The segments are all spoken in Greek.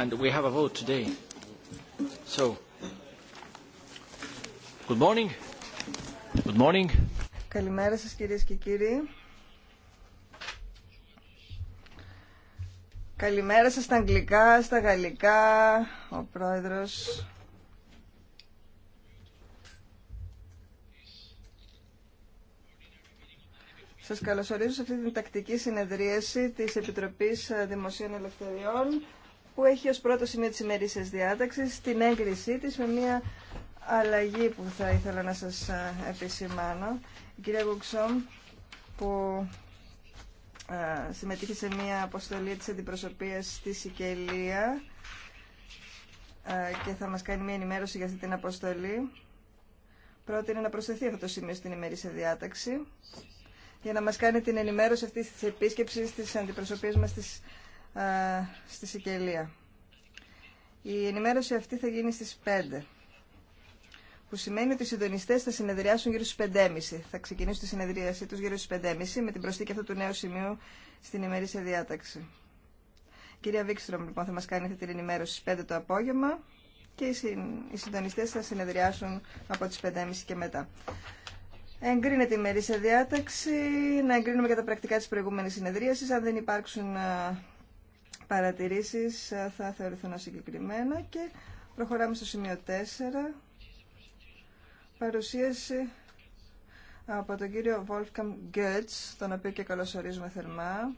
and we have a vote today. So, good morning. Good morning. Καλημέρα σας κυρίες και κύριοι. Καλημέρα σας στα αγγλικά, στα γαλλικά, ο πρόεδρος. Σας καλωσορίζω σε αυτή την τακτική συνεδρίαση της Επιτροπής Δημοσίων Ελευθεριών που έχει ως πρώτο σημείο της ημερήσιας διάταξης την έγκρισή της με μια αλλαγή που θα ήθελα να σας επισημάνω. Η κυρία Γουξόμ που συμμετείχε σε μια αποστολή της αντιπροσωπείας στη Σικελία και θα μας κάνει μια ενημέρωση για αυτή την αποστολή. Πρότεινε να προσθεθεί αυτό το σημείο στην ημερήσια διάταξη για να μας κάνει την ενημέρωση αυτής της επίσκεψης της αντιπροσωπείας μας στη Σικελία. Η ενημέρωση αυτή θα γίνει στις 5 που σημαίνει ότι οι συντονιστέ θα συνεδριάσουν γύρω στι 5.30. Θα ξεκινήσουν τη συνεδρίασή του γύρω στι 5.30 με την προσθήκη αυτού του νέου σημείου στην ημερήσια διάταξη. κυρία Βίξτρομ, λοιπόν, θα μα κάνει αυτή την ενημέρωση στι 5 το απόγευμα και οι συντονιστέ θα συνεδριάσουν από τι 5.30 και μετά. Εγκρίνεται η ημερήσια διάταξη. Να εγκρίνουμε και τα πρακτικά τη προηγούμενη συνεδρίαση. Αν δεν υπάρξουν ε, παρατηρήσεις ε, θα θεωρηθούν συγκεκριμένα και προχωράμε στο σημείο 4. Παρουσίαση από τον κύριο Wolfgang Goetz, τον οποίο και καλωσορίζουμε θερμά,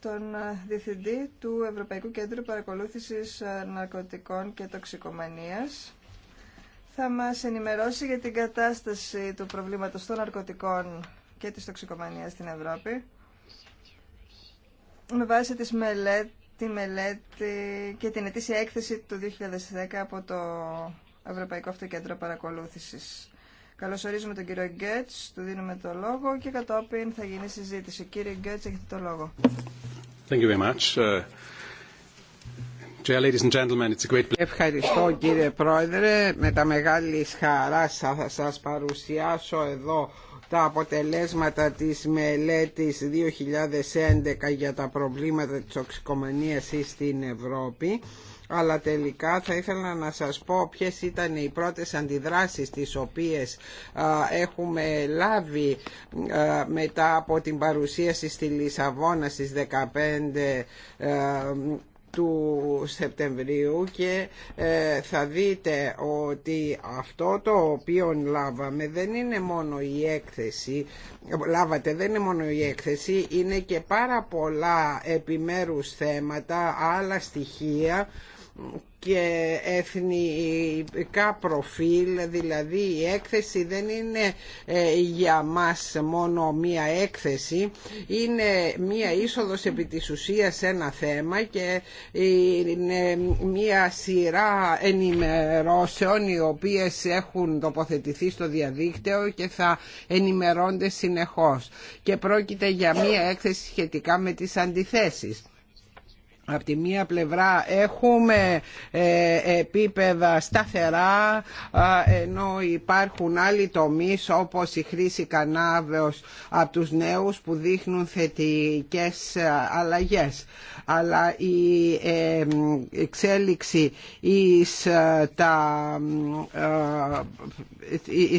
τον ε, Διευθυντή του Ευρωπαϊκού Κέντρου Παρακολούθησης ε, Ναρκωτικών και Τοξικομανίας. Θα μας ενημερώσει για την κατάσταση του προβλήματος των ναρκωτικών και της τοξικομανίας στην Ευρώπη με βάση τις μελέτη, τη μελέτη και την ετήσια έκθεση του 2010 από το Ευρωπαϊκό Αυτοκέντρο Παρακολούθησης. Καλωσορίζουμε τον κύριο Γκέτς, του δίνουμε το λόγο και κατόπιν θα γίνει συζήτηση. Κύριε Γκέτς, έχετε το λόγο. Thank you very much. Uh, Ευχαριστώ κύριε Πρόεδρε. Με τα μεγάλη χαρά θα σας παρουσιάσω εδώ τα αποτελέσματα της μελέτης 2011 για τα προβλήματα της οξυκομανίας στην Ευρώπη αλλά τελικά θα ήθελα να σας πω ποιες ήταν οι πρώτες αντιδράσεις τις οποίες έχουμε λάβει μετά από την παρουσίαση στη Λισαβόνα στις 15 του Σεπτεμβρίου και ε, θα δείτε ότι αυτό το οποίο λάβαμε δεν είναι μόνο η έκθεση λάβατε δεν είναι μόνο η έκθεση είναι και πάρα πολλά επιμέρους θέματα άλλα στοιχεία και εθνικά προφίλ, δηλαδή η έκθεση δεν είναι ε, για μας μόνο μία έκθεση, είναι μία είσοδος επί της ουσίας σε ένα θέμα και είναι μία σειρά ενημερώσεων οι οποίες έχουν τοποθετηθεί στο διαδίκτυο και θα ενημερώνται συνεχώς. Και πρόκειται για μία έκθεση σχετικά με τις αντιθέσεις από τη μία πλευρά έχουμε ε, επίπεδα σταθερά ενώ υπάρχουν άλλοι τομείς όπως η χρήση κανάβεως από τους νέους που δείχνουν θετικές ε, αλλαγές. Αλλά η ε, εξέλιξη εις τα,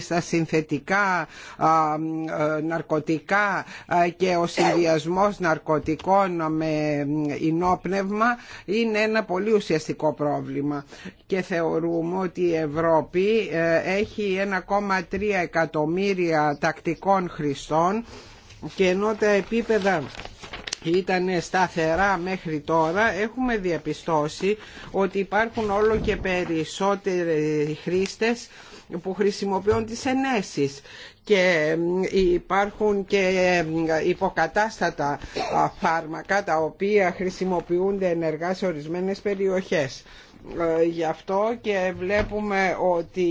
τα συνθετικά ναρκωτικά και ο συνδυασμός ναρκωτικών με ινόπνευμα είναι ένα πολύ ουσιαστικό πρόβλημα και θεωρούμε ότι η Ευρώπη ε, έχει 1,3 εκατομμύρια τακτικών χρηστών και ενώ τα επίπεδα ήταν σταθερά μέχρι τώρα έχουμε διαπιστώσει ότι υπάρχουν όλο και περισσότεροι χρήστες που χρησιμοποιούν τις ενέσεις και υπάρχουν και υποκατάστατα φάρμακα τα οποία χρησιμοποιούνται ενεργά σε ορισμένες περιοχές. Ε, γι' αυτό και βλέπουμε ότι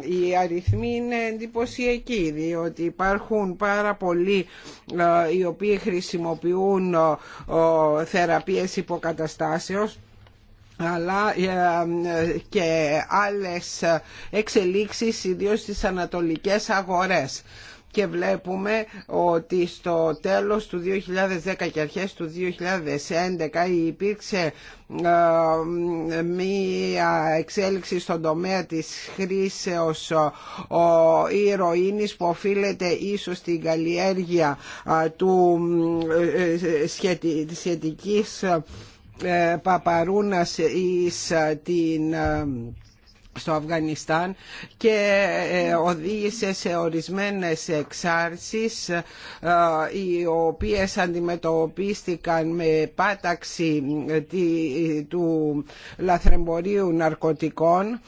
οι αριθμοί είναι εντυπωσιακοί διότι υπάρχουν πάρα πολλοί ε, οι οποίοι χρησιμοποιούν ε, θεραπείες υποκαταστάσεως αλλά ε, ε, και άλλες εξελίξεις ιδίως στις ανατολικές αγορές και βλέπουμε ότι στο τέλος του 2010 και αρχές του 2011 υπήρξε ε, μία εξέλιξη στον τομέα της χρήσεως ο ηρωίνης που οφείλεται ίσως στην καλλιέργεια του σχετικής ε, Παπαρούνας εις ε, την ε, στο Αφγανιστάν και ε, οδήγησε σε ορισμένες εξάρσεις ε, οι οποίες αντιμετωπίστηκαν με πάταξη ε, του λαθρεμπορίου ναρκωτικών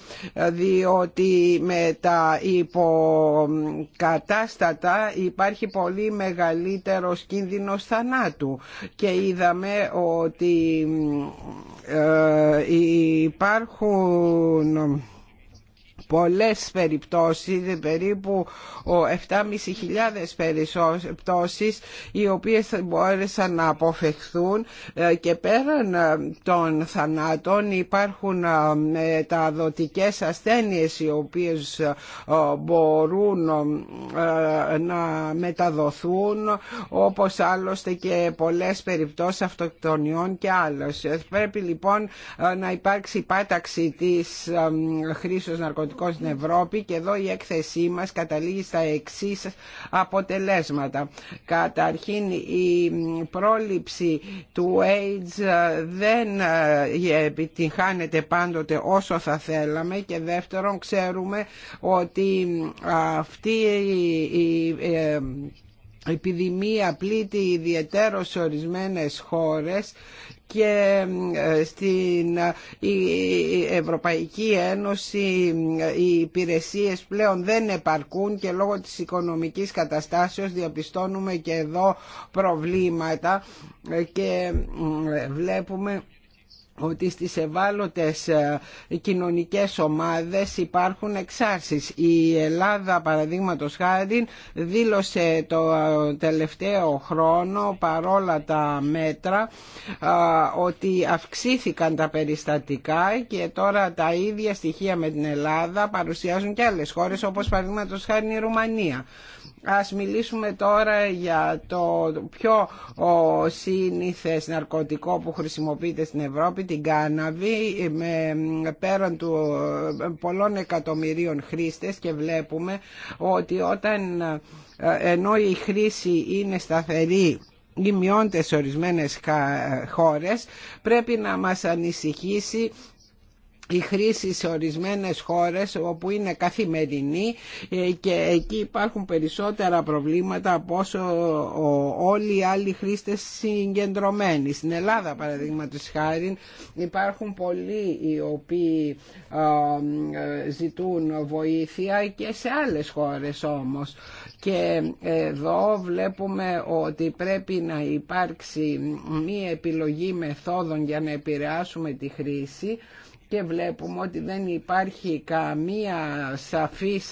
διότι με τα υποκατάστατα υπάρχει πολύ μεγαλύτερος κίνδυνος θανάτου και είδαμε ότι υπάρχουν πολλές περιπτώσεις, περίπου 7.500 περιπτώσεις οι οποίες μπόρεσαν να αποφευχθούν ε, και πέραν ε, των θανάτων υπάρχουν ε, τα δοτικές ασθένειες οι οποίες μπορούν να μεταδοθούν όπως άλλωστε και πολλές περιπτώσεις αυτοκτονιών και άλλες. Πρέπει λοιπόν να υπάρξει πάταξη της χρήσης ναρκωτικών Ευρώπη και εδώ η έκθεσή μας καταλήγει στα εξή αποτελέσματα. Καταρχήν η πρόληψη του AIDS δεν ε, επιτυγχάνεται πάντοτε όσο θα θέλαμε και δεύτερον ξέρουμε ότι αυτή η ε, επιδημία πλήττει ιδιαίτερο σε ορισμένες χώρες και ε, στην ε, Ευρωπαϊκή Ένωση ε, οι υπηρεσίες πλέον δεν επαρκούν και λόγω της οικονομικής καταστάσεως διαπιστώνουμε και εδώ προβλήματα και βλέπουμε ότι στις ευάλωτες ε, κοινωνικές ομάδες υπάρχουν εξάρσεις. Η Ελλάδα παραδείγματος χάρη δήλωσε το ε, τελευταίο χρόνο παρόλα τα μέτρα ε, ότι αυξήθηκαν τα περιστατικά και τώρα τα ίδια στοιχεία με την Ελλάδα παρουσιάζουν και άλλες χώρες όπως παραδείγματος χάρη η Ρουμανία. Ας μιλήσουμε τώρα για το πιο σύνηθες ναρκωτικό που χρησιμοποιείται στην Ευρώπη, την κάναβη, με πέραν του πολλών εκατομμυρίων χρήστες και βλέπουμε ότι όταν ενώ η χρήση είναι σταθερή ή μειώνεται σε ορισμένες χώρες πρέπει να μας ανησυχήσει η χρήση σε ορισμένες χώρες όπου είναι καθημερινή ε, και εκεί υπάρχουν περισσότερα προβλήματα από όσο όλοι οι άλλοι χρήστες συγκεντρωμένοι. Στην Ελλάδα παραδείγματος χάρη υπάρχουν πολλοί οι οποίοι ζητούν βοήθεια και σε άλλες χώρες όμως. Και εδώ βλέπουμε ότι πρέπει να υπάρξει μία επιλογή μεθόδων για να επηρεάσουμε τη χρήση και βλέπουμε ότι δεν υπάρχει καμία σαφής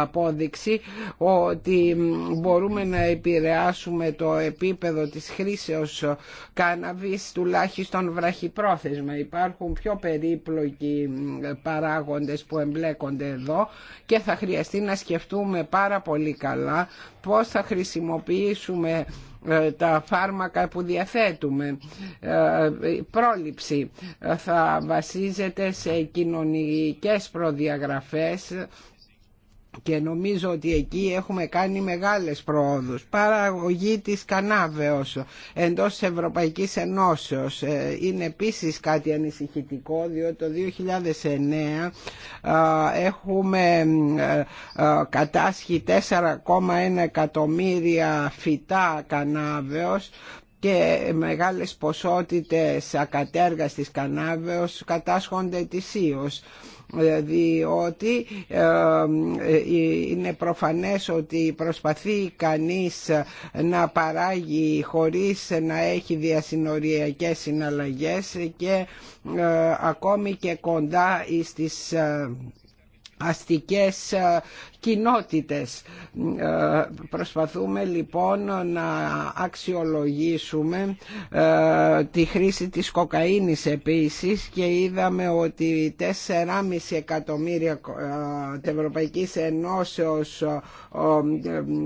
απόδειξη ότι μπορούμε να επηρεάσουμε το επίπεδο της χρήσεως κάναβης τουλάχιστον βραχυπρόθεσμα. Υπάρχουν πιο περίπλοκοι παράγοντες που εμπλέκονται εδώ και θα χρειαστεί να σκεφτούμε πάρα πολύ καλά πώς θα χρησιμοποιήσουμε ε, τα φάρμακα που διαθέτουμε. Ε, πρόληψη ε, θα βασίζεται σε κοινωνικές προδιαγραφές και νομίζω ότι εκεί έχουμε κάνει μεγάλες προόδους. Παραγωγή της κανάβεως εντός της Ευρωπαϊκής Ενώσεως ε, είναι επίσης κάτι ανησυχητικό διότι το 2009 ε, έχουμε ε, κατάσχει 4,1 εκατομμύρια φυτά κανάβεως και μεγάλες ποσότητες ακατέργαστης κανάβεως κατάσχονται ετησίως διότι δηλαδή ε, ε, είναι προφανές ότι προσπαθεί κανείς να παράγει χωρίς να έχει διασυνοριακές συναλλαγές και ε, ακόμη και κοντά στις αστικές κοινότητες. Ε, προσπαθούμε λοιπόν να αξιολογήσουμε ε, τη χρήση της κοκαίνης επίσης και είδαμε ότι 4,5 εκατομμύρια ε, της Ευρωπαϊκής Ενώσεως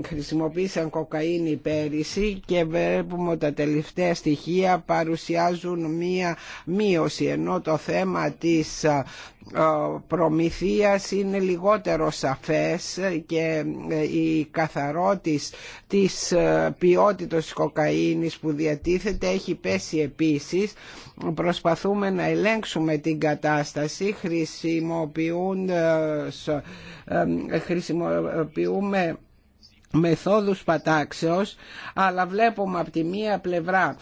χρησιμοποίησαν κοκαίνη πέρυσι και βλέπουμε ότι τα τελευταία στοιχεία παρουσιάζουν μία μείωση ενώ το θέμα της προμηθείας είναι λιγότερο σαφές και ε, η καθαρότης της ε, ποιότητας της κοκαίνης που διατίθεται έχει πέσει επίσης. Προσπαθούμε να ελέγξουμε την κατάσταση, ε, χρησιμοποιούμε μεθόδους πατάξεως αλλά βλέπουμε από τη μία πλευρά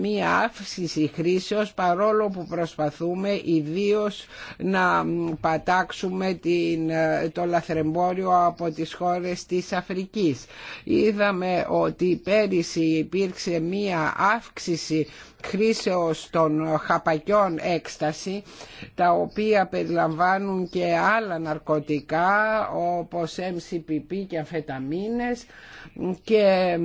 μία αύξηση χρήσεως παρόλο που προσπαθούμε ιδίω να πατάξουμε την, ε, το λαθρεμπόριο από τις χώρες της Αφρικής. Είδαμε ότι πέρυσι υπήρξε μία αύξηση κρίσεως των χαπακιών έκσταση τα οποία περιλαμβάνουν και άλλα ναρκωτικά όπως MCPP και αμφεταμίνες και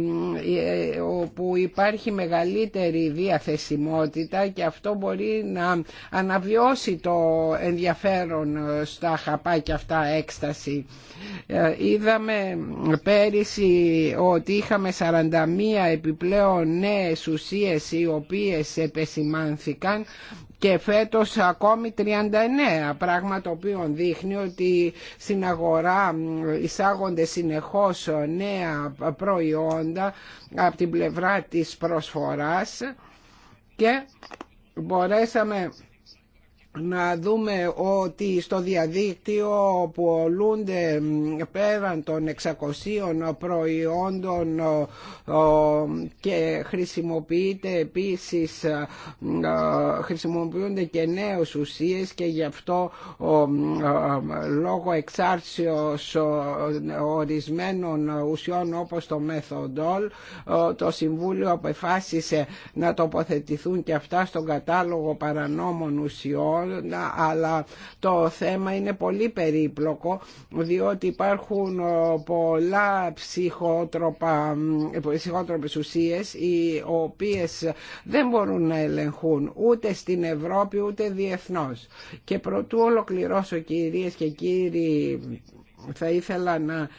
ε, όπου υπάρχει μεγαλύτερη διαθεσιμότητα και αυτό μπορεί να αναβιώσει το ενδιαφέρον στα χαπάκια αυτά έκσταση. Ε, είδαμε πέρυσι ότι είχαμε 41 επιπλέον νέες ουσίες οι οποίες επεσημάνθηκαν και φέτος ακόμη 39 πράγμα το οποίο δείχνει ότι στην αγορά εισάγονται συνεχώς νέα προϊόντα από την πλευρά της προσφοράς και μπορέσαμε να δούμε ότι στο διαδίκτυο που ολούνται πέραν των 600 προϊόντων και χρησιμοποιείται επίσης χρησιμοποιούνται και νέες ουσίες και γι' αυτό λόγω εξάρτησης ορισμένων ουσιών όπως το Μεθοντόλ το Συμβούλιο αποφάσισε να τοποθετηθούν και αυτά στον κατάλογο παρανόμων ουσιών αλλά το θέμα είναι πολύ περίπλοκο διότι υπάρχουν ε, πολλά ψυχότροπα, ε, ψυχότροπες ουσίες οι οποίες δεν μπορούν να ελεγχούν ούτε στην Ευρώπη ούτε διεθνώς. Και προτού ολοκληρώσω κυρίες και κύριοι θα ήθελα να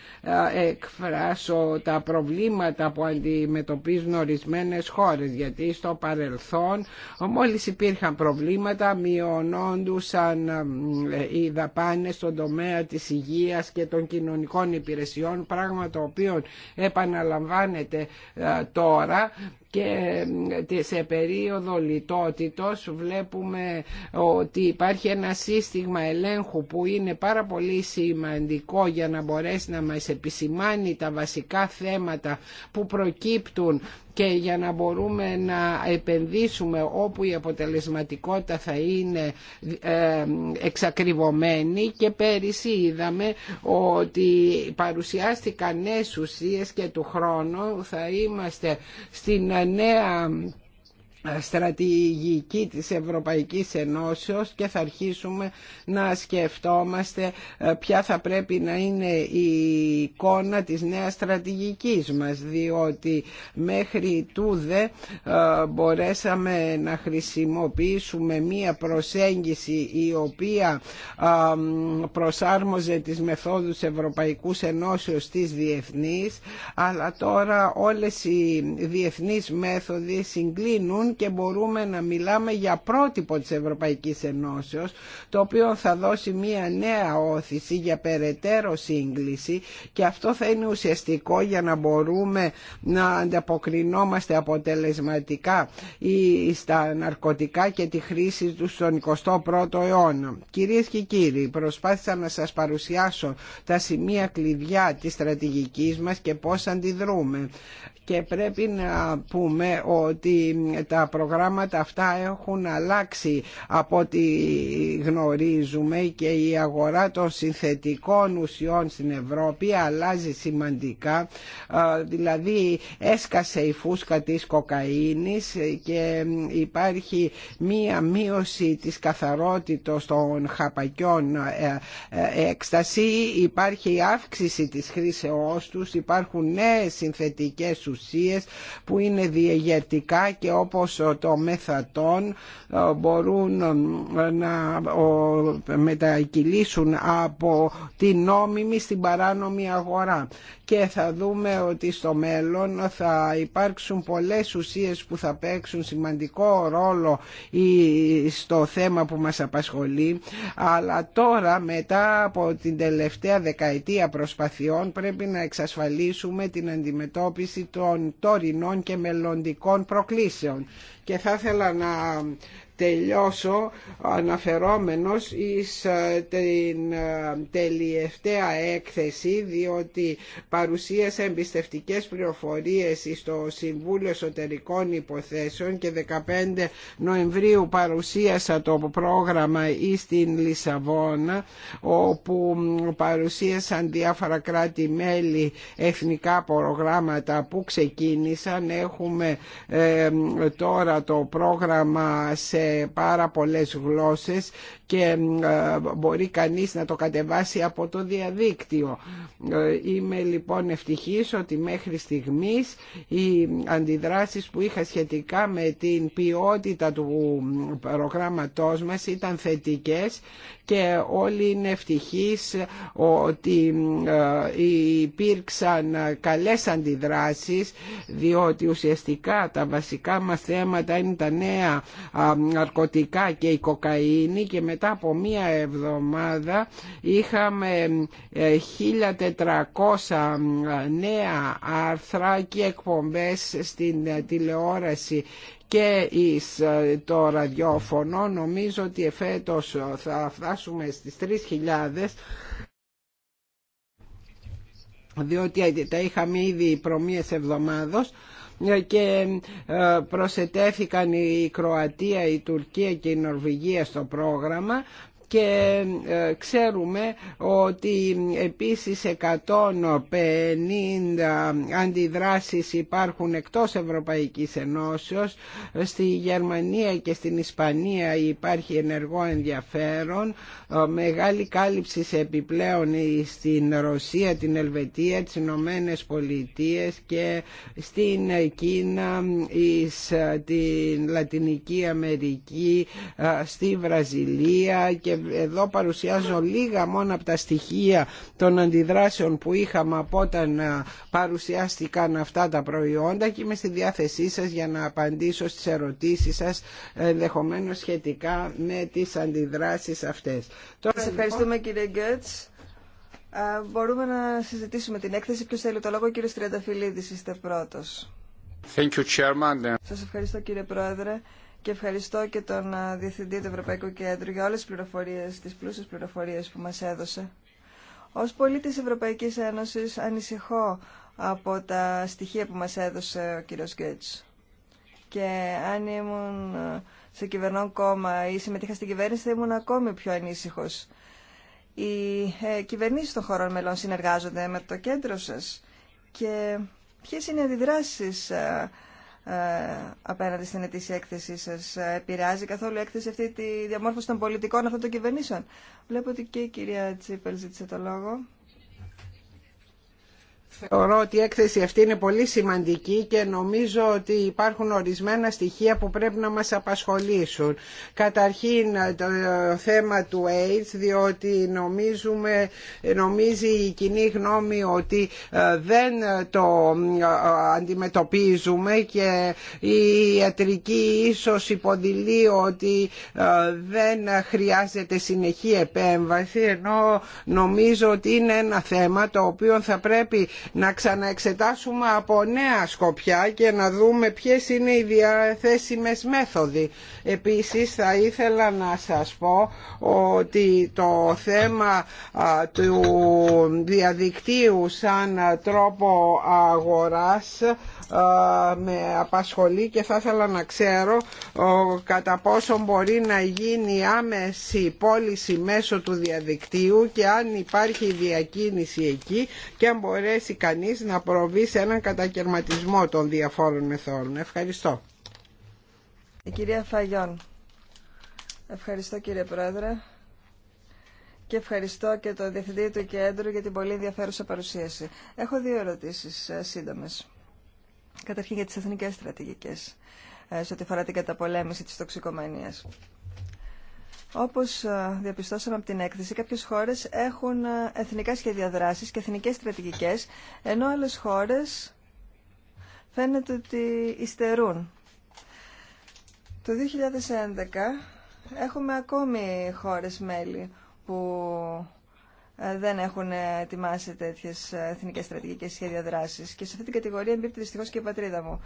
ε, εκφράσω τα προβλήματα που αντιμετωπίζουν ορισμένες χώρες γιατί στο παρελθόν μόλις υπήρχαν προβλήματα μειωνόντουσαν ε, οι δαπάνες στον τομέα της υγείας και των κοινωνικών υπηρεσιών πράγμα το οποίο επαναλαμβάνεται ε, τώρα και ε, σε περίοδο λιτότητος βλέπουμε ότι υπάρχει ένα σύστημα ελέγχου που είναι πάρα πολύ σημαντικό για να μπορέσει να μας επισημάνει τα βασικά θέματα που προκύπτουν και για να μπορούμε να επενδύσουμε όπου η αποτελεσματικότητα θα είναι ε, εξακριβωμένη και πέρυσι είδαμε ότι παρουσιάστηκαν νέες ουσίες και του χρόνου θα είμαστε στην νέα στρατηγική της Ευρωπαϊκής Ενώσεως και θα αρχίσουμε να σκεφτόμαστε ε, ποια θα πρέπει να είναι η εικόνα της νέας στρατηγικής μας διότι μέχρι τούδε ε, μπορέσαμε να χρησιμοποιήσουμε μία προσέγγιση η οποία ε, προσάρμοζε τις μεθόδους Ευρωπαϊκούς Ενώσεως της διεθνής αλλά τώρα όλες οι διεθνείς μέθοδοι συγκλίνουν και μπορούμε να μιλάμε για πρότυπο της Ευρωπαϊκής Ενώσεως το οποίο θα δώσει μια νέα όθηση για περαιτέρω σύγκληση και αυτό θα είναι ουσιαστικό για να μπορούμε να ανταποκρινόμαστε αποτελεσματικά στα ναρκωτικά και τη χρήση του στον 21ο αιώνα. Κυρίες και κύριοι, προσπάθησα να σας παρουσιάσω τα σημεία κλειδιά της στρατηγικής μας και πώς αντιδρούμε. Και πρέπει να πούμε ότι τα τα προγράμματα αυτά έχουν αλλάξει από ό,τι γνωρίζουμε και η αγορά των συνθετικών ουσιών στην Ευρώπη αλλάζει σημαντικά δηλαδή έσκασε η φούσκα της κοκαίνης και υπάρχει μία μείωση της καθαρότητας των χαπακιών ε, ε, έκσταση υπάρχει η αύξηση της χρήσεώς τους υπάρχουν νέες συνθετικές ουσίες που είναι διεγερτικά και όπως των το μεθατόν ε, μπορούν ε, να μετακυλήσουν από την νόμιμη στην παράνομη αγορά και θα δούμε ότι στο μέλλον θα υπάρξουν πολλές ουσίες που θα παίξουν σημαντικό ρόλο στο θέμα που μας απασχολεί αλλά τώρα μετά από την τελευταία δεκαετία προσπαθειών πρέπει να εξασφαλίσουμε την αντιμετώπιση των τωρινών και μελλοντικών προκλήσεων και θα ήθελα να τελειώσω αναφερόμενος εις ε, την ε, τελευταία έκθεση διότι παρουσίασε εμπιστευτικές πληροφορίες στο Συμβούλιο Εσωτερικών Υποθέσεων και 15 Νοεμβρίου παρουσίασα το πρόγραμμα ή την Λισαβόνα όπου παρουσίασαν διάφορα κράτη-μέλη εθνικά προγράμματα που ξεκίνησαν. Έχουμε ε, τώρα το πρόγραμμα σε πάρα πολλές γλώσσες και ε, μπορεί κανείς να το κατεβάσει από το διαδίκτυο. Ε, είμαι λοιπόν ευτυχής ότι μέχρι στιγμής οι αντιδράσεις που είχα σχετικά με την ποιότητα του προγράμματός μας ήταν θετικές και όλοι είναι ευτυχείς ότι ε, υπήρξαν καλές αντιδράσεις διότι ουσιαστικά τα βασικά μας θέματα είναι τα νέα ναρκωτικά και η κοκαίνη και μετά από μία εβδομάδα είχαμε 1400 ε, νέα άρθρα και εκπομπές στην ε, τηλεόραση και εις ε, το ραδιόφωνο. Νομίζω ότι εφέτος θα φτάσουμε στις 3.000 διότι τα είχαμε ήδη προμίες εβδομάδος και ε, προσετέθηκαν η Κροατία, η Τουρκία και η Νορβηγία στο πρόγραμμα και ε, ξέρουμε ότι επίσης 150 αντιδράσεις υπάρχουν εκτός Ευρωπαϊκής Ενώσεως στη Γερμανία και στην Ισπανία υπάρχει ενεργό ενδιαφέρον ε, μεγάλη κάλυψη σε επιπλέον στην Ρωσία, την Ελβετία, τις Ηνωμένε Πολιτείε και στην Κίνα, στην ε, Λατινική Αμερική, στη Βραζιλία και εδώ παρουσιάζω λίγα μόνο από τα στοιχεία των αντιδράσεων που είχαμε από όταν παρουσιάστηκαν αυτά τα προϊόντα και είμαι στη διάθεσή σας για να απαντήσω στις ερωτήσεις σας ε, ενδεχομένω σχετικά με τις αντιδράσεις αυτές. Σας λοιπόν- ευχαριστούμε κύριε Γκέτς. μπορούμε να συζητήσουμε την έκθεση. Ποιος θέλει το λόγο, ο κύριος είστε πρώτος. Thank Σας ευχαριστώ κύριε Πρόεδρε και ευχαριστώ και τον ε, Διευθυντή του Ευρωπαϊκού Κέντρου για όλες τις πληροφορίες, τις πλούσιες πληροφορίες που μας έδωσε. Ως πολίτης Ευρωπαϊκής Ένωσης ανησυχώ από τα στοιχεία που μας έδωσε ο κύριος Γκέτς. Και αν ήμουν ε, σε κυβερνών κόμμα ή συμμετείχα στην κυβέρνηση θα ήμουν ακόμη πιο ανήσυχο. Οι ε, κυβερνήσεις των χωρών μελών συνεργάζονται με το κέντρο σας και ποιες είναι οι αντιδράσεις ε, ε, απέναντι στην ετήσια έκθεσή σας. Επηρεάζει καθόλου η έκθεση αυτή τη διαμόρφωση των πολιτικών αυτών των κυβερνήσεων. Βλέπω ότι και η κυρία Τσίπελ ζήτησε το λόγο. Θεωρώ ότι η έκθεση αυτή είναι πολύ σημαντική και νομίζω ότι υπάρχουν ορισμένα στοιχεία που πρέπει να μας απασχολήσουν. Καταρχήν το θέμα του AIDS, διότι νομίζουμε, νομίζει η κοινή γνώμη ότι ε, δεν το ε, αντιμετωπίζουμε και η ιατρική ίσως υποδηλεί ότι ε, δεν χρειάζεται συνεχή επέμβαση, ενώ νομίζω ότι είναι ένα θέμα το οποίο θα πρέπει να ξαναεξετάσουμε από νέα σκοπιά και να δούμε ποιες είναι οι διαθέσιμες μέθοδοι. Επίσης θα ήθελα να σας πω ότι το θέμα του διαδικτύου σαν τρόπο αγοράς με απασχολεί και θα ήθελα να ξέρω κατά πόσο μπορεί να γίνει άμεση πώληση μέσω του διαδικτύου και αν υπάρχει διακίνηση εκεί και αν μπορέσει μπορέσει κανείς να προβεί σε έναν κατακαιρματισμό των διαφόρων μεθόδων. Ευχαριστώ. Η κυρία Φαγιόν. Ευχαριστώ κύριε Πρόεδρε και ευχαριστώ και το Διευθυντή του Κέντρου για την πολύ ενδιαφέρουσα παρουσίαση. Έχω δύο ερωτήσεις ε, σύντομες. Καταρχήν για τις εθνικές στρατηγικές ε, σε ό,τι αφορά την καταπολέμηση της τοξικομανίας. Όπως ε, διαπιστώσαμε από την έκθεση, κάποιες χώρες έχουν ε, εθνικά σχέδια δράσης και εθνικές στρατηγικές, ενώ άλλες χώρες φαίνεται ότι υστερούν. Το 2011 έχουμε ακόμη χώρες μέλη που ε, δεν έχουν ετοιμάσει τέτοιες εθνικές στρατηγικές σχέδια δράσης. Και σε αυτή την κατηγορία εμπίπτει δυστυχώς και η πατρίδα μου.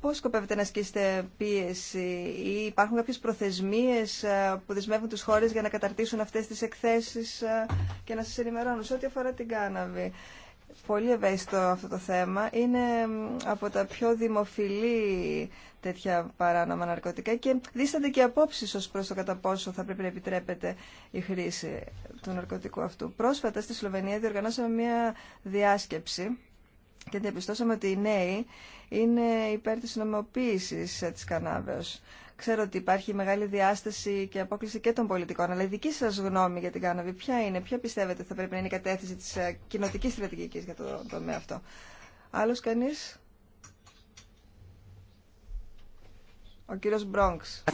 Πώς σκοπεύετε να ασκήσετε πίεση ή υπάρχουν κάποιες προθεσμίες ε, που δεσμεύουν τους χώρες για να καταρτήσουν αυτές τις εκθέσεις ε, και να σας ενημερώνουν σε ό,τι αφορά την κάναβη. Πολύ ευαίσθητο αυτό το θέμα. Είναι από τα πιο δημοφιλή τέτοια παράνομα ναρκωτικά και δίστανται και απόψει ω προ το κατά πόσο θα πρέπει να επιτρέπεται η χρήση του ναρκωτικού αυτού. Πρόσφατα στη Σλοβενία διοργανώσαμε μία διάσκεψη και διαπιστώσαμε ότι οι νέοι είναι υπέρ της νομοποίησης ε, της κανάβεως. Ξέρω ότι υπάρχει μεγάλη διάσταση και απόκληση και των πολιτικών, αλλά η δική σας γνώμη για την κάναβη ποια είναι, ποια πιστεύετε θα πρέπει να είναι η κατεύθυνση της ε, κοινοτικής στρατηγικής για το τομέα αυτό. Άλλος κανείς? Ο κύριος Μπρόγκς.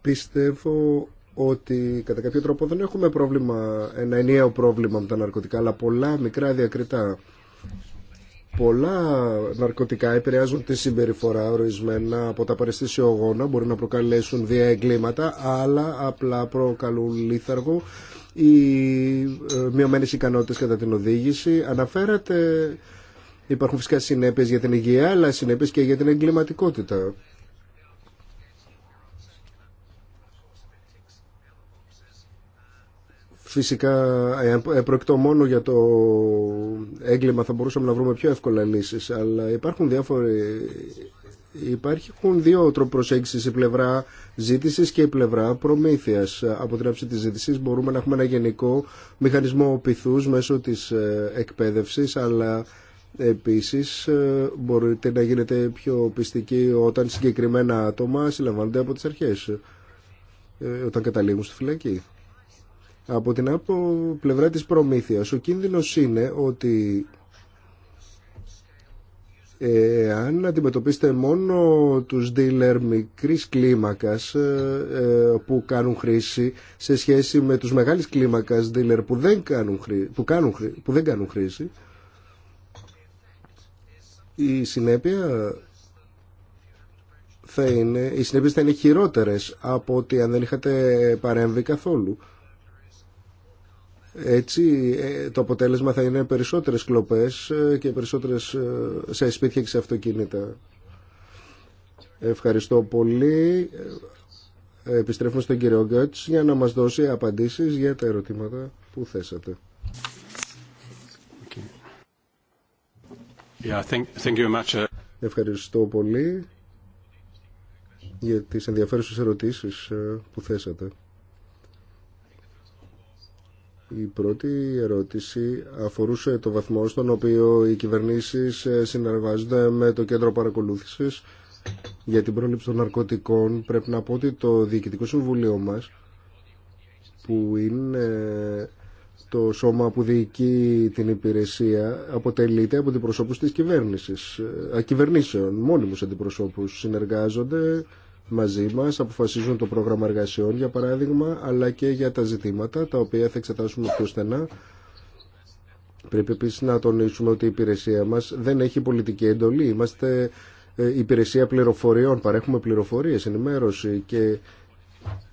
Πιστεύω ότι κατά κάποιο τρόπο δεν έχουμε πρόβλημα, ένα ενιαίο πρόβλημα με τα ναρκωτικά, αλλά πολλά μικρά διακριτά πολλά ναρκωτικά επηρεάζουν τη συμπεριφορά ορισμένα από τα παρεστησιογόνα, μπορεί να προκαλέσουν διαεγκλήματα, εγκλήματα, αλλά απλά προκαλούν λίθαργο ή ε, μειωμένε ικανότητε κατά την οδήγηση. Αναφέρατε, υπάρχουν φυσικά συνέπειε για την υγεία, αλλά συνέπειε και για την εγκληματικότητα. Φυσικά, εάν μόνο για το έγκλημα θα μπορούσαμε να βρούμε πιο εύκολα λύσεις, αλλά υπάρχουν διάφοροι... Υπάρχουν δύο τρόποι προσέγγισης, η πλευρά ζήτησης και η πλευρά προμήθειας. Από την άψη της ζήτησης μπορούμε να έχουμε ένα γενικό μηχανισμό πυθού μέσω της ε, εκπαίδευσης, αλλά Επίσης ε, μπορείτε να γίνετε πιο πιστικοί όταν συγκεκριμένα άτομα συλλαμβάνονται από τις αρχές, ε, όταν καταλήγουν στη φυλακή. Από την από πλευρά της προμήθειας, ο κίνδυνος είναι ότι ε, αν αντιμετωπίσετε μόνο τους dealer μικρής κλίμακας ε, ε, που κάνουν χρήση σε σχέση με τους μεγάλες κλίμακας dealer που δεν κάνουν, χρήση, που κάνουν, που δεν κάνουν χρήση η συνέπεια θα είναι, οι συνέπειες θα είναι χειρότερες από ότι αν δεν είχατε παρέμβει καθόλου. Έτσι ε, το αποτέλεσμα θα είναι περισσότερες κλοπές ε, και περισσότερες ε, σε σπίτια και σε αυτοκίνητα. Ευχαριστώ πολύ. Επιστρέφουμε στον κύριο Γκέτς για να μας δώσει απαντήσεις για τα ερωτήματα που θέσατε. you uh, Ευχαριστώ πολύ για τις ενδιαφέρουσες ερωτήσεις που θέσατε. Η πρώτη ερώτηση αφορούσε το βαθμό στον οποίο οι κυβερνήσεις ε, συνεργάζονται με το κέντρο παρακολούθησης για την πρόληψη των ναρκωτικών. Πρέπει να πω ότι το Διοικητικό Συμβουλίο μας, που είναι το σώμα που διοικεί την υπηρεσία, αποτελείται από αντιπροσώπους της κυβέρνησης, ε, κυβερνήσεων, μόνιμους αντιπροσώπους. Συνεργάζονται μαζί μας αποφασίζουν το πρόγραμμα εργασιών για παράδειγμα αλλά και για τα ζητήματα τα οποία θα εξετάσουμε πιο στενά Πρέπει επίση να τονίσουμε ότι η υπηρεσία μας δεν έχει πολιτική εντολή. Είμαστε ε, υπηρεσία πληροφοριών, παρέχουμε πληροφορίες, ενημέρωση και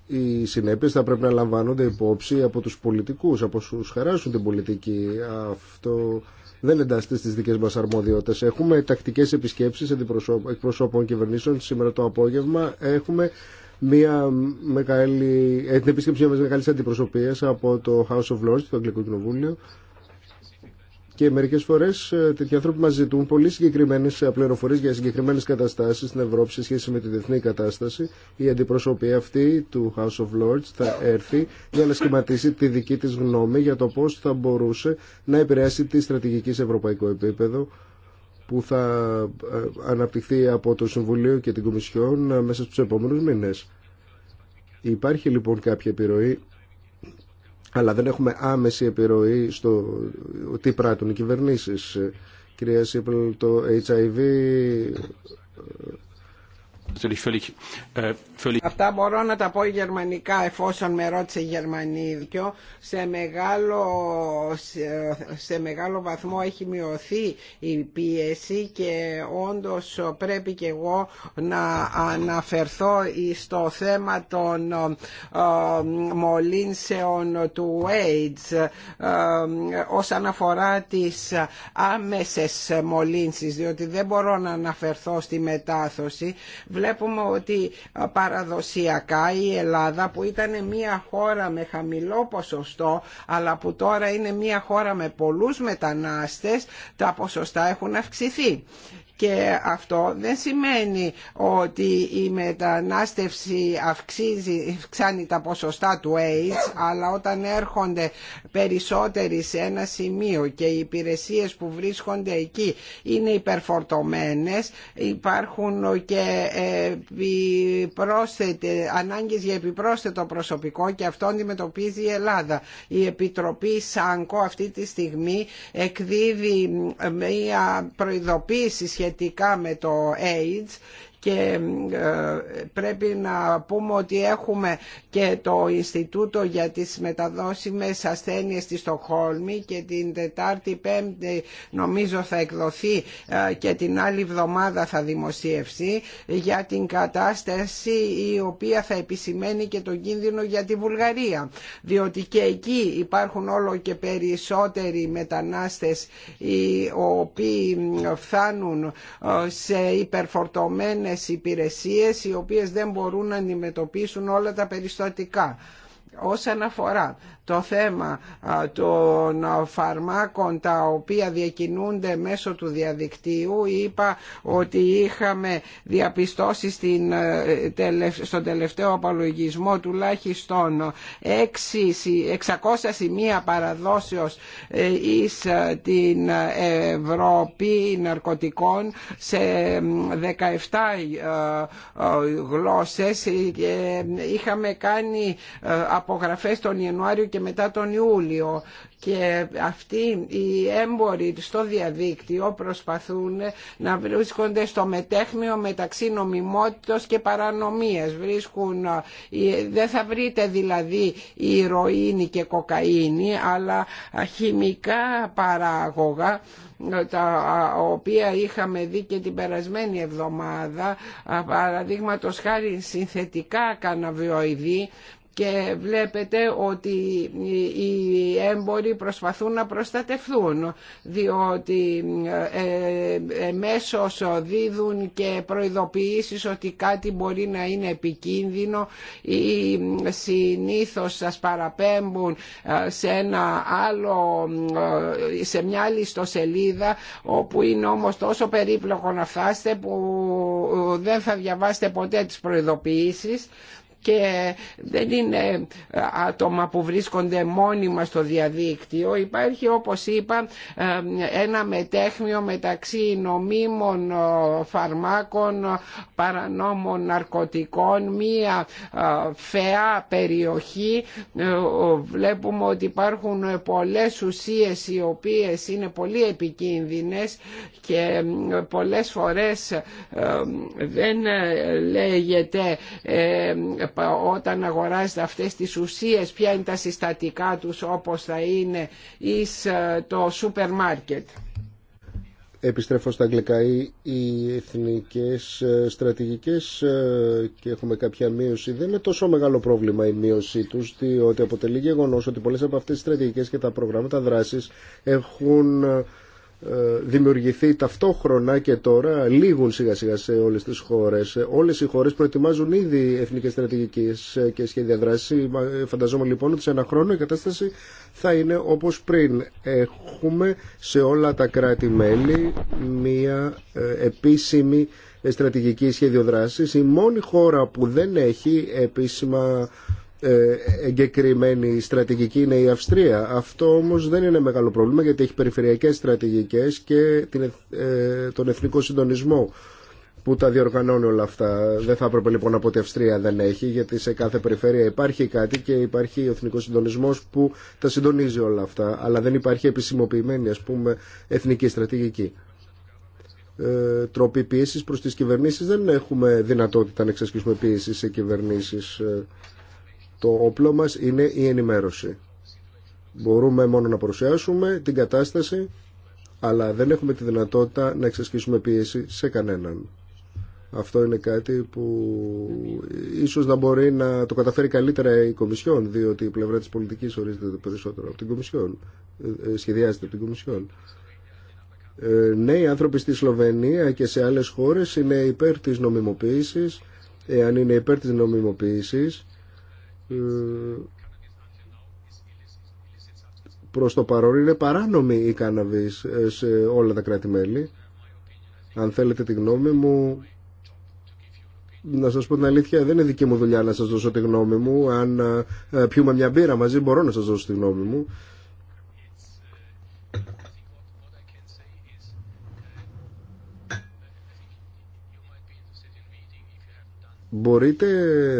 οι συνέπειες θα πρέπει να λαμβάνονται υπόψη από τους πολιτικούς, από όσους χαράσουν την πολιτική. Αυτό δεν εντάσσεται στι δικέ μα αρμοδιότητε. Έχουμε τακτικέ επισκέψει εκπροσώπων κυβερνήσεων σήμερα το απόγευμα. Έχουμε μια μεγάλη, ε, την επίσκεψη μια μεγάλη αντιπροσωπεία από το House of Lords, το Αγγλικό Κοινοβούλιο, και μερικές φορές ε, τέτοιοι άνθρωποι μα ζητούν πολύ συγκεκριμένε ε, πληροφορίε για συγκεκριμένες καταστάσεις στην Ευρώπη σε σχέση με τη διεθνή κατάσταση. Η αντιπροσωπεία αυτή του House of Lords θα έρθει για να σχηματίσει τη δική της γνώμη για το πώς θα μπορούσε να επηρεάσει τη στρατηγική σε ευρωπαϊκό επίπεδο που θα ε, αναπτυχθεί από το Συμβουλίο και την Κομισιόν μέσα στους επόμενους μήνες. Υπάρχει λοιπόν κάποια επιρροή αλλά δεν έχουμε άμεση επιρροή στο τι πράττουν οι κυβερνήσεις. Ε, κυρία Σίπλ, το HIV Äh, Αυτά μπορώ να τα πω γερμανικά εφόσον με ρώτησε γερμανίδιο. Σε μεγάλο, σε μεγάλο βαθμό έχει μειωθεί η πίεση και όντως πρέπει και εγώ να αναφερθώ στο θέμα των ε, μολύνσεων του AIDS ε, όσον αφορά τις άμεσες μολύνσεις διότι δεν μπορώ να αναφερθώ στη μετάθωση βλέπουμε ότι παραδοσιακά η Ελλάδα που ήταν μια χώρα με χαμηλό ποσοστό αλλά που τώρα είναι μια χώρα με πολλούς μετανάστες τα ποσοστά έχουν αυξηθεί και αυτό δεν σημαίνει ότι η μετανάστευση αυξίζει, αυξάνει τα ποσοστά του AIDS αλλά όταν έρχονται περισσότεροι σε ένα σημείο και οι υπηρεσίες που βρίσκονται εκεί είναι υπερφορτωμένες υπάρχουν και ανάγκες για επιπρόσθετο προσωπικό και αυτό αντιμετωπίζει η Ελλάδα. Η Επιτροπή ΣΑΝΚΟ αυτή τη στιγμή εκδίδει μια προειδοποίηση σχετικά με το AIDS και ε, πρέπει να πούμε ότι έχουμε και το Ινστιτούτο για τις μεταδόσιμες ασθένειες στη Στοχόλμη και την Τετάρτη Πέμπτη νομίζω θα εκδοθεί ε, και την άλλη εβδομάδα θα δημοσιευθεί για την κατάσταση η οποία θα επισημαίνει και τον κίνδυνο για τη Βουλγαρία διότι και εκεί υπάρχουν όλο και περισσότεροι μετανάστες οι οποίοι ε, φτάνουν σε υπερφορτωμένες ορισμένες υπηρεσίες οι οποίες δεν μπορούν να αντιμετωπίσουν όλα τα περιστατικά όσον αφορά το θέμα των φαρμάκων τα οποία διακινούνται μέσω του διαδικτύου είπα ότι είχαμε διαπιστώσει στην, ε, στον τελευταίο απολογισμό τουλάχιστον 600 σημεία παραδόσεως ε, εις ε, την Ευρώπη ναρκωτικών σε 17 γλώσσες είχαμε κάνει απογραφές τον Ιανουάριο και και μετά τον Ιούλιο και αυτοί οι έμποροι στο διαδίκτυο προσπαθούν να βρίσκονται στο μετέχνιο μεταξύ νομιμότητος και παρανομίας. Βρίσκουν, ε, δεν θα βρείτε δηλαδή ηρωίνη και κοκαίνη αλλά χημικά παράγωγα ε, τα οποία είχαμε δει και την περασμένη εβδομάδα παραδείγματος χάρη συνθετικά καναβιοειδή και βλέπετε ότι οι έμποροι προσπαθούν να προστατευθούν διότι ε, ε, μέσως δίδουν και προειδοποιήσεις ότι κάτι μπορεί να είναι επικίνδυνο ή συνήθως σας παραπέμπουν ε, σε, ένα άλλο, σε μια άλλη ιστοσελίδα όπου είναι όμως τόσο περίπλοκο να φτάσετε που δεν θα διαβάσετε ποτέ τις προειδοποιήσεις και δεν είναι άτομα που βρίσκονται μόνιμα στο διαδίκτυο. Υπάρχει όπως είπα ένα μετέχμιο μεταξύ νομίμων φαρμάκων, παρανόμων ναρκωτικών, μία φεά περιοχή. Βλέπουμε ότι υπάρχουν πολλές ουσίες οι οποίες είναι πολύ επικίνδυνες και πολλές φορές ε, δεν ε, λέγεται ε, όταν αγοράζετε αυτές τις ουσίες ποια είναι τα συστατικά τους όπως θα είναι η ε, το σούπερ μάρκετ. Επιστρέφω στα αγγλικά οι εθνικές ε, στρατηγικές ε, και έχουμε κάποια μείωση. Δεν είναι τόσο μεγάλο πρόβλημα η μείωσή τους, διότι αποτελεί γεγονός ότι πολλές από αυτές τις στρατηγικές και τα προγράμματα δράσης έχουν ε, δημιουργηθεί ταυτόχρονα και τώρα λήγουν σιγά σιγά σε όλες τις χώρες. Όλες οι χώρες προετοιμάζουν ήδη εθνικές στρατηγικές ε, και σχέδια δράση. Ε, φανταζόμαι λοιπόν ότι σε ένα χρόνο η κατάσταση θα είναι όπως πριν. Έχουμε σε όλα τα κράτη-μέλη μία επίσημη στρατηγική σχέδιο δράσης. Η μόνη χώρα που δεν έχει επίσημα ε, εγκεκριμένη στρατηγική είναι η Αυστρία. Αυτό όμως δεν είναι μεγάλο πρόβλημα γιατί έχει περιφερειακές στρατηγικές και ε, τον εθνικό συντονισμό που τα διοργανώνει όλα αυτά. Δεν θα έπρεπε λοιπόν να πω ότι η Αυστρία δεν έχει, γιατί σε κάθε περιφέρεια υπάρχει κάτι και υπάρχει ο εθνικό συντονισμό που τα συντονίζει όλα αυτά, αλλά δεν υπάρχει επισημοποιημένη ας πούμε, εθνική στρατηγική. Ε, τρόποι πίεση προ τι κυβερνήσει δεν έχουμε δυνατότητα να εξασκήσουμε πίεση σε κυβερνήσει. Ε, το όπλο μας είναι η ενημέρωση. Μπορούμε μόνο να παρουσιάσουμε την κατάσταση, αλλά δεν έχουμε τη δυνατότητα να εξασκήσουμε πίεση σε κανέναν. Αυτό είναι κάτι που ίσως να μπορεί να το καταφέρει καλύτερα η Κομισιόν, διότι η πλευρά της πολιτικής ορίζεται περισσότερο από την Κομισιόν, ε, ε, σχεδιάζεται από την Κομισιόν. Ε, ναι, άνθρωποι στη Σλοβενία και σε άλλες χώρες είναι υπέρ της νομιμοποίησης. Εάν είναι υπέρ της νομιμοποίησης, ε, προς το παρόν είναι παράνομη η κάναβης ε, σε όλα τα κράτη-μέλη. Αν θέλετε τη γνώμη μου, να σας πω την αλήθεια, δεν είναι δική μου δουλειά να σας δώσω τη γνώμη μου. Αν ε, πιούμε μια μπύρα μαζί μπορώ να σας δώσω τη γνώμη μου. μπορείτε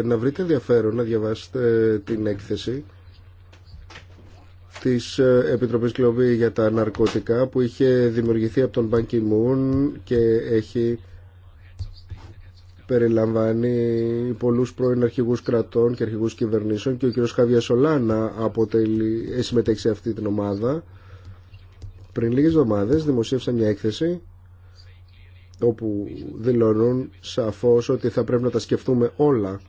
να βρείτε ενδιαφέρον να διαβάσετε την έκθεση της ε, Επιτροπής Κλωβή για τα Ναρκωτικά που είχε δημιουργηθεί από τον Μπάνκι και έχει περιλαμβάνει πολλούς πρώην αρχηγούς κρατών και αρχηγούς κυβερνήσεων και ο κ. Χαβία Σολάνα αποτελεί, ε, συμμετέχει σε αυτή την ομάδα. Πριν λίγες εβδομάδες δημοσίευσα μια έκθεση όπου δηλώνουν σαφώς ότι θα πρέπει να τα σκεφτούμε όλα,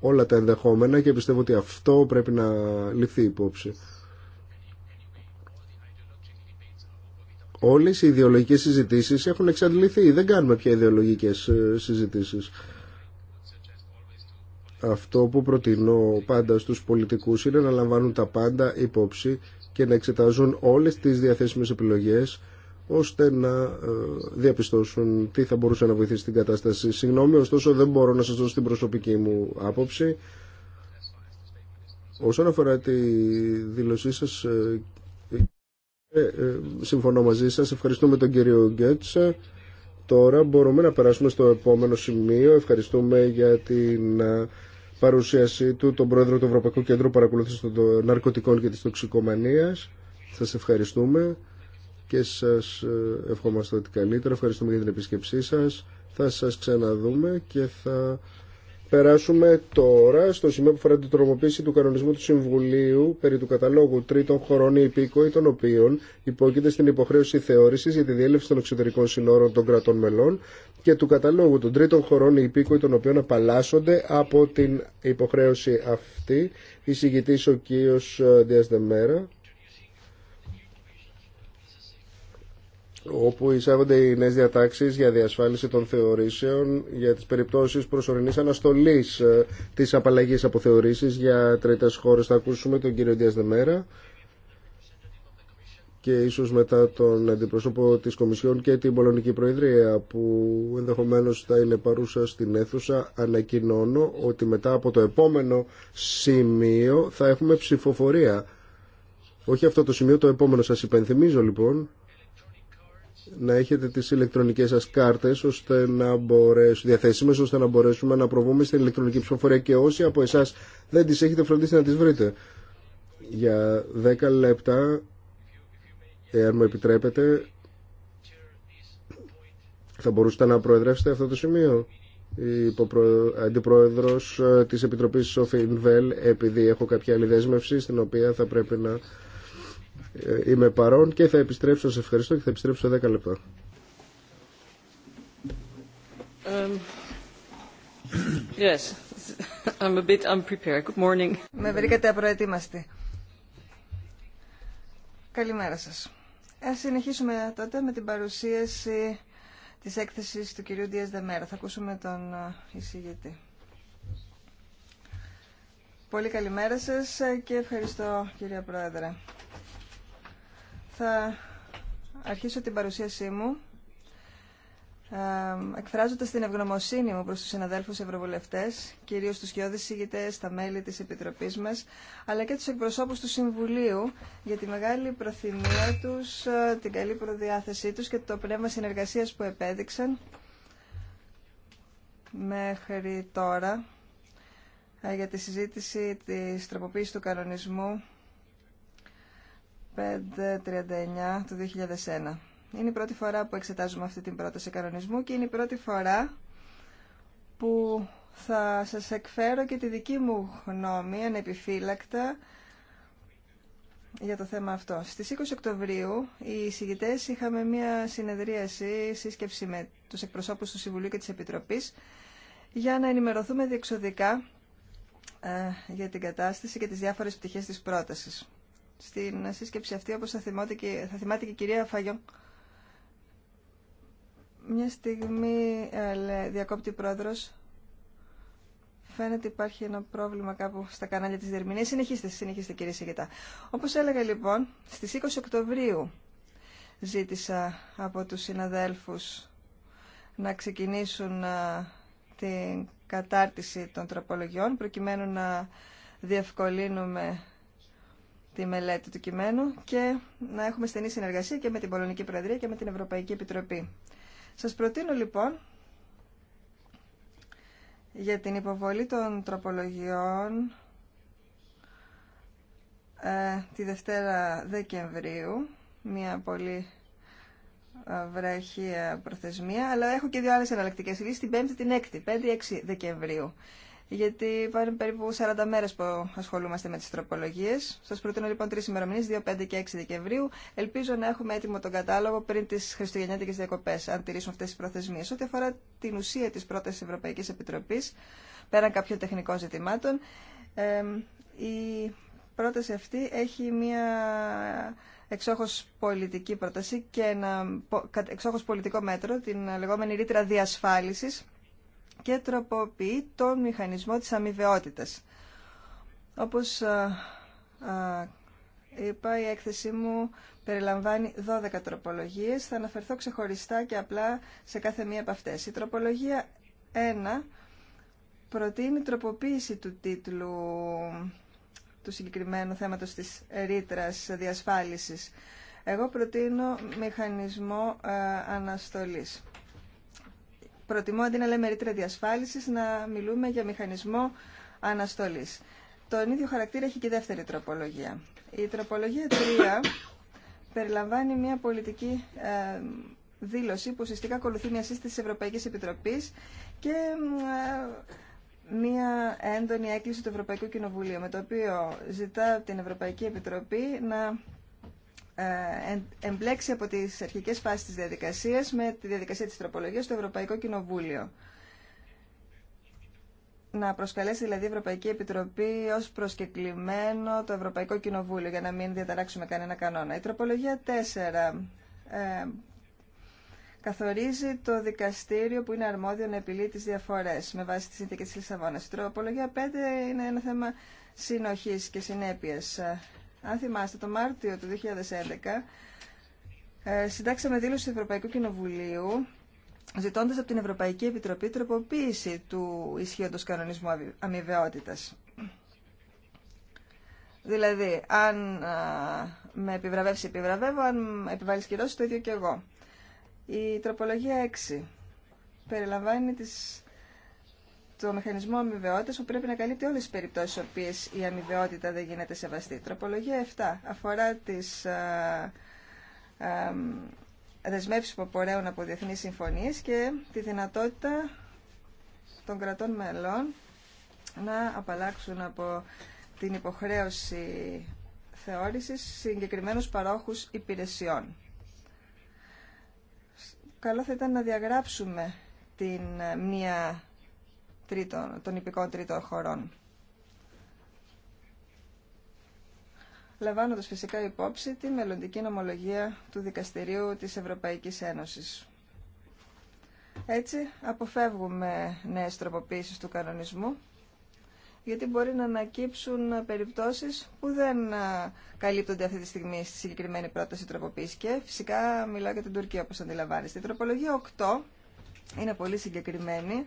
όλα τα ενδεχόμενα και πιστεύω ότι αυτό πρέπει να ληφθεί υπόψη. Όλες οι ιδεολογικές συζητήσεις έχουν εξαντληθεί, δεν κάνουμε πια ιδεολογικές ε, συζητήσεις. Αυτό που προτείνω πάντα στους πολιτικούς είναι να λαμβάνουν τα πάντα υπόψη και να εξετάζουν όλες τις διαθέσιμες επιλογές ώστε να ε, διαπιστώσουν τι θα μπορούσε να βοηθήσει την κατάσταση. Συγγνώμη, ωστόσο δεν μπορώ να σας δώσω την προσωπική μου άποψη. Όσον αφορά τη δήλωσή σας, ε, ε, συμφωνώ μαζί σας. Ευχαριστούμε τον κύριο Γκέτς. Τώρα μπορούμε να περάσουμε στο επόμενο σημείο. Ευχαριστούμε για την παρουσίασή του τον Πρόεδρο του Ευρωπαϊκού Κέντρου Παρακολούθησης των Ναρκωτικών και της Τοξικομανίας. Σας ευχαριστούμε και σας ε, ευχόμαστε ότι καλύτερα. Ευχαριστούμε για την επισκεψή σας. Θα σας ξαναδούμε και θα περάσουμε τώρα στο σημείο που φορά την τρομοποίηση του κανονισμού του Συμβουλίου περί του καταλόγου τρίτων χωρών ή υπήκοοι των οποίων υπόκειται στην υποχρέωση θεώρησης για τη διέλευση των εξωτερικών συνόρων των κρατών μελών και του καταλόγου των τρίτων χωρών ή υπήκοοι των οποίων απαλλάσσονται από την υποχρέωση αυτή. η Εισηγητής ο κ. Ε, Διασδεμέρα. όπου εισάγονται οι νέες διατάξεις για διασφάλιση των θεωρήσεων για τις περιπτώσεις προσωρινής αναστολής ε, της απαλλαγής από για τρίτες χώρες. Θα ακούσουμε τον κύριο Διασδεμέρα και ίσως μετά τον αντιπροσώπο της Κομισιόν και την Πολωνική Προεδρία που ενδεχομένως θα είναι παρούσα στην αίθουσα ανακοινώνω ότι μετά από το επόμενο σημείο θα έχουμε ψηφοφορία. Όχι αυτό το σημείο, το επόμενο σας υπενθυμίζω λοιπόν να έχετε τις ηλεκτρονικές σας κάρτες ώστε να μπορέσουν, διαθέσιμες ώστε να μπορέσουμε να προβούμε στην ηλεκτρονική ψηφοφορία και όσοι από εσάς δεν τις έχετε φροντίσει να τις βρείτε. Για 10 λεπτά, εάν μου επιτρέπετε, θα μπορούσατε να προεδρεύσετε αυτό το σημείο. Η αντιπρόεδρος ε, της Επιτροπής Σοφιν Βέλ, επειδή έχω κάποια άλλη δέσμευση στην οποία θα πρέπει να ε, είμαι παρόν και θα επιστρέψω. Σε ευχαριστώ και θα επιστρέψω σε 10 λεπτά. Um, yes, I'm a bit unprepared. Good morning. Με βρήκατε απροετοίμαστη. Καλημέρα σας. Ας συνεχίσουμε τότε με την παρουσίαση της έκθεσης του κυρίου Δίας Δεμέρα. Θα ακούσουμε τον ε, εισηγητή. Πολύ καλημέρα σας και ευχαριστώ κυρία Πρόεδρε. Θα αρχίσω την παρουσίασή μου εκφράζοντας την ευγνωμοσύνη μου προς τους συναδέλφους ευρωβουλευτές, κυρίως τους κοιόδης συγητές, τα μέλη της Επιτροπής μας, αλλά και τους εκπροσώπους του Συμβουλίου για τη μεγάλη προθυμία τους, ε, την καλή προδιάθεσή τους και το πνεύμα συνεργασίας που επέδειξαν μέχρι τώρα ε, για τη συζήτηση της τροποποίησης του κανονισμού 539 του 2001. Είναι η πρώτη φορά που εξετάζουμε αυτή την πρόταση κανονισμού και είναι η πρώτη φορά που θα σας εκφέρω και τη δική μου γνώμη ανεπιφύλακτα για το θέμα αυτό. Στις 20 Οκτωβρίου οι συγητές είχαμε μια συνεδρίαση, σύσκεψη με τους εκπροσώπους του Συμβουλίου και της Επιτροπής για να ενημερωθούμε διεξοδικά ε, για την κατάσταση και τις διάφορες πτυχές της πρότασης στην σύσκεψη αυτή, όπως θα, θυμάται και, θα θυμάται και η κυρία Φαγιόν. Μια στιγμή ε, διακόπτη πρόεδρος. Φαίνεται υπάρχει ένα πρόβλημα κάπου στα κανάλια της Δερμηνής. Συνεχίστε, συνεχίστε κύριε Σιγητά. Όπως έλεγα λοιπόν, στις 20 Οκτωβρίου ζήτησα από τους συναδέλφους να ξεκινήσουν ε, την κατάρτιση των τροπολογιών προκειμένου να διευκολύνουμε τη μελέτη του κειμένου και να έχουμε στενή συνεργασία και με την Πολωνική Προεδρία και με την Ευρωπαϊκή Επιτροπή. Σας προτείνω λοιπόν για την υποβολή των τροπολογιών ε, τη Δευτέρα Δεκεμβρίου, μια πολύ ε, βραχία προθεσμία, αλλά έχω και δύο άλλες εναλλακτικές λύσεις, την 5η την 6η, 5η-6 Δεκεμβρίου γιατί πάνε περίπου 40 μέρε που ασχολούμαστε με τι τροπολογίε. Σα προτείνω λοιπόν τρει ημερομηνίε, 2, 5 και 6 Δεκεμβρίου. Ελπίζω να έχουμε έτοιμο τον κατάλογο πριν τι Χριστουγεννιάτικε διακοπέ αν τηρήσουν αυτές τι προθεσμίες. Ό,τι αφορά την ουσία της πρότασης Ευρωπαϊκή Επιτροπή, πέραν κάποιων τεχνικών ζητημάτων, ε, η πρόταση αυτή έχει μια εξόχως πολιτική πρόταση και ένα εξόχως πολιτικό μέτρο, την λεγόμενη ρήτρα διασφάλισης, και τροποποιεί τον μηχανισμό της αμοιβαιότητας. Όπως είπα, η έκθεσή μου περιλαμβάνει 12 τροπολογίες. Θα αναφερθώ ξεχωριστά και απλά σε κάθε μία από αυτές. Η τροπολογία 1 προτείνει τροποποίηση του τίτλου του συγκεκριμένου θέματος της ρήτρα διασφάλισης. Εγώ προτείνω μηχανισμό ε, αναστολής προτιμώ αντί να λέμε ρήτρα διασφάλισης να μιλούμε για μηχανισμό αναστολής. Το ίδιο χαρακτήρα έχει και δεύτερη τροπολογία. Η τροπολογία 3 περιλαμβάνει μια πολιτική ε, δήλωση που ουσιαστικά ακολουθεί μια σύστηση της Ευρωπαϊκής Επιτροπής και ε, μια έντονη έκκληση του Ευρωπαϊκού Κοινοβουλίου με το οποίο ζητά την Ευρωπαϊκή Επιτροπή να ε, εμπλέξει από τι αρχικέ φάσει τη διαδικασία με τη διαδικασία τη τροπολογία, στο Ευρωπαϊκό Κοινοβούλιο. Να προσκαλέσει δηλαδή η Ευρωπαϊκή Επιτροπή ω προσκεκλημένο το Ευρωπαϊκό Κοινοβούλιο για να μην διαταράξουμε κανένα κανόνα. Η τροπολογία 4 ε, καθορίζει το δικαστήριο που είναι αρμόδιο να επιλύει τι διαφορέ με βάση τη συνθήκη τη Λισαβόνα. Η τροπολογία 5 είναι ένα θέμα συνοχή και συνέπεια. Αν θυμάστε, το Μάρτιο του 2011 ε, συντάξαμε δήλωση του Ευρωπαϊκού Κοινοβουλίου ζητώντας από την Ευρωπαϊκή Επιτροπή τροποποίηση του ισχύοντος κανονισμού αμοιβαιότητα. Δηλαδή, αν με επιβραβεύσει, επιβραβεύω, αν επιβάλλει κυρώσει, το ίδιο και εγώ. Η τροπολογία 6 περιλαμβάνει τις το μηχανισμό αμοιβαιότητα που πρέπει να καλύπτει όλε τι περιπτώσει στι οποίε η αμοιβαιότητα δεν γίνεται σεβαστή. Τροπολογία 7 αφορά τι ε, ε, ε, δεσμεύσει που απορρέουν από διεθνεί συμφωνίε και τη δυνατότητα των κρατών μελών να απαλλάξουν από την υποχρέωση θεώρησης συγκεκριμένους παρόχους υπηρεσιών. Καλό θα ήταν να διαγράψουμε την μία τρίτων, των υπηκών τρίτων χωρών. Λαμβάνοντα φυσικά υπόψη τη μελλοντική νομολογία του Δικαστηρίου της Ευρωπαϊκής Ένωσης. Έτσι αποφεύγουμε νέες τροποποίησεις του κανονισμού γιατί μπορεί να ανακύψουν περιπτώσεις που δεν καλύπτονται αυτή τη στιγμή στη συγκεκριμένη πρόταση τροποποίηση και φυσικά μιλάω για την Τουρκία όπως αντιλαμβάνεστε. Η τροπολογία 8 είναι πολύ συγκεκριμένη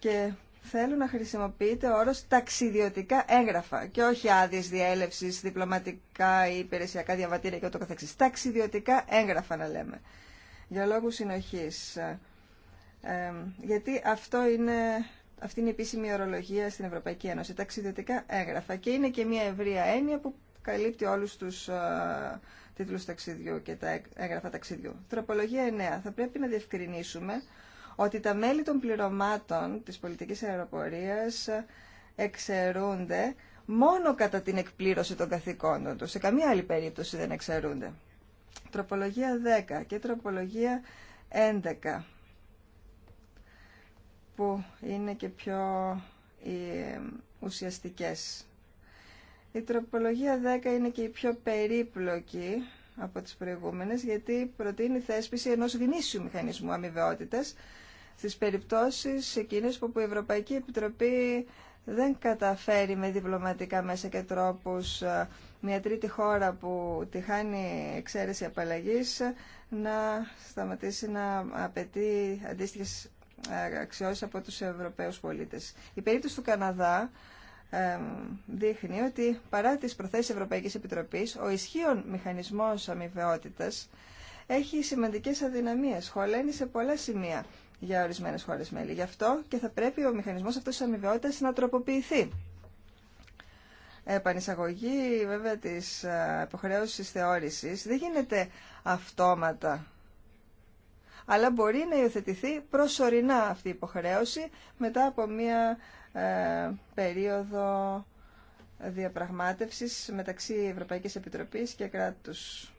και θέλω να χρησιμοποιείται ο όρος ταξιδιωτικά έγγραφα και όχι άδειες διέλευσης, διπλωματικά ή υπηρεσιακά διαβατήρια και ούτω καθεξής. Ταξιδιωτικά έγγραφα να λέμε, για λόγους συνοχής. Ε, γιατί αυτό είναι, αυτή είναι η επίσημη ορολογία στην Ευρωπαϊκή Ένωση, ταξιδιωτικά έγγραφα και είναι και μια ευρεία έννοια που καλύπτει όλους τους ε, τίτλους ταξιδιού και τα έγγραφα ταξιδιού. Τροπολογία 9. Θα πρέπει να διευκρινίσουμε ότι τα μέλη των πληρωμάτων της πολιτικής αεροπορίας εξαιρούνται μόνο κατά την εκπλήρωση των καθηκόντων τους. Σε καμία άλλη περίπτωση δεν εξαιρούνται. Τροπολογία 10 και τροπολογία 11 που είναι και πιο ε, ουσιαστικές. Η τροπολογία 10 είναι και η πιο περίπλοκη από τις προηγούμενες γιατί προτείνει θέσπιση ενός γνήσιου μηχανισμού αμοιβαιότητας στις περιπτώσεις εκείνες που η Ευρωπαϊκή Επιτροπή δεν καταφέρει με διπλωματικά μέσα και τρόπους ε, μια τρίτη χώρα που τη χάνει εξαίρεση απαλλαγής να σταματήσει να απαιτεί αντίστοιχες ε, αξιώσεις από τους Ευρωπαίους πολίτες. Η περίπτωση του Καναδά δείχνει ότι παρά τις προθέσεις Ευρωπαϊκής Επιτροπής, ο ισχύων μηχανισμός αμοιβαιότητας έχει σημαντικές αδυναμίες, χωλαίνει σε πολλά σημεία για ορισμένε χώρε μέλη. Γι' αυτό και θα πρέπει ο μηχανισμό αυτό τη αμοιβαιότητα να τροποποιηθεί. Επανεισαγωγή βέβαια τη υποχρέωση θεώρηση δεν γίνεται αυτόματα. Αλλά μπορεί να υιοθετηθεί προσωρινά αυτή η υποχρέωση μετά από μία ε, περίοδο διαπραγμάτευσης μεταξύ Ευρωπαϊκής Επιτροπής και κράτους.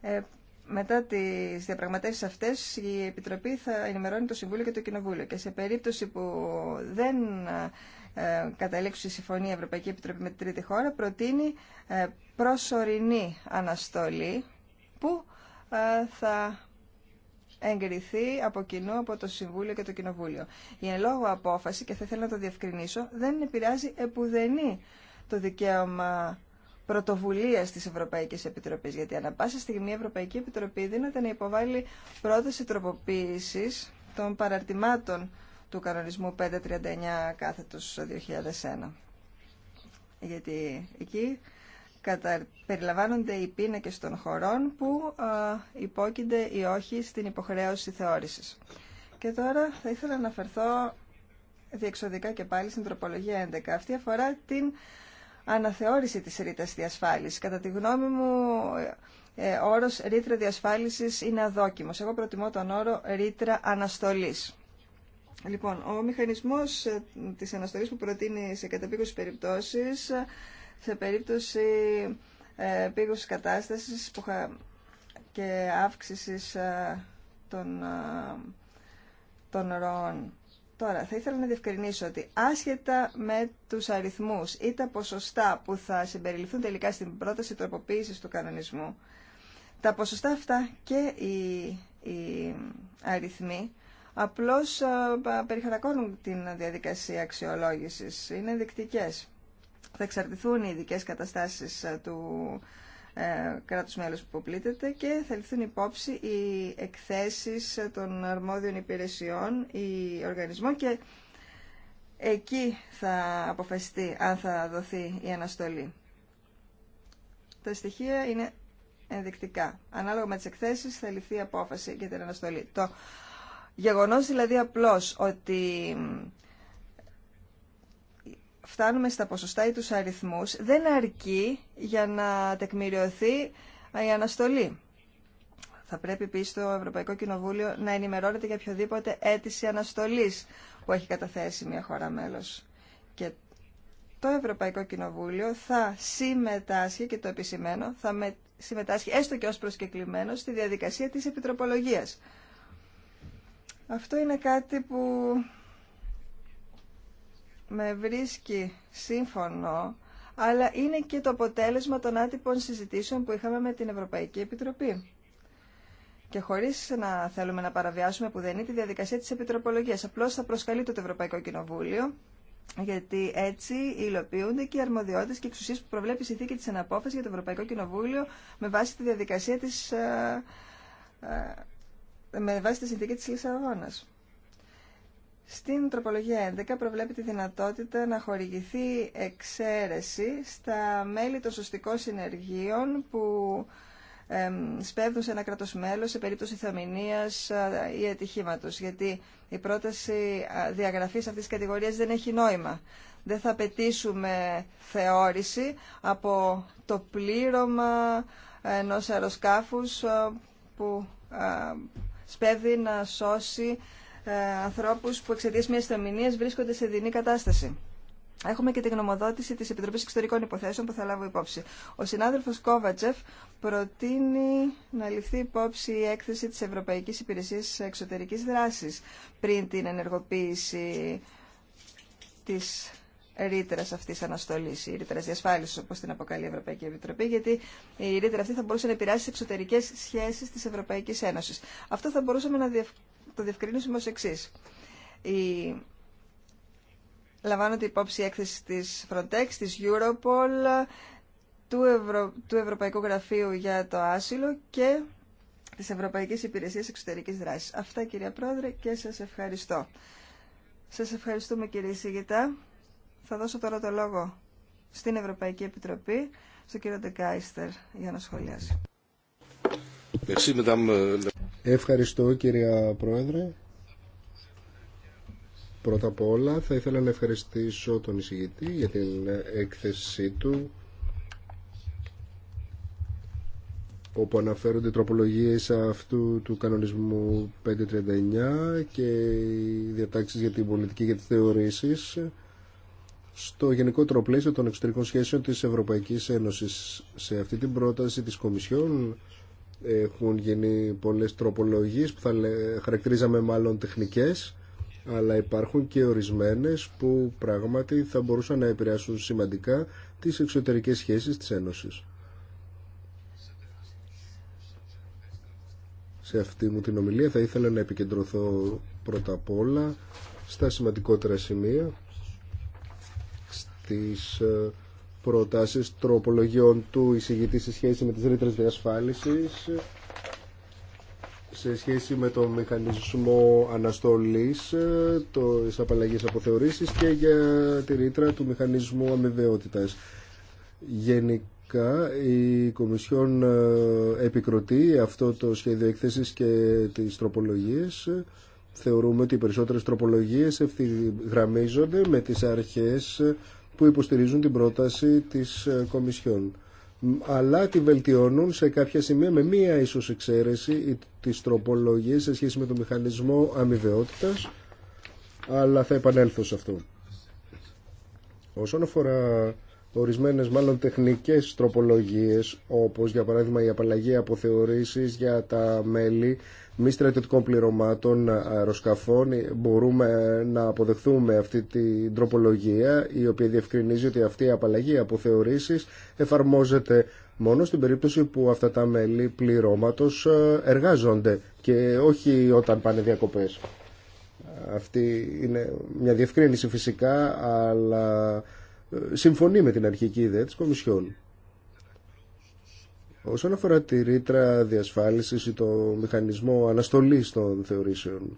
Ε, μετά τι διαπραγματεύσει αυτέ, η Επιτροπή θα ενημερώνει το Συμβούλιο και το Κοινοβούλιο. Και σε περίπτωση που δεν ε, καταλήξει η συμφωνία Ευρωπαϊκή Επιτροπή με την τρίτη χώρα, προτείνει ε, προσωρινή αναστολή που ε, θα εγκριθεί από κοινού από το Συμβούλιο και το Κοινοβούλιο. Η εν λόγω απόφαση, και θα ήθελα να το διευκρινίσω, δεν επηρεάζει επουδενή το δικαίωμα πρωτοβουλία τη Ευρωπαϊκή Επιτροπή. Γιατί ανά πάσα στιγμή η Ευρωπαϊκή Επιτροπή δίνεται να υποβάλει πρόταση τροποποίηση των παραρτημάτων του κανονισμού 539 κάθετος 2001. Γιατί εκεί κατα... περιλαμβάνονται οι πίνακες των χωρών που α, υπόκεινται ή όχι στην υποχρέωση θεώρησης. Και τώρα θα ήθελα να αναφερθώ διεξοδικά και πάλι στην τροπολογία 11. Αυτή αφορά την αναθεώρηση της ρήτρας διασφάλισης. Κατά τη γνώμη μου, ε, ε όρος ρήτρα διασφάλισης είναι αδόκιμος. Εγώ προτιμώ τον όρο ρήτρα αναστολής. Λοιπόν, ο μηχανισμός ε, της αναστολής που προτείνει σε κατάπικους περιπτώσεις, σε περίπτωση ε, κατάστασης που και αύξησης ε, των, των ροών. Τώρα, θα ήθελα να διευκρινίσω ότι άσχετα με τους αριθμούς ή τα ποσοστά που θα συμπεριληφθούν τελικά στην πρόταση τροποποίησης του κανονισμού, τα ποσοστά αυτά και οι, αριθμοί απλώς ε, περιχαρακώνουν την διαδικασία αξιολόγησης, είναι δεικτικές. Θα εξαρτηθούν οι ειδικέ καταστάσεις ε, του ε, κράτους μέλους που πλήττεται και θα ληφθούν υπόψη οι εκθέσεις των αρμόδιων υπηρεσιών ή οργανισμών και εκεί θα αποφασιστεί αν θα δοθεί η αναστολή. Τα στοιχεία είναι ενδεικτικά. Ανάλογα με τις εκθέσεις θα ληφθεί η απόφαση για την αναστολή. Το γεγονός δηλαδή απλώς ότι φτάνουμε στα ποσοστά ή τους αριθμούς δεν αρκεί για να τεκμηριωθεί η αναστολή. Θα πρέπει επίση το Ευρωπαϊκό Κοινοβούλιο να ενημερώνεται για οποιοδήποτε αίτηση αναστολής που έχει καταθέσει μια χώρα μέλος. Και το Ευρωπαϊκό Κοινοβούλιο θα συμμετάσχει, και το επισημένο θα συμμετάσχει έστω και ως προσκεκλημένο στη διαδικασία της επιτροπολογίας. Αυτό είναι κάτι που με βρίσκει σύμφωνο, αλλά είναι και το αποτέλεσμα των άτυπων συζητήσεων που είχαμε με την Ευρωπαϊκή Επιτροπή. Και χωρί να θέλουμε να παραβιάσουμε που δεν είναι τη διαδικασία τη επιτροπολογία. Απλώ θα προσκαλείται το Ευρωπαϊκό Κοινοβούλιο, γιατί έτσι υλοποιούνται και οι αρμοδιότητε και εξουσίε που προβλέπει η συνθήκη τη αναπόφαση για το Ευρωπαϊκό Κοινοβούλιο με βάση τη διαδικασία τη. Ε, ε, με βάση τη συνθήκη τη Λισαβόνα. Στην τροπολογία 11 προβλέπει τη δυνατότητα να χορηγηθεί εξαίρεση στα μέλη των σωστικών συνεργείων που σπέβδουν σε ένα κράτος μέλος σε περίπτωση θεομηνίας ε, ή ατυχήματος. Γιατί η πρόταση διαγραφής αυτής της κατηγορίας δεν έχει νόημα. Δεν θα απαιτήσουμε θεώρηση από το πλήρωμα ενός αεροσκάφους ε, που ε, σπέβδει να σώσει ε, Ανθρώπου που εξαιτία μια θεομηνίας βρίσκονται σε δινή κατάσταση. Έχουμε και την γνωμοδότηση τη Επιτροπή Εξωτερικών Υποθέσεων που θα λάβω υπόψη. Ο συνάδελφος Κόβατσεφ προτείνει να ληφθεί υπόψη η έκθεση τη Ευρωπαϊκή Υπηρεσία Εξωτερική δράση πριν την ενεργοποίηση τη ρήτρα αυτή αναστολή, η ρήτρα διασφάλιση, όπω την αποκαλεί η Ευρωπαϊκή Επιτροπή, γιατί η ρήτρα αυτή θα μπορούσε να επηρεάσει τι εξωτερικέ σχέσει τη Ευρωπαϊκή Ένωση. Αυτό θα μπορούσαμε να το διευκρινίσουμε ως εξής. Η... Λαμβάνονται υπόψη έκθεση της Frontex, της Europol, του, Ευρω... του Ευρωπαϊκού Γραφείου για το Άσυλο και της Ευρωπαϊκής Υπηρεσίας Εξωτερικής Δράσης. Αυτά κυρία Πρόεδρε και σας ευχαριστώ. Σας ευχαριστούμε κύριε Σίγητα. Θα δώσω τώρα το λόγο στην Ευρωπαϊκή Επιτροπή, στον κύριο Ντεκάιστερ για να σχολιάσει. Euh, Ευχαριστώ κυρία Πρόεδρε. Πρώτα απ' όλα θα ήθελα να ευχαριστήσω τον εισηγητή για την έκθεσή του όπου αναφέρονται τροπολογίες αυτού του κανονισμού 539 και οι διατάξεις για την πολιτική για τις θεωρήσεις στο γενικό πλαίσιο των εξωτερικών σχέσεων της Ευρωπαϊκής Ένωσης. Σε αυτή την πρόταση της Κομισιόν έχουν γίνει πολλές τροπολογίες που θα χαρακτηρίζαμε μάλλον τεχνικές αλλά υπάρχουν και ορισμένες που πράγματι θα μπορούσαν να επηρεάσουν σημαντικά τις εξωτερικές σχέσεις της Ένωσης. Σε αυτή μου την ομιλία θα ήθελα να επικεντρωθώ πρώτα απ' όλα στα σημαντικότερα σημεία στις ε, προτάσεις τροπολογιών του εισηγητή σε σχέση με τις ρήτρε διασφάλισης, σε σχέση με το μηχανισμό αναστολής, το απαλλαγής αποθεωρήσεις και για τη ρήτρα του μηχανισμού αμοιβαιότητα. Γενικά η Κομισιόν ε, επικροτεί αυτό το σχέδιο έκθεση και τι τροπολογίες θεωρούμε ότι οι περισσότερες τροπολογίε ευθυγραμμίζονται με τι αρχέ που υποστηρίζουν την πρόταση της ε, Κομισιόν αλλά τη βελτιώνουν σε κάποια σημεία με μία ίσως εξαίρεση της τροπολογίας σε σχέση με το μηχανισμό αμοιβαιότητας αλλά θα επανέλθω σε αυτό. Όσον αφορά ορισμένες μάλλον τεχνικές τροπολογίες όπως για παράδειγμα η απαλλαγή αποθεωρήσεις για τα μέλη μη στρατιωτικών πληρωμάτων αεροσκαφών μπορούμε να αποδεχθούμε αυτή την τροπολογία η οποία διευκρινίζει ότι αυτή η απαλλαγή από θεωρήσεις εφαρμόζεται μόνο στην περίπτωση που αυτά τα μέλη πληρώματος ε, εργάζονται και όχι όταν πάνε διακοπές. Αυτή είναι μια διευκρίνηση φυσικά αλλά ε, συμφωνεί με την αρχική ιδέα της Κομισιόν. Όσον αφορά τη ρήτρα διασφάλισης ή το μηχανισμό αναστολής των θεωρήσεων,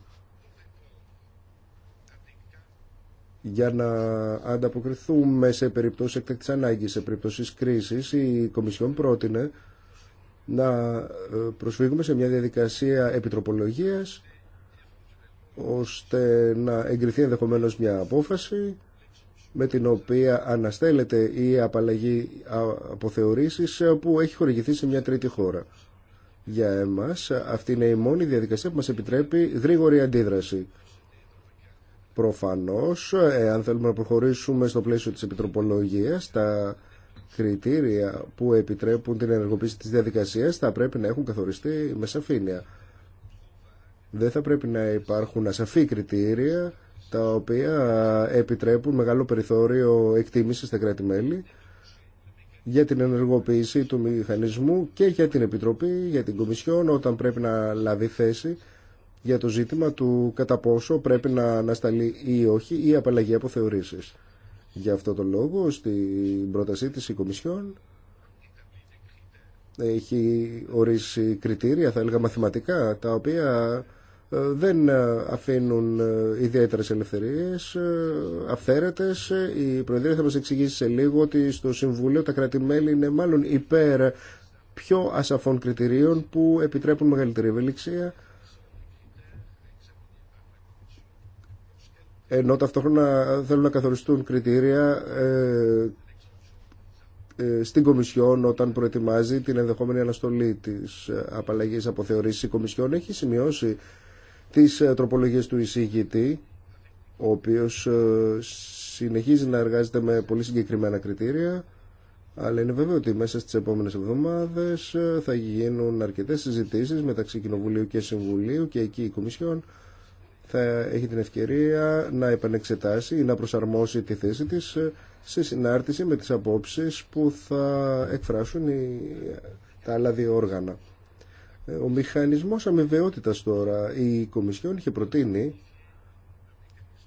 για να ανταποκριθούμε σε περίπτωση εκτακτής ανάγκης, σε περιπτώσεις κρίσης, η Κομισιόν πρότεινε να ε, προσφύγουμε σε μια διαδικασία επιτροπολογίας ώστε να εγκριθεί ενδεχομένως μια απόφαση με την οποία αναστέλλεται η απαλλαγή αποθεωρήσεις ε, που έχει χορηγηθεί σε μια τρίτη χώρα. Για εμάς αυτή είναι η μόνη διαδικασία που μας επιτρέπει γρήγορη αντίδραση. Προφανώς, εάν θέλουμε να προχωρήσουμε στο πλαίσιο της επιτροπολογίας, τα κριτήρια που επιτρέπουν την ενεργοποίηση της διαδικασίας θα πρέπει να έχουν καθοριστεί με σαφήνεια. Δεν θα πρέπει να υπάρχουν ασαφή κριτήρια τα οποία επιτρέπουν μεγάλο περιθώριο εκτίμηση στα κράτη-μέλη για την ενεργοποίηση του μηχανισμού και για την Επιτροπή, για την Κομισιόν όταν πρέπει να λάβει θέση για το ζήτημα του κατά πόσο πρέπει να ανασταλεί ή όχι η απαλλαγή από θεωρήσεις. Για αυτό το λόγο στην πρότασή της η Κομισιόν έχει ορίσει κριτήρια, θα έλεγα μαθηματικά, τα οποία ε, δεν ε, αφήνουν ε, ιδιαίτερες ελευθερίες αυθαίρετες. Η Προεδρία θα μας εξηγήσει σε λίγο ότι στο Συμβουλίο τα κρατημέλη είναι μάλλον υπέρ πιο ασαφών κριτηρίων που επιτρέπουν μεγαλύτερη ευελιξία ενώ ταυτόχρονα θέλουν να καθοριστούν κριτήρια στην Κομισιόν όταν προετοιμάζει την ενδεχόμενη αναστολή της απαλλαγής από Η Κομισιόν έχει σημειώσει τις ε, τροπολογίες του εισηγητή, ο οποίος ε, συνεχίζει να εργάζεται με πολύ συγκεκριμένα κριτήρια, αλλά είναι βέβαιο ότι μέσα στις επόμενες εβδομάδες ε, θα γίνουν αρκετές συζητήσεις μεταξύ Κοινοβουλίου και Συμβουλίου και εκεί η Κομισιόν θα έχει την ευκαιρία να επανεξετάσει ή να προσαρμόσει τη θέση της σε συνάρτηση με τις απόψεις που θα εκφράσουν τα άλλα δύο όργανα. Ο μηχανισμός αμοιβαιότητας τώρα, η Κομισιόν είχε προτείνει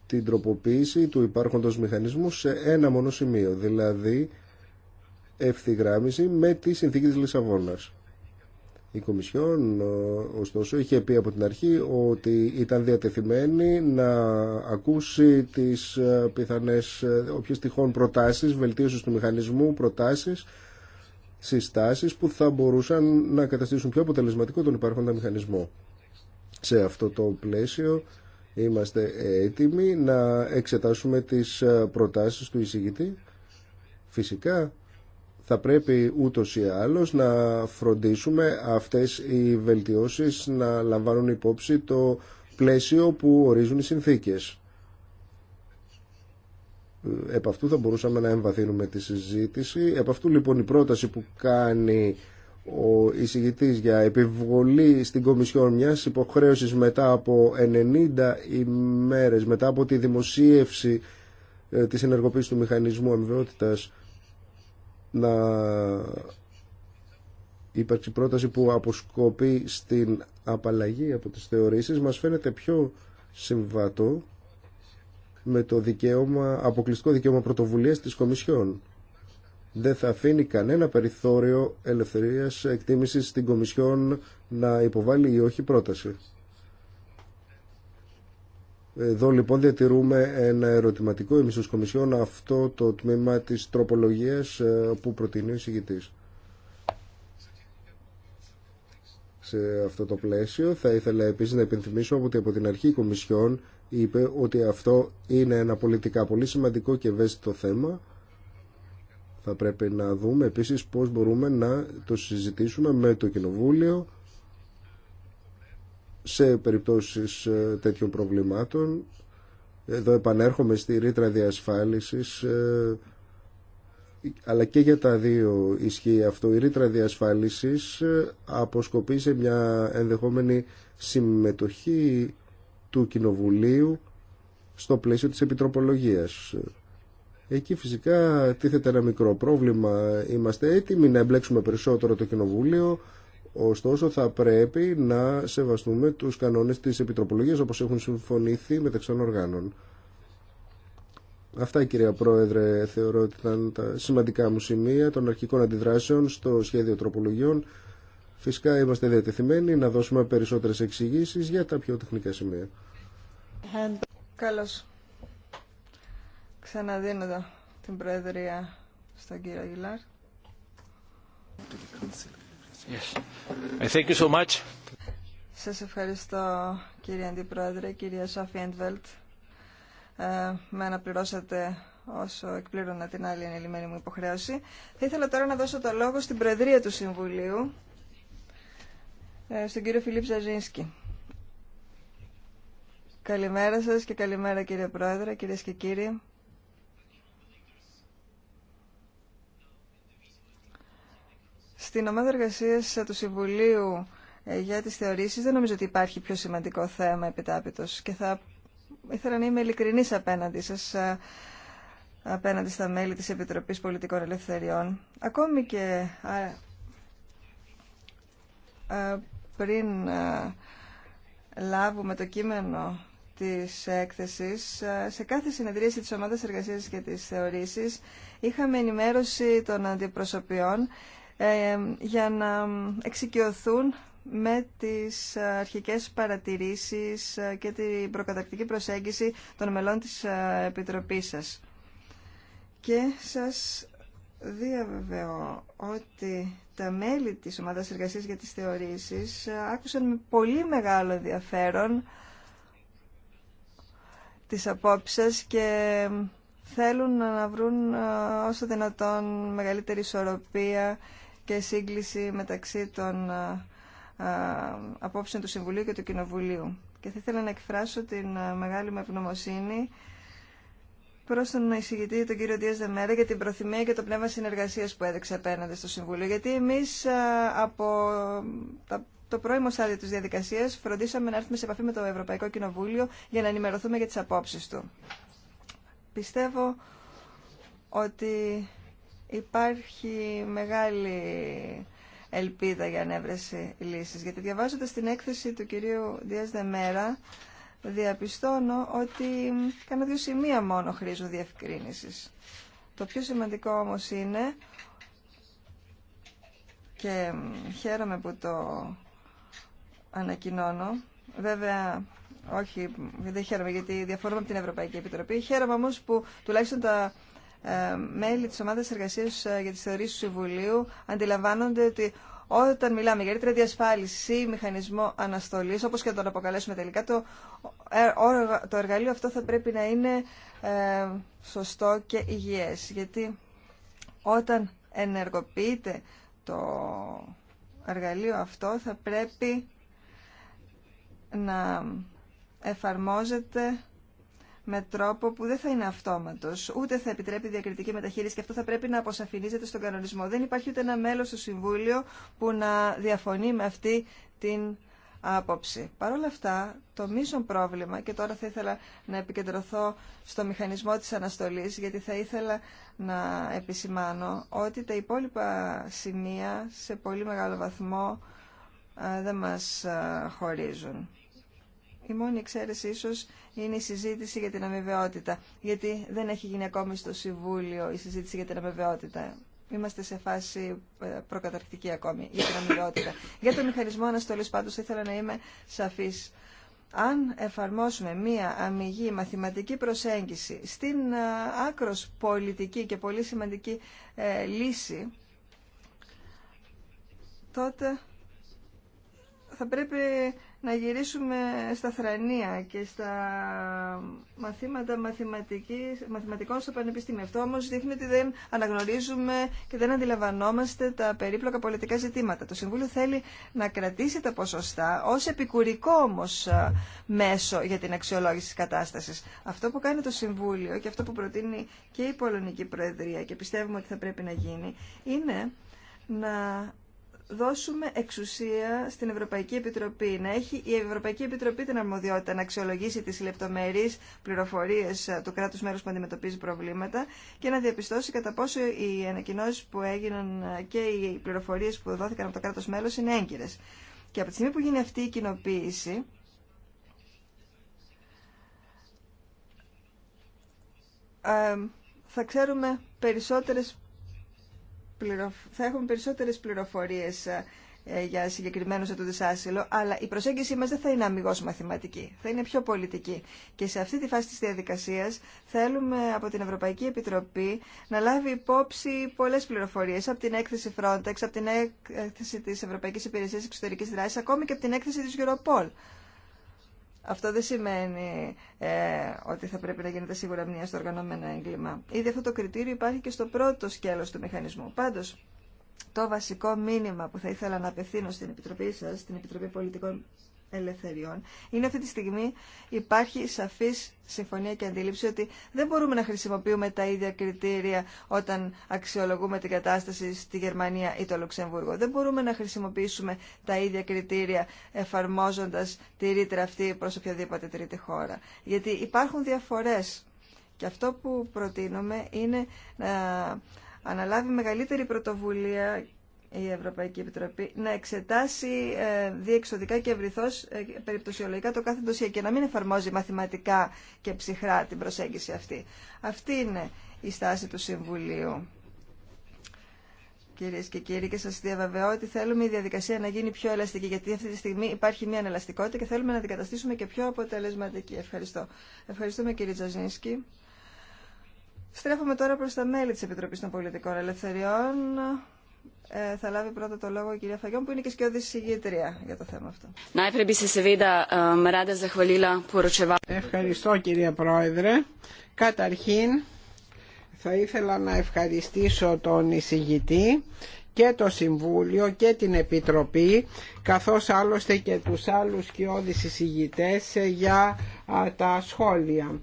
την τροποποίηση του υπάρχοντος μηχανισμού σε ένα μόνο σημείο, δηλαδή ευθυγράμμιση με τη συνθήκη της Λισαβόνας. Η Κομισιόν, ωστόσο, είχε πει από την αρχή ότι ήταν διατεθειμένη να ακούσει τις ε, πιθανές, ε, όποιες τυχόν προτάσεις, βελτίωσης του μηχανισμού, προτάσεις, συστάσεις που θα μπορούσαν να καταστήσουν πιο αποτελεσματικό τον υπάρχοντα μηχανισμό. Σε αυτό το πλαίσιο είμαστε έτοιμοι να εξετάσουμε τις ε, προτάσεις του εισηγητή. Φυσικά θα πρέπει ούτως ή άλλως να φροντίσουμε αυτές οι βελτιώσεις να λαμβάνουν υπόψη το πλαίσιο που ορίζουν οι συνθήκες. Επ' αυτού θα μπορούσαμε να εμβαθύνουμε τη συζήτηση. Επ' αυτού λοιπόν η πρόταση που κάνει ο εισηγητή για επιβολή στην Κομισιόν μια υποχρέωση μετά από 90 ημέρες, μετά από τη δημοσίευση ε, της ενεργοποίησης του μηχανισμού αμοιβαιότητας να υπάρξει πρόταση που αποσκοπεί στην απαλλαγή από τις θεωρήσεις μας φαίνεται πιο συμβατό με το δικαίωμα, αποκλειστικό δικαίωμα πρωτοβουλίας της Κομισιόν. Δεν θα αφήνει κανένα περιθώριο ελευθερίας εκτίμησης στην Κομισιόν να υποβάλει ή όχι πρόταση. Εδώ λοιπόν διατηρούμε ένα ερωτηματικό εμείς ως Κομισιόν αυτό το τμήμα της τροπολογίας ε, που προτείνει ο εισηγητής. Σε αυτό το πλαίσιο θα ήθελα επίσης να υπενθυμίσω ότι από την αρχή η οχι προταση εδω λοιπον διατηρουμε ενα ερωτηματικο εμεις κομισιον αυτο το τμημα της τροπολογιας που προτεινει ο εισηγητης σε αυτο το πλαισιο θα ηθελα επισης να υπενθυμισω οτι απο την αρχη η κομισιον είπε ότι αυτό είναι ένα πολιτικά πολύ σημαντικό και ευαίσθητο θέμα. Θα πρέπει να δούμε επίσης πώς μπορούμε να το συζητήσουμε με το Κοινοβούλιο σε περιπτώσεις ε, τέτοιων προβλημάτων. Εδώ επανέρχομαι στη ρήτρα διασφάλισης ε, αλλά και για τα δύο ισχύει αυτό. Η ρήτρα διασφάλισης ε, αποσκοπεί σε μια ενδεχόμενη συμμετοχή του Κοινοβουλίου στο πλαίσιο της επιτροπολογίας. Εκεί φυσικά τίθεται ένα μικρό πρόβλημα. Είμαστε έτοιμοι να εμπλέξουμε περισσότερο το Κοινοβούλιο, ωστόσο θα πρέπει να σεβαστούμε τους κανόνες της επιτροπολογίας όπως έχουν συμφωνήθει μεταξύ των οργάνων. Αυτά κυρία Πρόεδρε θεωρώ ότι ήταν τα σημαντικά μου σημεία των αρχικών αντιδράσεων στο σχέδιο τροπολογιών Φυσικά είμαστε διατεθειμένοι να δώσουμε περισσότερες εξηγήσεις για τα πιο τεχνικά σημεία. Καλώς. Ξαναδίνω την Προεδρία στον κύριο Αγγιλάρ. Yes. so much. Σας ευχαριστώ κύριε Αντιπρόεδρε, κυρία Σόφι Εντβέλτ. Ε, με αναπληρώσατε όσο εκπλήρωνα την άλλη ενηλειμμένη μου υποχρέωση. Θα ήθελα τώρα να δώσω το λόγο στην Προεδρία του Συμβουλίου ε, στον κύριο Φιλίπ Ζαζίνσκι. Καλημέρα σας και καλημέρα κύριε Πρόεδρε, κυρίες και κύριοι. Στην ομάδα εργασία του Συμβουλίου ε, για τις θεωρήσεις δεν νομίζω ότι υπάρχει πιο σημαντικό θέμα επιτάπητος και θα ήθελα να είμαι ειλικρινής απέναντι σας ε, απέναντι στα μέλη της Επιτροπής Πολιτικών Ελευθεριών. Ακόμη και πριν ε, λάβουμε το κείμενο της έκθεσης, ε, σε κάθε συνεδρίαση της Ομάδας Εργασίας και της Θεωρήσης είχαμε ενημέρωση των αντιπροσωπιών ε, για να εξοικειωθούν με τις αρχικές παρατηρήσεις και την προκατακτική προσέγγιση των μελών της Επιτροπής σας. Και σας διαβεβαιώ ότι τα μέλη της ομάδας εργασίας για τις θεωρήσεις ε, άκουσαν με πολύ μεγάλο ενδιαφέρον τις απόψεις και θέλουν να βρουν ε, όσο δυνατόν μεγαλύτερη ισορροπία και σύγκληση μεταξύ των ε, απόψεων του Συμβουλίου και του Κοινοβουλίου. Και θα ήθελα να εκφράσω την μεγάλη μου ευγνωμοσύνη προς τον εισηγητή τον κύριο Δία Δεμέρα για την προθυμία και το πνεύμα συνεργασία που έδειξε απέναντι στο Συμβούλιο. Γιατί εμείς από το πρώιμο στάδιο τη Διαδικασία φροντίσαμε να έρθουμε σε επαφή με το Ευρωπαϊκό Κοινοβούλιο για να ενημερωθούμε για τις απόψει του. Πιστεύω ότι υπάρχει μεγάλη ελπίδα για ανέβρεση λύσης. Γιατί διαβάζοντας την έκθεση του κυρίου Δίας Δεμέρα, διαπιστώνω ότι κάνω δύο σημεία μόνο χρήζω διευκρίνησης. Το πιο σημαντικό όμως είναι και χαίρομαι που το ανακοινώνω. Βέβαια, όχι, δεν χαίρομαι γιατί διαφορούμε από την Ευρωπαϊκή Επιτροπή. Χαίρομαι όμως που τουλάχιστον τα ε, μέλη της Ομάδας Εργασίας ε, για τις Θεωρίες του Συμβουλίου αντιλαμβάνονται ότι όταν μιλάμε για ρήτρα διασφάλιση ή μηχανισμό αναστολή, όπω και να τον αποκαλέσουμε τελικά, το, ε, το εργαλείο αυτό θα πρέπει να είναι ε, σωστό και υγιέ. Γιατί όταν ενεργοποιείται το εργαλείο αυτό θα πρέπει να εφαρμόζεται με τρόπο που δεν θα είναι αυτόματο. ούτε θα επιτρέπει διακριτική μεταχείριση και αυτό θα πρέπει να αποσαφηνίζεται στον κανονισμό. Δεν υπάρχει ούτε ένα μέλο στο Συμβούλιο που να διαφωνεί με αυτή την άποψη. Παρ' όλα αυτά, το μείζον πρόβλημα, και τώρα θα ήθελα να επικεντρωθώ στο μηχανισμό της αναστολής, γιατί θα ήθελα να επισημάνω ότι τα υπόλοιπα σημεία σε πολύ μεγάλο βαθμό ε, δεν μας ε, χωρίζουν. Η μόνη εξαίρεση ίσως είναι η συζήτηση για την αμοιβαιότητα, γιατί δεν έχει γίνει ακόμη στο Συμβούλιο η συζήτηση για την αμοιβαιότητα. Είμαστε σε φάση ε, προκαταρκτική ακόμη για την αμοιβαιότητα. Για τον μηχανισμό αναστολής πάντω ήθελα να είμαι σαφής. Αν εφαρμόσουμε μία αμυγή μαθηματική προσέγγιση στην ε, άκρος πολιτική και πολύ σημαντική ε, λύση, τότε θα πρέπει να γυρίσουμε στα θρανία και στα μαθήματα μαθηματικής, μαθηματικών στο Πανεπιστήμιο. Αυτό όμως δείχνει ότι δεν αναγνωρίζουμε και δεν αντιλαμβανόμαστε τα περίπλοκα πολιτικά ζητήματα. Το Συμβούλιο θέλει να κρατήσει τα ποσοστά ως επικουρικό όμως μέσο για την αξιολόγηση της κατάστασης. Αυτό που κάνει το Συμβούλιο και αυτό που προτείνει και η Πολωνική Προεδρία και πιστεύουμε ότι θα πρέπει να γίνει είναι να δώσουμε εξουσία στην Ευρωπαϊκή Επιτροπή, να έχει η Ευρωπαϊκή Επιτροπή την αρμοδιότητα να αξιολογήσει τις λεπτομερείς πληροφορίες του κράτους μέρους που αντιμετωπίζει προβλήματα και να διαπιστώσει κατά πόσο οι ανακοινώσει που έγιναν και οι πληροφορίες που δόθηκαν από το κράτος μέλος είναι έγκυρες. Και από τη στιγμή που γίνει αυτή η κοινοποίηση, ε, θα ξέρουμε περισσότερες θα έχουμε περισσότερες πληροφορίες ε, ε, για συγκεκριμένους το δυσάσυλο, αλλά η προσέγγιση μας δεν θα είναι αμυγός μαθηματική, θα είναι πιο πολιτική. Και σε αυτή τη φάση της διαδικασίας θέλουμε από την Ευρωπαϊκή Επιτροπή να λάβει υπόψη πολλές πληροφορίες από την έκθεση Frontex, από την έκθεση της Ευρωπαϊκής Υπηρεσίας Εξωτερικής Δράσης, ακόμη και από την έκθεση της Europol. Αυτό δεν σημαίνει ε, ότι θα πρέπει να γίνεται σίγουρα μία στο οργανωμένο έγκλημα. Ήδη αυτό το κριτήριο υπάρχει και στο πρώτο σκέλος του μηχανισμού. Πάντως, το βασικό μήνυμα που θα ήθελα να απευθύνω στην Επιτροπή σας, στην Επιτροπή Πολιτικών ελευθεριών είναι αυτή τη στιγμή υπάρχει σαφής συμφωνία και αντίληψη ότι δεν μπορούμε να χρησιμοποιούμε τα ίδια κριτήρια όταν αξιολογούμε την κατάσταση στη Γερμανία ή το Λουξεμβούργο. Δεν μπορούμε να χρησιμοποιήσουμε τα ίδια κριτήρια εφαρμόζοντας τη ρήτρα αυτή προς οποιαδήποτε τρίτη χώρα. Γιατί υπάρχουν διαφορές και αυτό που προτείνουμε είναι να αναλάβει μεγαλύτερη πρωτοβουλία η Ευρωπαϊκή Επιτροπή να εξετάσει ε, διεξοδικά και ευρυθώς ε, περιπτωσιολογικά το κάθε δοσία και να μην εφαρμόζει μαθηματικά και ψυχρά την προσέγγιση αυτή. Αυτή είναι η στάση του Συμβουλίου. Κυρίε και κύριοι, και σα διαβεβαιώ ότι θέλουμε η διαδικασία να γίνει πιο ελαστική, γιατί αυτή τη στιγμή υπάρχει μια ανελαστικότητα και θέλουμε να την καταστήσουμε και πιο αποτελεσματική. Ευχαριστώ. Ευχαριστούμε κύριε Τζαζίνσκι. Στρέφουμε τώρα προ τα μέλη τη Επιτροπή των Πολιτικών Ελευθεριών. Ε, θα λάβει πρώτα το λόγο η κυρία Φαγιόν που είναι και σκιώδη συγγήτρια για το θέμα αυτό. Ε, Ευχαριστώ κυρία Πρόεδρε. Καταρχήν θα ήθελα να ευχαριστήσω τον εισηγητή και το Συμβούλιο και την Επιτροπή καθώς άλλωστε και τους άλλους σκιώδης εισηγητές ε, για τα σχόλια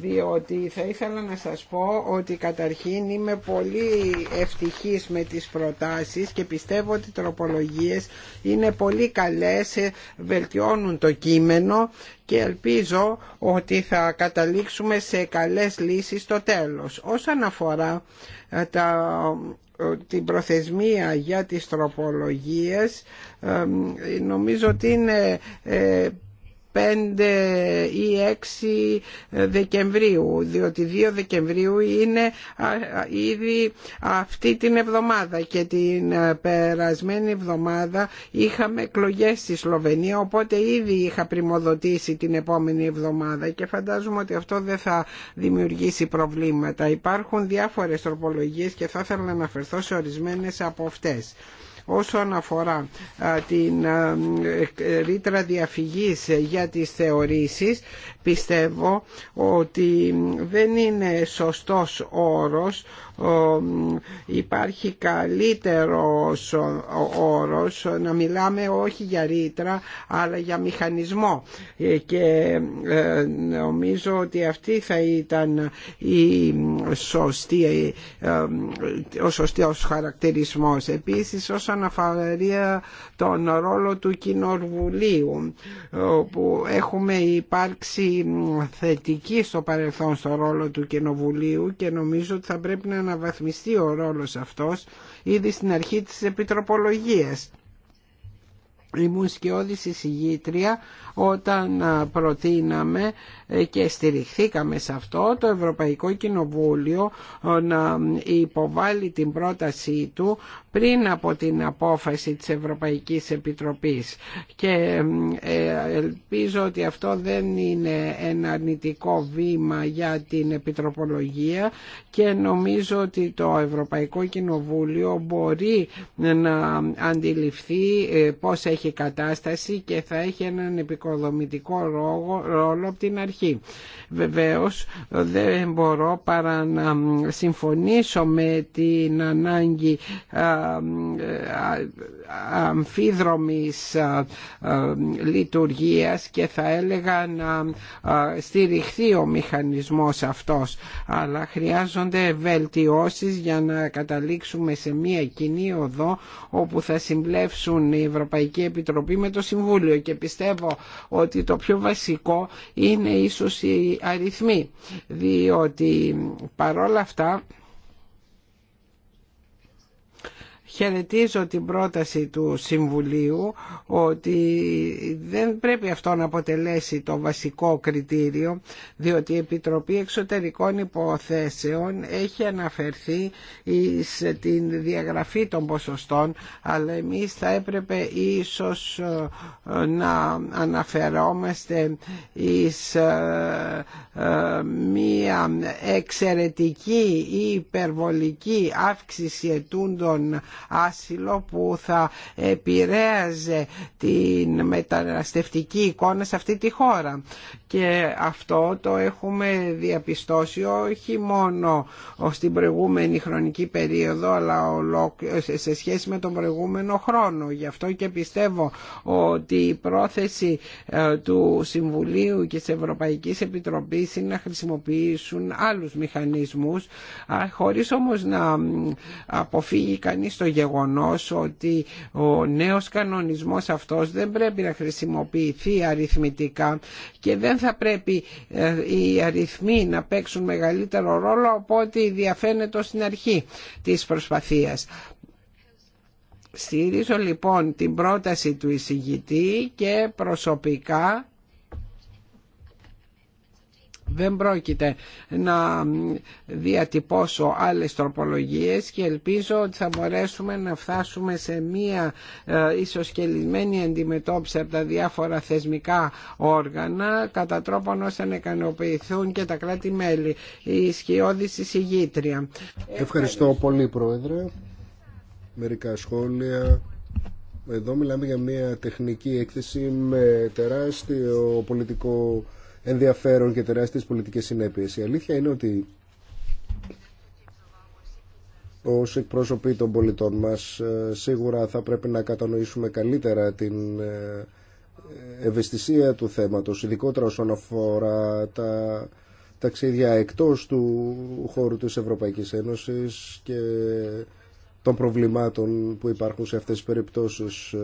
διότι θα ήθελα να σας πω ότι καταρχήν είμαι πολύ ευτυχής με τις προτάσεις και πιστεύω ότι οι τροπολογίες είναι πολύ καλές, ε, βελτιώνουν το κείμενο και ελπίζω ότι θα καταλήξουμε σε καλές λύσεις στο τέλος. Όσον αφορά ε, τα, ε, την προθεσμία για τις τροπολογίες νομίζω ότι είναι 5 ή 6 Δεκεμβρίου διότι 2 Δεκεμβρίου είναι ήδη αυτή την εβδομάδα και την ε, περασμένη εβδομάδα είχαμε εκλογέ στη Σλοβενία οπότε ήδη είχα πρημοδοτήσει την επόμενη εβδομάδα και φαντάζομαι ότι αυτό δεν θα δημιουργήσει προβλήματα. Υπάρχουν διάφορες τροπολογίες και θα ήθελα να αναφερθώ σε ορισμένες από αυτές όσον αφορά την ρήτρα διαφυγής για τις θεωρήσεις πιστεύω ότι δεν είναι σωστός όρος ο υπάρχει καλύτερος όρος να μιλάμε όχι για ρήτρα αλλά για μηχανισμό ε, και ε, νομίζω ότι αυτή θα ήταν η σωστή, ε, ο σωστός χαρακτηρισμός. Επίσης όσον αφορά τον ρόλο του Κοινοβουλίου που έχουμε υπάρξει θετική στο παρελθόν στο ρόλο του Κοινοβουλίου και νομίζω ότι θα πρέπει να βαθμιστεί ο ρόλος αυτός ήδη στην αρχή της επιτροπολογίας. Ήμουν σκιώδης εισηγήτρια όταν προτείναμε και στηριχθήκαμε σε αυτό το Ευρωπαϊκό Κοινοβούλιο ε, να υποβάλει την πρότασή του πριν από την απόφαση της Ευρωπαϊκής Επιτροπής και ε, ελπίζω ότι αυτό δεν είναι ένα αρνητικό βήμα για την Επιτροπολογία και νομίζω ότι το Ευρωπαϊκό Κοινοβούλιο μπορεί να αντιληφθεί ε, πώς έχει κατάσταση και θα έχει έναν επικοδομητικό ρόλο από την αρχή αρχή. Βεβαίως δεν μπορώ παρά να συμφωνήσω με την ανάγκη αμφίδρομης λειτουργίας και θα έλεγα να στηριχθεί ο μηχανισμός αυτός αλλά χρειάζονται βελτιώσεις για να καταλήξουμε σε μια κοινή οδό όπου θα συμπλέψουν η Ευρωπαϊκή Επιτροπή με το Συμβούλιο και πιστεύω ότι το πιο βασικό είναι ίσως οι αριθμοί διότι παρόλα αυτά Χαιρετίζω την πρόταση του Συμβουλίου ότι δεν πρέπει αυτό να αποτελέσει το βασικό κριτήριο διότι η Επιτροπή Εξωτερικών Υποθέσεων έχει αναφερθεί σε την διαγραφή των ποσοστών αλλά εμείς θα έπρεπε ίσως ε, να αναφερόμαστε εις ε, ε, μία εξαιρετική ή υπερβολική αύξηση ετούντων άσυλο που θα επηρέαζε την μεταναστευτική εικόνα σε αυτή τη χώρα και αυτό το έχουμε διαπιστώσει όχι μόνο στην προηγούμενη χρονική περίοδο αλλά σε σχέση με τον προηγούμενο χρόνο. Γι' αυτό και πιστεύω ότι η πρόθεση ε, του Συμβουλίου και της Ευρωπαϊκής Επιτροπής είναι να χρησιμοποιήσουν άλλους μηχανισμούς χωρίς όμως να αποφύγει κανείς το γεγονός ότι ο νέος κανονισμός αυτός δεν πρέπει να χρησιμοποιηθεί αριθμητικά και θα πρέπει ε, οι αριθμοί να παίξουν μεγαλύτερο ρόλο από ό,τι διαφαίνεται στην αρχή της προσπαθίας. Στηρίζω λοιπόν την πρόταση του εισηγητή και προσωπικά δεν πρόκειται να διατυπώσω άλλες τροπολογίες και ελπίζω ότι θα μπορέσουμε να φτάσουμε σε μία ε, ισοσκελισμένη αντιμετώπιση από τα διάφορα θεσμικά όργανα κατά τρόπον ώστε να ικανοποιηθούν και τα κράτη-μέλη. Η ισχυώδηση συγγήτρια. Ευχαριστώ πολύ Πρόεδρε. Μερικά σχόλια. Εδώ μιλάμε για μια τεχνική έκθεση με τεράστιο πολιτικό ενδιαφέρον και τεράστιε πολιτικέ συνέπειε. Η αλήθεια είναι ότι ω εκπρόσωποι των πολιτών μας ε, σίγουρα θα πρέπει να κατανοήσουμε καλύτερα την ε, ευαισθησία του θέματος, ειδικότερα όσον αφορά τα ταξίδια εκτός του χώρου της Ευρωπαϊκής Ένωσης και των προβλημάτων που υπάρχουν σε αυτές τις περιπτώσεις.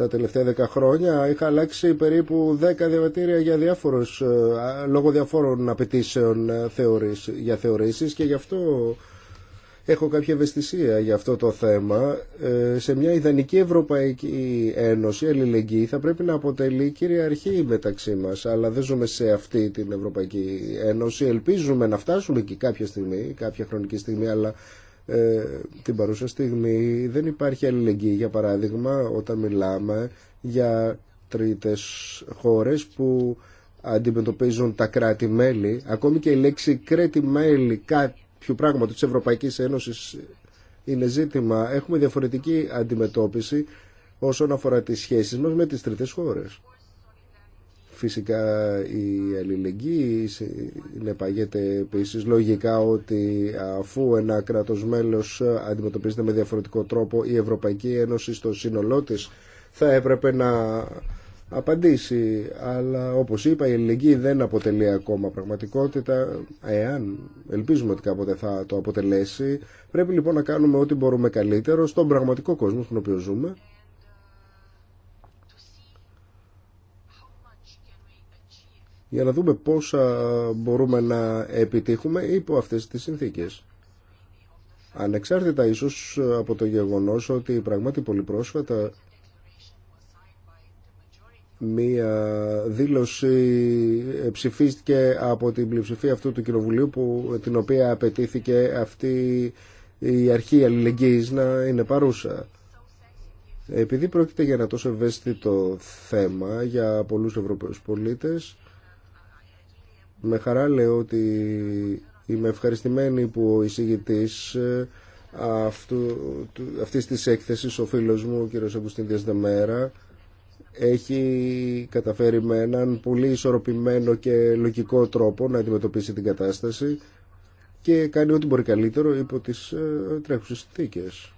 τα τελευταία δέκα χρόνια είχα αλλάξει περίπου δέκα διαβατήρια για διάφορους, ε, λόγω διαφόρων απαιτήσεων ε, θεωρείς, για θεωρήσεις και γι' αυτό έχω κάποια ευαισθησία για αυτό το θέμα. Ε, σε μια ιδανική Ευρωπαϊκή Ένωση, αλληλεγγύη, θα πρέπει να αποτελεί κυριαρχή μεταξύ μας, αλλά δεν ζούμε σε αυτή την Ευρωπαϊκή Ένωση. Ελπίζουμε να φτάσουμε εκεί κάποια στιγμή, κάποια χρονική στιγμή, αλλά ε, την παρούσα στιγμή δεν υπάρχει αλληλεγγύη για παράδειγμα όταν μιλάμε για τρίτες χώρες που αντιμετωπίζουν τα κράτη-μέλη ακόμη και η λέξη κράτη-μέλη κάποιου πράγματος της Ευρωπαϊκής Ένωσης είναι ζήτημα έχουμε διαφορετική αντιμετώπιση όσον αφορά τις σχέσεις μας με τις τρίτες χώρες Φυσικά η αλληλεγγύη συνεπαγέται επίση λογικά ότι αφού ένα κράτος μέλος αντιμετωπίζεται με διαφορετικό τρόπο η Ευρωπαϊκή Ένωση στο σύνολό της θα έπρεπε να απαντήσει αλλά όπως είπα η αλληλεγγύη δεν αποτελεί ακόμα πραγματικότητα εάν ελπίζουμε ότι κάποτε θα το αποτελέσει πρέπει λοιπόν να κάνουμε ό,τι μπορούμε καλύτερο στον πραγματικό κόσμο στον οποίο ζούμε για να δούμε πόσα μπορούμε να επιτύχουμε υπό αυτές τις συνθήκες. Ανεξάρτητα ίσως από το γεγονός ότι πραγματικά πολύ πρόσφατα μία δήλωση ψηφίστηκε από την πλειοψηφία αυτού του κοινοβουλίου που, την οποία απαιτήθηκε αυτή η αρχή αλληλεγγύης να είναι παρούσα. Επειδή πρόκειται για ένα τόσο ευαίσθητο θέμα για πολλούς Ευρωπαίους πολίτες, με χαρά λέω ότι είμαι ευχαριστημένη που ο εισηγητής ε, αυτού, αυτής της έκθεσης, ο φίλος μου, ο κύριος Αγκουστίνδιας Δεμέρα, έχει καταφέρει με έναν πολύ ισορροπημένο και λογικό τρόπο να αντιμετωπίσει την κατάσταση και κάνει ό,τι μπορεί καλύτερο υπό τις ε, τρέχουσες θήκες.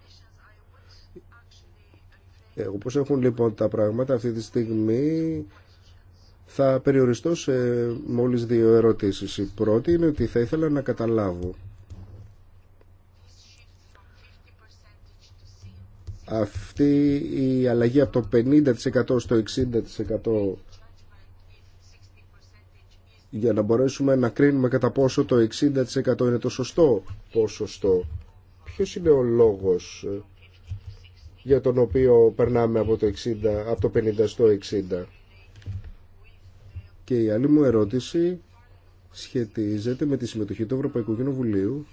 Ε, όπως έχουν λοιπόν τα πράγματα αυτή τη στιγμή θα περιοριστώ σε μόλις δύο ερωτήσεις. Η πρώτη είναι ότι θα ήθελα να καταλάβω αυτή η αλλαγή από το 50% στο 60% για να μπορέσουμε να κρίνουμε κατά πόσο το 60% είναι το σωστό ποσοστό. Ποιος είναι ο λόγος ε, για τον οποίο περνάμε από το, 60, από το 50% στο 60%. Και η άλλη μου ερώτηση σχετίζεται με τη συμμετοχή του Ευρωπαϊκού Κοινοβουλίου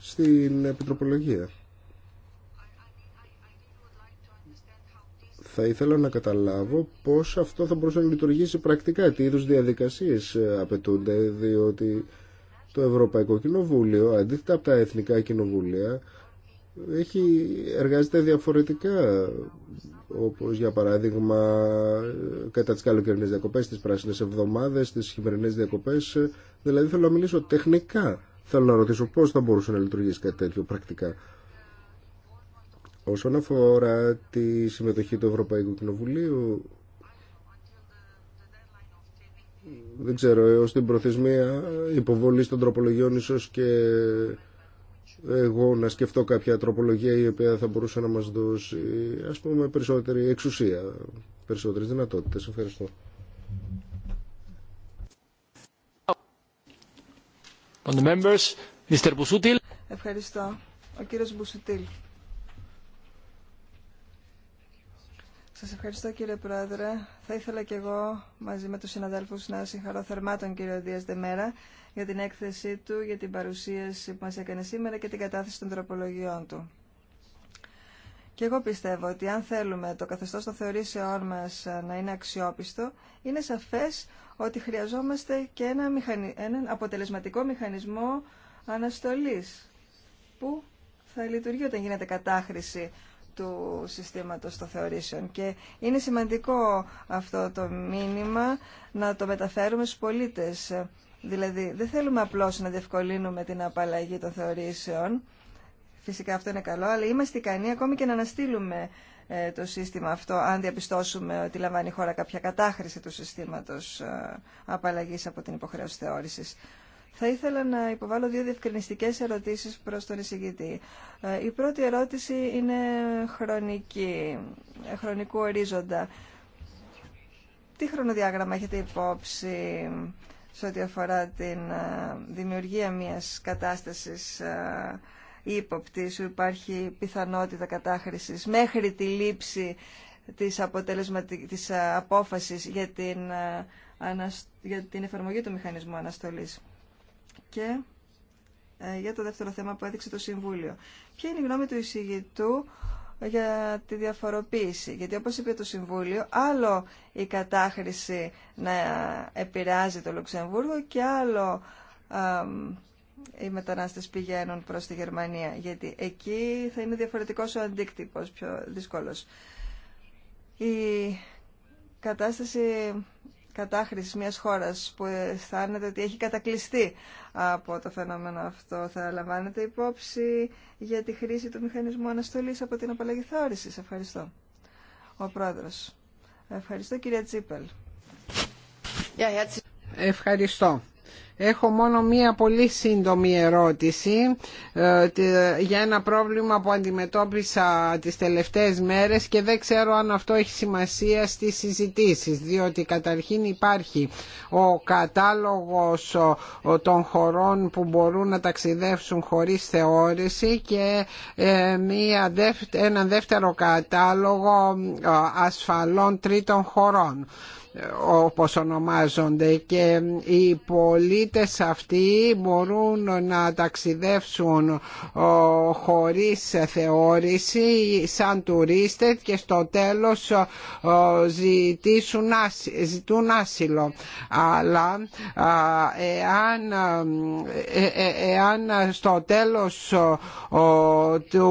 στην Επιτροπολογία. Θα ήθελα να καταλάβω πώς αυτό θα μπορούσε να λειτουργήσει πρακτικά, τι είδους διαδικασίες απαιτούνται, διότι το Ευρωπαϊκό Κοινοβούλιο, αντίθετα από τα Εθνικά Κοινοβούλια, έχει, εργάζεται διαφορετικά όπως για παράδειγμα κατά τις καλοκαιρινές διακοπές, τις πράσινες εβδομάδες, τις χειμερινές διακοπές δηλαδή θέλω να μιλήσω τεχνικά θέλω να ρωτήσω πώς θα μπορούσε να λειτουργήσει κάτι τέτοιο πρακτικά Όσον αφορά τη συμμετοχή του Ευρωπαϊκού Κοινοβουλίου δεν ξέρω, έως την προθεσμία υποβολή των τροπολογιών ίσως και εγώ να σκεφτώ κάποια τροπολογία η οποία θα μπορούσε να μας δώσει ας πούμε περισσότερη εξουσία περισσότερες δυνατότητες ευχαριστώ Ευχαριστώ. Ο κύριος Μπουσουτήλ. Σας ευχαριστώ κύριε Πρόεδρε. Θα ήθελα και εγώ μαζί με τους συναδέλφους να συγχαρώ θερμά τον κύριο Δίας Δεμέρα για την έκθεσή του, για την παρουσίαση που μας έκανε σήμερα και την κατάθεση των τροπολογιών του. Και εγώ πιστεύω ότι αν θέλουμε το καθεστώς των θεωρήσεών μας να είναι αξιόπιστο, είναι σαφές ότι χρειαζόμαστε και ένα μηχανι... έναν αποτελεσματικό μηχανισμό αναστολής που θα λειτουργεί όταν γίνεται κατάχρηση του συστήματος των θεωρήσεων και είναι σημαντικό αυτό το μήνυμα να το μεταφέρουμε στους πολίτες. Δηλαδή δεν θέλουμε απλώς να διευκολύνουμε την απαλλαγή των θεωρήσεων, φυσικά αυτό είναι καλό, αλλά είμαστε ικανοί ακόμη και να αναστείλουμε ε, το σύστημα αυτό, αν διαπιστώσουμε ότι λαμβάνει η χώρα κάποια κατάχρηση του συστήματος ε, απαλλαγής από την υποχρέωση θεώρησης. Θα ήθελα να υποβάλω δύο διευκρινιστικές ερωτήσεις προς τον εισηγητή. Ε, η πρώτη ερώτηση είναι χρονική, χρονικού ορίζοντα. Τι χρονοδιάγραμμα έχετε υπόψη σε ό,τι αφορά την ε, δημιουργία μιας κατάστασης ε, που υπάρχει πιθανότητα κατάχρησης μέχρι τη λήψη της, αποτελεσματικής, της απόφασης για την, για την εφαρμογή του μηχανισμού αναστολής και ε, για το δεύτερο θέμα που έδειξε το Συμβούλιο. Ποια είναι η γνώμη του εισηγητού ε, για τη διαφοροποίηση. Γιατί όπως είπε το Συμβούλιο, άλλο η κατάχρηση να επηρεάζει το Λουξεμβούργο και άλλο οι μετανάστες πηγαίνουν προς τη Γερμανία. Γιατί εκεί θα είναι διαφορετικός ο αντίκτυπος, πιο δύσκολος. Η κατάσταση κατάχρηση μιας χώρας που αισθάνεται ότι έχει κατακλειστεί από το φαινόμενο αυτό θα λαμβάνετε υπόψη για τη χρήση του μηχανισμού αναστολής από την απαλλαγή Ευχαριστώ. Ο Πρόεδρος. Ευχαριστώ κυρία Τσίπελ. Ευχαριστώ. Έχω μόνο μία πολύ σύντομη ερώτηση ε, για ένα πρόβλημα που αντιμετώπισα τις τελευταίες μέρες και δεν ξέρω αν αυτό έχει σημασία στις συζητήσεις διότι καταρχήν υπάρχει ο κατάλογος των χωρών που μπορούν να ταξιδεύσουν χωρίς θεώρηση και ε, μία, ένα δεύτερο κατάλογο ε, ασφαλών τρίτων χωρών όπως ονομάζονται και οι πολίτες αυτοί μπορούν να ταξιδεύσουν χωρίς θεώρηση σαν τουρίστες και στο τέλος ζητήσουν, ζητούν άσυλο αλλά εάν, ε, ε, εάν στο τέλος του,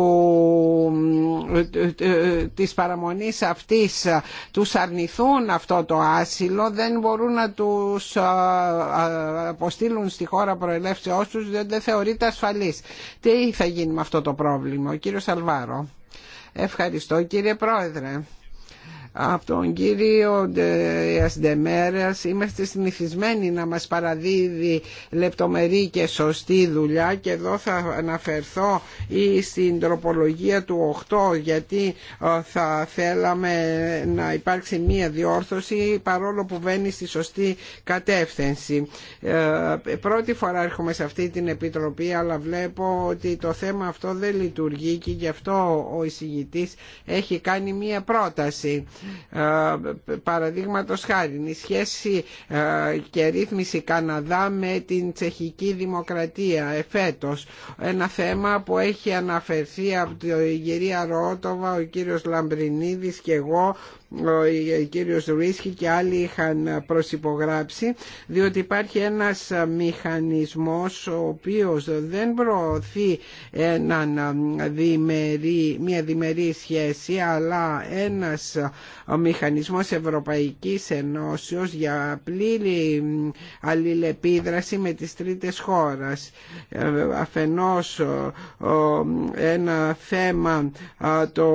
της παραμονής αυτής τους αρνηθούν αυτό το άσυλο δεν μπορούν να τους αποστείλουν στη χώρα προελεύσεώς τους διότι δεν θεωρείται ασφαλής. Τι θα γίνει με αυτό το πρόβλημα, ο Σαλβάρο. Ευχαριστώ κύριε Πρόεδρε από τον κύριο Ντεμέρα. είμαστε συνηθισμένοι να μας παραδίδει λεπτομερή και σωστή δουλειά και εδώ θα αναφερθώ ή στην τροπολογία του 8 γιατί ε, θα θέλαμε να υπάρξει μία διόρθωση παρόλο που βαίνει στη σωστή κατεύθυνση. Ε, πρώτη φορά έρχομαι σε αυτή την Επιτροπή αλλά βλέπω ότι το θέμα αυτό δεν λειτουργεί και γι' αυτό ο εισηγητής έχει κάνει μία πρόταση. Ε, Παραδείγματο χάρη, η σχέση ε, και ρύθμιση Καναδά με την Τσεχική Δημοκρατία εφέτος. Ένα θέμα που έχει αναφερθεί από την κυρία Ρότοβα, ο κύριος Λαμπρινίδης και εγώ ο κύριος Ρίσκι και άλλοι είχαν προσυπογράψει διότι υπάρχει ένας μηχανισμός ο οποίος δεν προωθεί έναν μια διμερή σχέση αλλά ένας μηχανισμός Ευρωπαϊκής Ενώσεως για πλήρη αλληλεπίδραση με τις τρίτες χώρες αφενός ένα θέμα το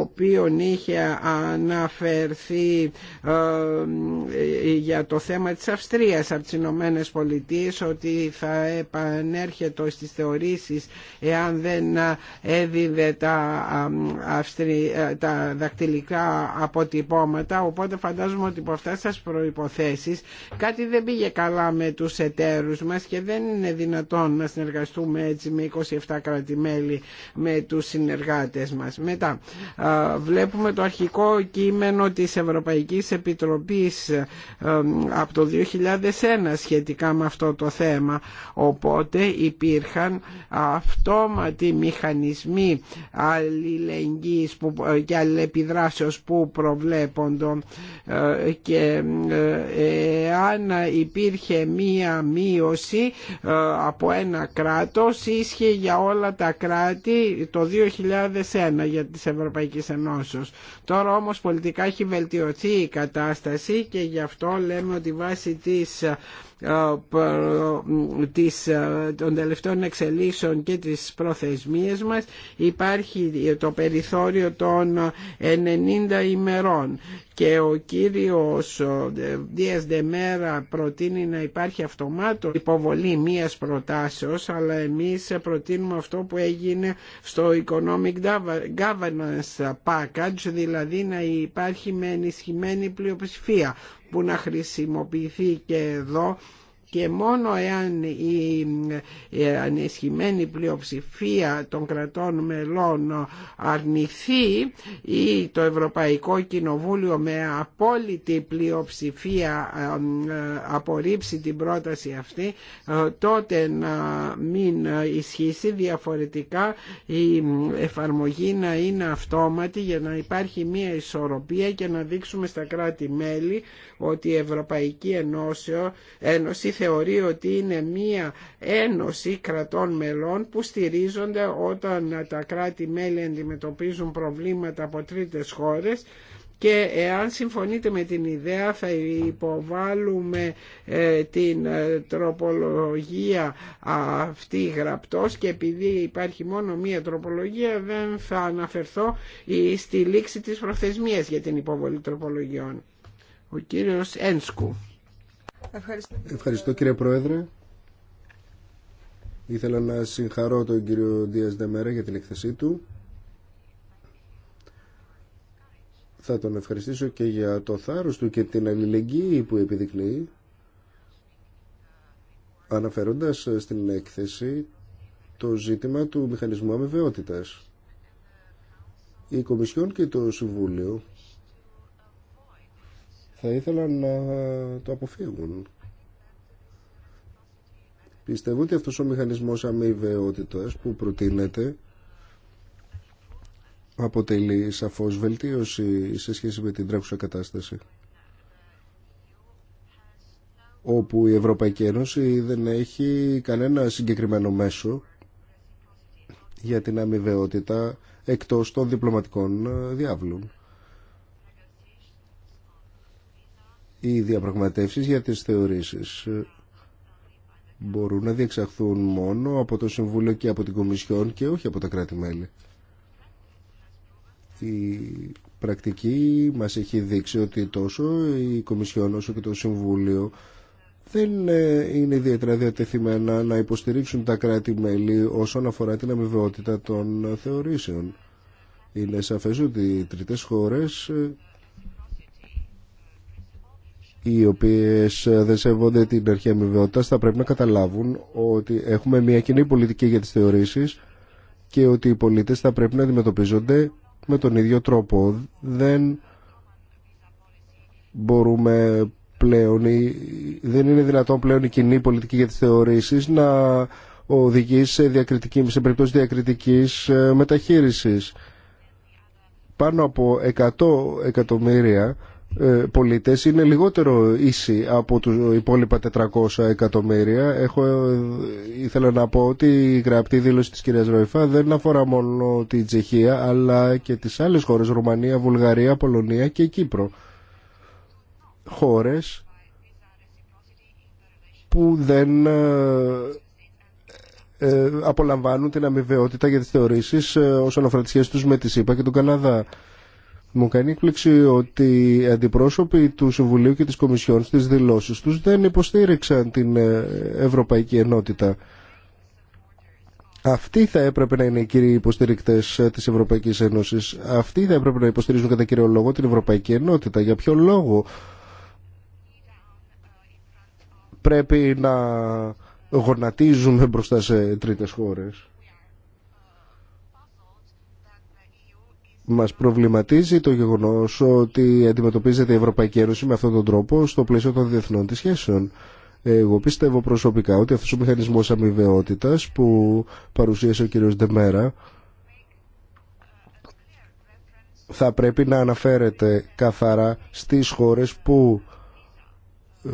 οποίο είχε ανα αναφερθεί ε, για το θέμα της Αυστρίας από τις Ηνωμένε Πολιτείε ότι θα επανέρχεται στις θεωρήσεις εάν δεν έδιδε τα, αυστρι... Ε, τα δακτυλικά αποτυπώματα οπότε φαντάζομαι ότι από αυτά σας προϋποθέσεις κάτι δεν πήγε καλά με τους εταίρους μας και δεν είναι δυνατόν να συνεργαστούμε έτσι με 27 κράτη-μέλη με τους συνεργάτες μας. Μετά ε, βλέπουμε το αρχικό κείμενο κείμενο της Ευρωπαϊκής Επιτροπής ε, από το 2001 σχετικά με αυτό το θέμα. Οπότε υπήρχαν αυτόματοι μηχανισμοί αλληλεγγύης ε, και αλληλεπιδράσεως που προβλέποντο ε, και αν υπήρχε μία μείωση από ένα κράτος ίσχυε για όλα τα κράτη το 2001 για τις Ευρωπαϊκές Ενώσεις. Τώρα όμως πολιτικά έχει βελτιωθεί η κατάσταση και γι' αυτό λέμε ότι βάσει της ε, ε, των τελευταίων εξελίξεων και τις προθεσμίες μας υπάρχει το περιθώριο των 90 ημερών και ο κύριος ε, Δίας Δεμέρα προτείνει να υπάρχει αυτομάτως υποβολή μίας προτάσεως αλλά εμείς προτείνουμε αυτό που έγινε στο Economic Governance Package δηλαδή να υπάρχει με ενισχυμένη πλειοψηφία που να χρησιμοποιηθεί και εδώ και μόνο εάν η ανισχυμένη πλειοψηφία των κρατών μελών αρνηθεί ή το Ευρωπαϊκό Κοινοβούλιο με απόλυτη πλειοψηφία ε, ε, απορρίψει την πρόταση αυτή ε, τότε να μην ισχύσει διαφορετικά η εφαρμογή να είναι αυτόματη για να υπάρχει μια ισορροπία και να δείξουμε στα κράτη-μέλη ότι η Ευρωπαϊκή Ένωση θέλει θεωρεί ότι είναι μία ένωση κρατών μελών που στηρίζονται όταν τα κράτη-μέλη αντιμετωπίζουν προβλήματα από τρίτες χώρες και εάν συμφωνείτε με την ιδέα θα υποβάλουμε ε, την ε, τροπολογία αυτή γραπτός και επειδή υπάρχει μόνο μία τροπολογία δεν θα αναφερθώ στη λήξη της προθεσμίας για την υποβολή τροπολογιών. Ο κύριος Ένσκου. Ευχαριστώ, Ευχαριστώ κύριε Πρόεδρε. Ήθελα να συγχαρώ τον κύριο Δίας Δεμέρα για την εκθεσή του. Θα τον ευχαριστήσω και για το θάρρος του και την αλληλεγγύη που επιδεικνύει αναφέροντας στην έκθεση το ζήτημα του μηχανισμού αμοιβαιότητας. Η Κομισιόν και το Συμβούλιο θα ήθελαν να ε, το αποφύγουν. Πιστεύω ότι αυτός ο μηχανισμός αμοιβαιότητας που προτείνεται αποτελεί σαφώς βελτίωση σε σχέση με την τρέχουσα κατάσταση όπου η Ευρωπαϊκή Ένωση δεν έχει κανένα συγκεκριμένο μέσο για την αμοιβαιότητα εκτός των διπλωματικών ε, διάβλων. οι διαπραγματεύσεις για τις θεωρήσεις μπορούν να διεξαχθούν μόνο από το Συμβούλιο και από την Κομισιόν και όχι από τα κράτη-μέλη. Η πρακτική μας έχει δείξει ότι τόσο η Κομισιόν όσο και το Συμβούλιο δεν ε, είναι ιδιαίτερα διατεθειμένα να υποστηρίξουν τα κράτη-μέλη όσον αφορά την αμοιβαιότητα των θεωρήσεων. Είναι σαφές ότι οι τρίτες χώρες ε, οι οποίες ε, δεν σέβονται την αρχή αμοιβαιότητα... θα πρέπει να καταλάβουν ότι έχουμε μια κοινή πολιτική για τις θεωρήσεις και ότι οι πολίτες θα πρέπει να αντιμετωπίζονται με τον ίδιο τρόπο. Δεν μπορούμε πλέον, δεν είναι δυνατόν πλέον η κοινή πολιτική για τις θεωρήσεις να οδηγεί σε, διακριτική, σε περίπτωση διακριτικής ε, μεταχείρισης. Πάνω από 100 εκατομμύρια ε, πολίτες είναι λιγότερο ίση από τους υπόλοιπα 400 εκατομμύρια. Έχω, ε, ήθελα να πω ότι η γραπτή δήλωση της κυρίας Ροϊφά δεν αφορά μόνο την Τσεχία αλλά και τις άλλες χώρες, Ρουμανία, Βουλγαρία, Πολωνία και Κύπρο. Χώρες που δεν ε, απολαμβάνουν την αμοιβαιότητα για τις θεωρήσεις όσον αφορά τις σχέσεις τους με τη ΣΥΠΑ και τον Καναδά. Μου κάνει έκπληξη ότι οι αντιπρόσωποι του Συμβουλίου και της Κομισιόν στις δηλώσεις τους δεν υποστήριξαν την ε, Ευρωπαϊκή Ενότητα. Αυτοί θα έπρεπε να είναι οι κύριοι υποστηρικτέ ε, της Ευρωπαϊκής Ένωση. Αυτοί θα έπρεπε να υποστηρίζουν κατά κύριο λόγο την Ευρωπαϊκή Ενότητα. Για ποιο λόγο πρέπει να γονατίζουμε μπροστά σε τρίτες χώρες. μας προβληματίζει το γεγονός ότι αντιμετωπίζεται η Ευρωπαϊκή Ένωση με αυτόν τον τρόπο στο πλαίσιο των διεθνών τη σχέσεων. Εγώ πιστεύω προσωπικά ότι αυτός ο μηχανισμός αμοιβαιότητας που παρουσίασε ο κύριος Ντεμέρα θα πρέπει να αναφέρεται καθαρά στις χώρες που ε,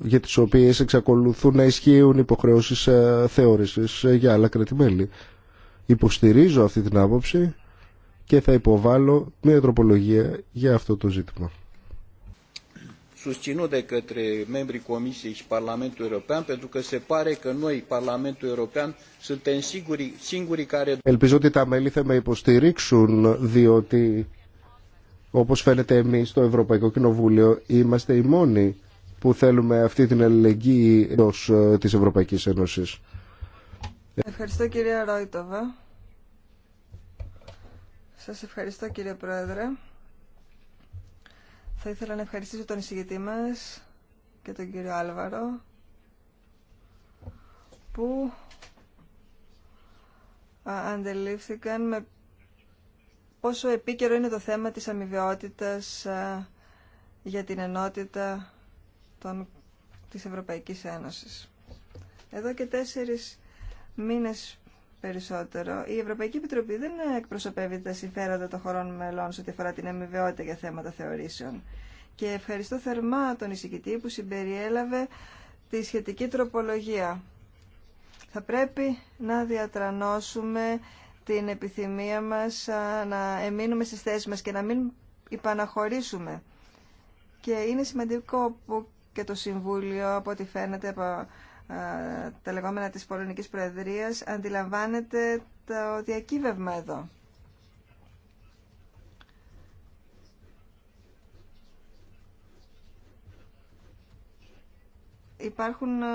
για τις οποίες εξακολουθούν να ισχύουν υποχρεώσεις ε, θεώρησης ε, για άλλα κρατημέλη. Υποστηρίζω αυτή την άποψη και θα υποβάλω μια τροπολογία για αυτό το ζήτημα. Ελπίζω ότι τα μέλη θα με υποστηρίξουν, διότι, όπως φαίνεται εμείς στο Ευρωπαϊκό Κοινοβούλιο, είμαστε οι μόνοι που θέλουμε αυτή την αλληλεγγύη της Ευρωπαϊκής Ένωσης. Ευχαριστώ κυρία Ρόιτοβα. Σας ευχαριστώ κύριε Πρόεδρε. Θα ήθελα να ευχαριστήσω τον εισηγητή μας και τον κύριο Άλβαρο που αντελήφθηκαν με πόσο επίκαιρο είναι το θέμα της αμοιβαιότητας για την ενότητα των, της Ευρωπαϊκής Ένωσης. Εδώ και τέσσερις μήνες περισσότερο. Η Ευρωπαϊκή Επιτροπή δεν εκπροσωπεύει τα συμφέροντα των χωρών μελών σε ό,τι αφορά την αμοιβαιότητα για θέματα θεωρήσεων. Και ευχαριστώ θερμά τον εισηγητή που συμπεριέλαβε τη σχετική τροπολογία. Θα πρέπει να διατρανώσουμε την επιθυμία μας να εμείνουμε στις θέσεις μας και να μην υπαναχωρήσουμε. Και είναι σημαντικό και το Συμβούλιο, από ό,τι φαίνεται, τα λεγόμενα της Πολωνικής Προεδρίας αντιλαμβάνεται το διακύβευμα εδώ. Υπάρχουν ε,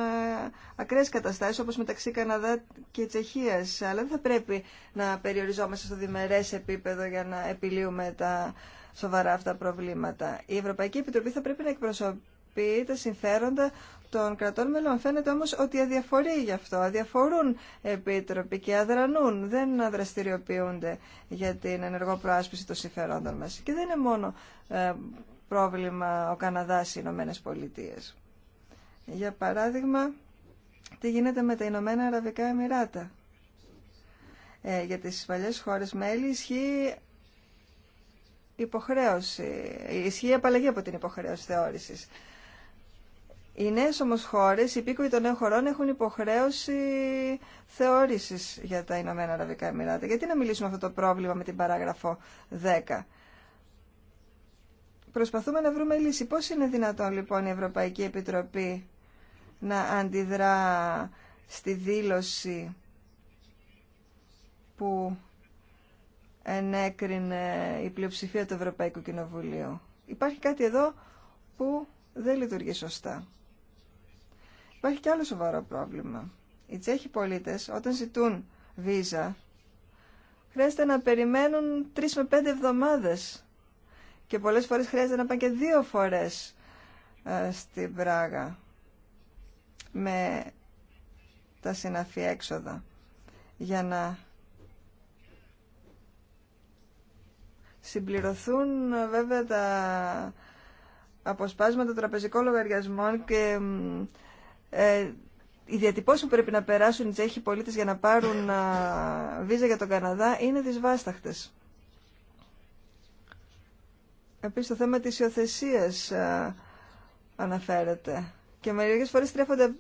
ακραίες καταστάσεις όπως μεταξύ Καναδά και Τσεχίας, αλλά δεν θα πρέπει να περιοριζόμαστε στο διμερές επίπεδο για να επιλύουμε τα σοβαρά αυτά προβλήματα. Η Ευρωπαϊκή Επιτροπή θα πρέπει να εκπροσωπεί τα συμφέροντα των κρατών μελών. Φαίνεται όμως ότι αδιαφορεί γι' αυτό. Αδιαφορούν επίτροποι και αδρανούν, δεν δραστηριοποιούνται για την ενεργό προάσπιση των συμφερόντων μας. Και δεν είναι μόνο ε, πρόβλημα ο Καναδάς, οι Ηνωμένε Πολιτείε. Για παράδειγμα, τι γίνεται με τα Ηνωμένα Αραβικά Εμμυράτα. Ε, για τις παλιές χώρες μέλη ισχύει υποχρέωση, ισχύει απαλλαγή από την υποχρέωση θεώρησης. Οι νέες όμως χώρες, οι υπήκοοι των νέων χωρών έχουν υποχρέωση θεώρησης για τα Ηνωμένα Αραβικά Εμμυράτα. Γιατί να μιλήσουμε αυτό το πρόβλημα με την παράγραφο 10. Προσπαθούμε να βρούμε λύση. Πώς είναι δυνατόν λοιπόν η Ευρωπαϊκή Επιτροπή να αντιδρά στη δήλωση που ενέκρινε η πλειοψηφία του Ευρωπαϊκού Κοινοβουλίου. Υπάρχει κάτι εδώ που δεν λειτουργεί σωστά. Υπάρχει κι άλλο σοβαρό πρόβλημα. Οι Τσέχοι πολίτε όταν ζητούν βίζα χρειάζεται να περιμένουν τρεις με πέντε εβδομάδες και πολλέ φορέ χρειάζεται να πάνε και δύο φορές ε, στην Πράγα με τα συναφή έξοδα για να συμπληρωθούν ε, βέβαια τα αποσπάσματα τραπεζικών λογαριασμών και ε, οι διατυπώσεις που πρέπει να περάσουν οι Τσέχοι πολίτες για να πάρουν βίζα για τον Καναδά είναι δυσβάσταχτες. Επίσης το θέμα της υιοθεσία αναφέρεται. Και μερικές φορές στρέφονται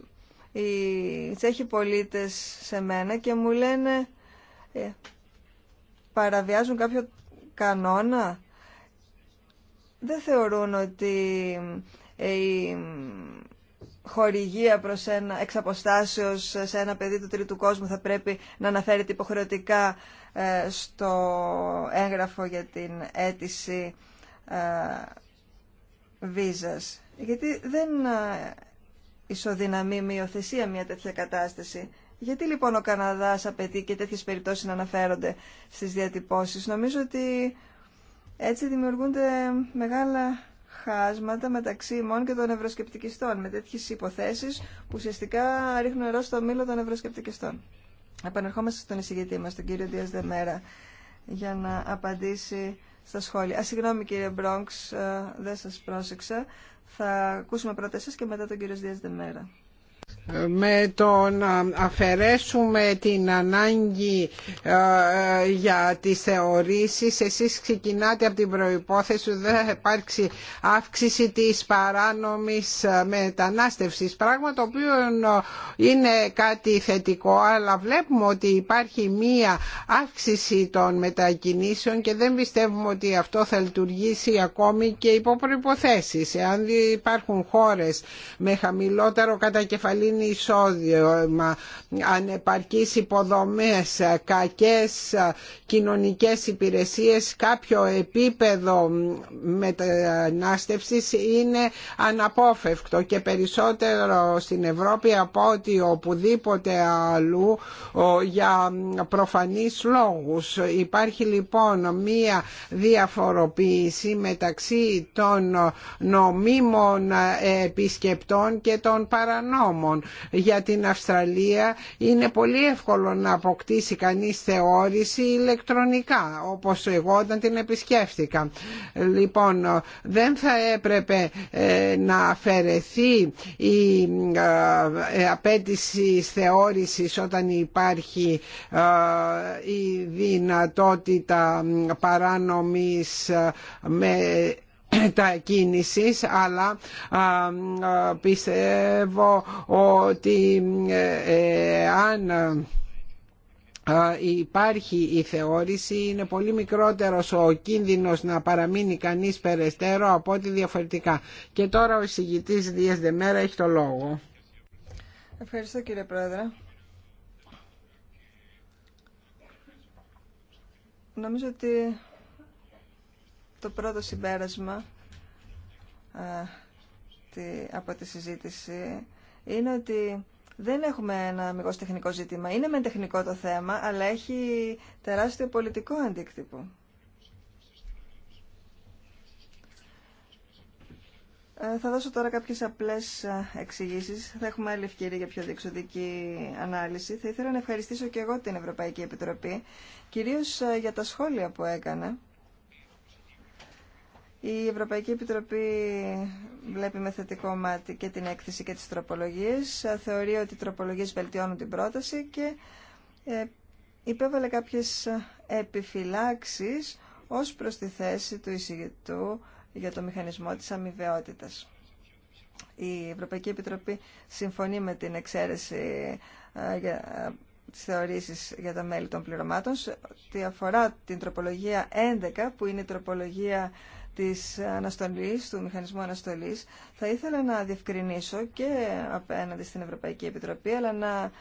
οι Τσέχοι πολίτες σε μένα και μου λένε ε, παραβιάζουν κάποιο κανόνα. Δεν θεωρούν ότι ε, χορηγία προς ένα εξαποστάσεως σε ένα παιδί του τρίτου κόσμου θα πρέπει να αναφέρεται υποχρεωτικά ε, στο έγγραφο για την αίτηση ε, βίζας. Γιατί δεν ε, ισοδυναμεί με υιοθεσία μια τέτοια κατάσταση. Γιατί λοιπόν ο Καναδάς απαιτεί και τέτοιες περιπτώσεις να αναφέρονται στις διατυπώσεις. Νομίζω ότι έτσι δημιουργούνται μεγάλα χάσματα μεταξύ ημών και των ευρωσκεπτικιστών, με τέτοιες υποθέσεις που ουσιαστικά ρίχνουν νερό στο μήλο των ευρωσκεπτικιστών. Επανερχόμαστε στον εισηγητή μα, τον κύριο Δία Δεμέρα, για να απαντήσει στα σχόλια. Α, συγγνώμη κύριε Μπρόγκ, ε, δεν σα πρόσεξα. Θα ακούσουμε πρώτα εσά και μετά τον κύριο Δία Δεμέρα με το να αφαιρέσουμε την ανάγκη ε, ε, για τις θεωρήσεις εσείς ξεκινάτε από την προϋπόθεση ότι δεν θα υπάρξει αύξηση της παράνομης ε, μετανάστευσης πράγμα το οποίο είναι κάτι θετικό αλλά βλέπουμε ότι υπάρχει μία αύξηση των μετακινήσεων και δεν πιστεύουμε ότι αυτό θα λειτουργήσει ακόμη και υπό προϋποθέσεις υπάρχουν χώρες με χαμηλότερο κατακεφαλή είναι εισόδημα, ανεπαρκείς υποδομές, κακές κοινωνικές υπηρεσίες, κάποιο επίπεδο μετανάστευσης είναι αναπόφευκτο και περισσότερο στην Ευρώπη από ότι οπουδήποτε αλλού για προφανείς λόγους. Υπάρχει λοιπόν μία διαφοροποίηση μεταξύ των νομίμων επισκεπτών και των παρανόμων για την Αυστραλία είναι πολύ εύκολο να αποκτήσει κανείς θεώρηση ηλεκτρονικά όπως εγώ όταν την επισκέφτηκα. Λοιπόν, δεν θα έπρεπε ε, να αφαιρεθεί η ε, ε, απέτηση θεώρησης όταν υπάρχει η δυνατότητα παράνομης με τα κίνησης αλλά πιστεύω ότι ε, ε, αν υπάρχει η θεώρηση είναι πολύ μικρότερος ο κίνδυνος να παραμείνει κανείς περαιστέρω από ό,τι διαφορετικά και τώρα ο εισηγητής Δίας Δεμέρα έχει το λόγο Ευχαριστώ κύριε Πρόεδρε Νομίζω ότι το πρώτο συμπέρασμα από τη συζήτηση είναι ότι δεν έχουμε ένα μικρό τεχνικό ζήτημα. Είναι με τεχνικό το θέμα, αλλά έχει τεράστιο πολιτικό αντίκτυπο. Ε, θα δώσω τώρα κάποιες απλές εξηγήσεις. Θα έχουμε άλλη ευκαιρία για πιο διεξοδική ανάλυση. Θα ήθελα να ευχαριστήσω και εγώ την Ευρωπαϊκή Επιτροπή, κυρίως για τα σχόλια που έκανε. Η Ευρωπαϊκή Επιτροπή βλέπει με θετικό μάτι και την έκθεση και τις τροπολογίες. Θεωρεί ότι οι τροπολογίες βελτιώνουν την πρόταση και ε, υπέβαλε κάποιες επιφυλάξεις ως προς τη θέση του εισηγητού για το μηχανισμό της αμοιβαιότητας. Η Ευρωπαϊκή Επιτροπή συμφωνεί με την εξαίρεση ε, για ε, τις θεωρήσεις για τα μέλη των πληρωμάτων ότι αφορά την τροπολογία 11 που είναι η τροπολογία της αναστολής, του μηχανισμού αναστολής, θα ήθελα να διευκρινίσω και απέναντι στην Ευρωπαϊκή Επιτροπή, αλλά να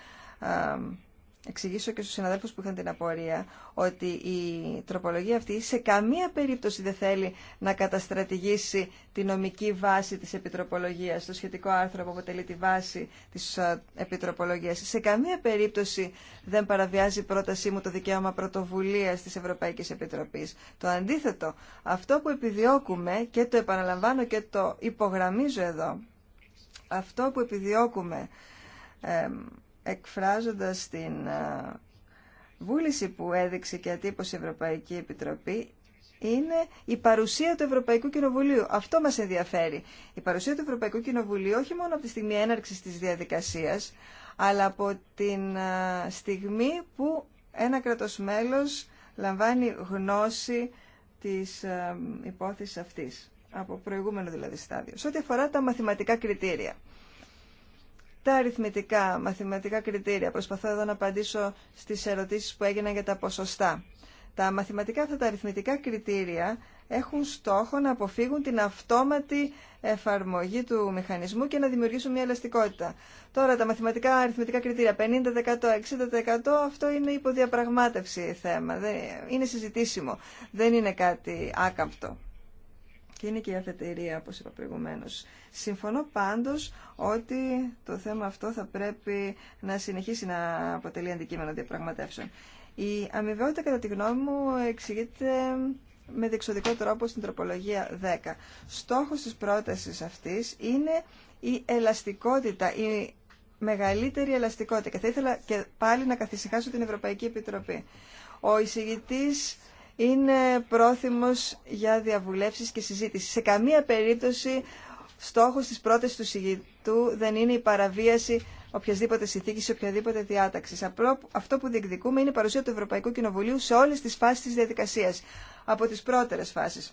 εξηγήσω και στους συναδέλφους που είχαν την απορία ότι η τροπολογία αυτή σε καμία περίπτωση δεν θέλει να καταστρατηγήσει τη νομική βάση της επιτροπολογίας, το σχετικό άρθρο που αποτελεί τη βάση της ε, επιτροπολογίας. Σε καμία περίπτωση δεν παραβιάζει πρότασή μου το δικαίωμα πρωτοβουλίας της Ευρωπαϊκής Επιτροπής. Το αντίθετο, αυτό που επιδιώκουμε και το επαναλαμβάνω και το υπογραμμίζω εδώ, αυτό που επιδιώκουμε... Ε, εκφράζοντας την βούληση που έδειξε και ατύπωσε η Ευρωπαϊκή Επιτροπή είναι η παρουσία του Ευρωπαϊκού Κοινοβουλίου. Αυτό μας ενδιαφέρει. Η παρουσία του Ευρωπαϊκού Κοινοβουλίου όχι μόνο από τη στιγμή έναρξης της διαδικασίας, αλλά από την στιγμή που ένα κρατος λαμβάνει γνώση της υπόθεσης αυτής, από προηγούμενο δηλαδή στάδιο, σε ό,τι αφορά τα μαθηματικά κριτήρια τα αριθμητικά, μαθηματικά κριτήρια. Προσπαθώ εδώ να απαντήσω στις ερωτήσεις που έγιναν για τα ποσοστά. Τα μαθηματικά αυτά τα αριθμητικά κριτήρια έχουν στόχο να αποφύγουν την αυτόματη εφαρμογή του μηχανισμού και να δημιουργήσουν μια ελαστικότητα. Τώρα τα μαθηματικά αριθμητικά κριτήρια 50%, 60% αυτό είναι υποδιαπραγμάτευση θέμα, είναι συζητήσιμο, δεν είναι κάτι άκαμπτο και είναι και η αφετηρία, όπως είπα προηγουμένως. Συμφωνώ πάντως ότι το θέμα αυτό θα πρέπει να συνεχίσει να αποτελεί αντικείμενο διαπραγματεύσεων. Η αμοιβαιότητα, κατά τη γνώμη μου, εξηγείται με διεξοδικό τρόπο στην τροπολογία 10. Στόχος της πρότασης αυτής είναι η ελαστικότητα, η μεγαλύτερη ελαστικότητα. Και θα ήθελα και πάλι να καθησυχάσω την Ευρωπαϊκή Επιτροπή. Ο εισηγητής είναι πρόθυμος για διαβουλεύσεις και συζήτηση. Σε καμία περίπτωση στόχος της πρότασης του συγητού δεν είναι η παραβίαση οποιασδήποτε συνθήκη ή οποιαδήποτε διάταξη. Αυτό που διεκδικούμε είναι η παρουσία του Ευρωπαϊκού Κοινοβουλίου σε όλε τι φάσει τη διαδικασία. Από τι πρώτερε φάσει.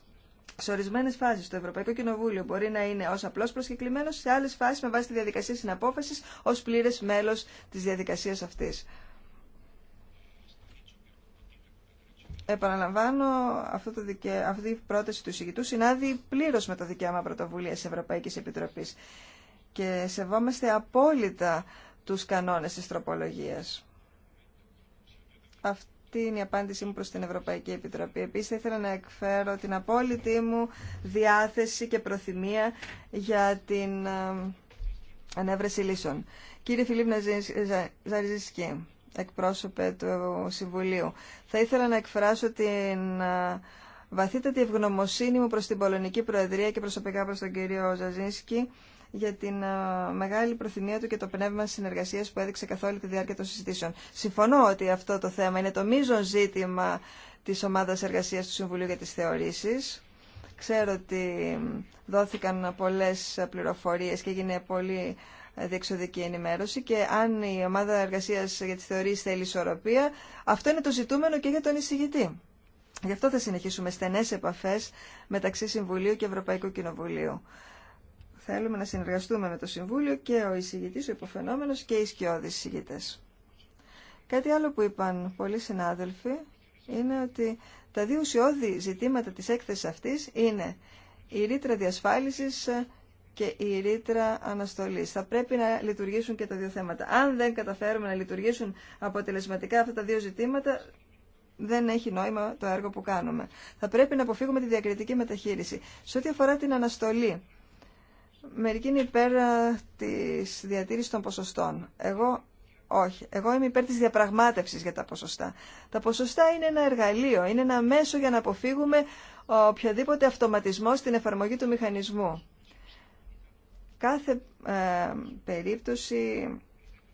Σε ορισμένε φάσει το Ευρωπαϊκό Κοινοβούλιο μπορεί να είναι ω απλό προσκεκλημένο, σε άλλε φάσει με βάση τη διαδικασία συναπόφαση ω πλήρε μέλο τη διαδικασία αυτή. Επαναλαμβάνω, αυτό το δικαι... αυτή η πρόταση του εισηγητού συνάδει πλήρως με το δικαίωμα πρωτοβουλία της Ευρωπαϊκής Επιτροπής και σεβόμαστε απόλυτα τους κανόνες της τροπολογίας. Αυτή είναι η απάντησή μου προς την Ευρωπαϊκή Επιτροπή. Επίσης, θα ήθελα να εκφέρω την απόλυτη μου διάθεση και προθυμία για την ε, ανέβρεση λύσεων. Κύριε Φιλίπ Ζαριζισκή, εκπρόσωπε του Συμβουλίου. Θα ήθελα να εκφράσω την ε, βαθύτατη ευγνωμοσύνη μου προς την Πολωνική Προεδρία και προσωπικά προς τον κύριο Ζαζίνσκι για την ε, μεγάλη προθυμία του και το πνεύμα συνεργασία που έδειξε καθ' όλη τη διάρκεια των συζητήσεων. Συμφωνώ ότι αυτό το θέμα είναι το μείζον ζήτημα τη ομάδα εργασία του Συμβουλίου για τι Θεωρήσει. Ξέρω ότι ε, δόθηκαν πολλέ πληροφορίε και έγινε πολύ διεξοδική ενημέρωση και αν η ομάδα εργασία για τις θεωρίες θέλει ισορροπία, αυτό είναι το ζητούμενο και για τον εισηγητή. Γι' αυτό θα συνεχίσουμε στενέ επαφέ μεταξύ Συμβουλίου και Ευρωπαϊκού Κοινοβουλίου. Θέλουμε να συνεργαστούμε με το Συμβούλιο και ο εισηγητή, ο υποφαινόμενο και οι σκιώδει εισηγητέ. Κάτι άλλο που είπαν πολλοί συνάδελφοι είναι ότι τα δύο ουσιώδη ζητήματα της έκθεση αυτή είναι η ρήτρα διασφάλιση και η ρήτρα αναστολή. Θα πρέπει να λειτουργήσουν και τα δύο θέματα. Αν δεν καταφέρουμε να λειτουργήσουν αποτελεσματικά αυτά τα δύο ζητήματα, δεν έχει νόημα το έργο που κάνουμε. Θα πρέπει να αποφύγουμε τη διακριτική μεταχείριση. Σε ό,τι αφορά την αναστολή, μερικοί είναι υπέρ τη διατήρηση των ποσοστών. Εγώ όχι. Εγώ είμαι υπέρ τη διαπραγμάτευση για τα ποσοστά. Τα ποσοστά είναι ένα εργαλείο, είναι ένα μέσο για να αποφύγουμε οποιαδήποτε αυτοματισμό στην εφαρμογή του μηχανισμού κάθε ε, περίπτωση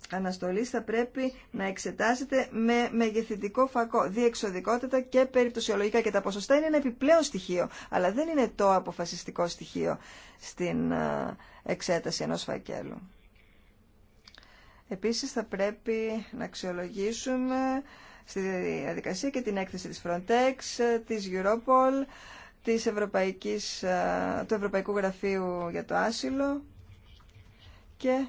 αναστολής θα πρέπει να εξετάζεται με μεγεθυντικό φακό, διεξοδικότητα και περιπτωσιολογικά και τα ποσοστά είναι ένα επιπλέον στοιχείο, αλλά δεν είναι το αποφασιστικό στοιχείο στην ε, εξέταση ενός φακέλου. Επίσης θα πρέπει να αξιολογήσουμε στη διαδικασία και την έκθεση της Frontex, ε, της Europol, της Ευρωπαϊκής, του Ευρωπαϊκού Γραφείου για το Άσυλο και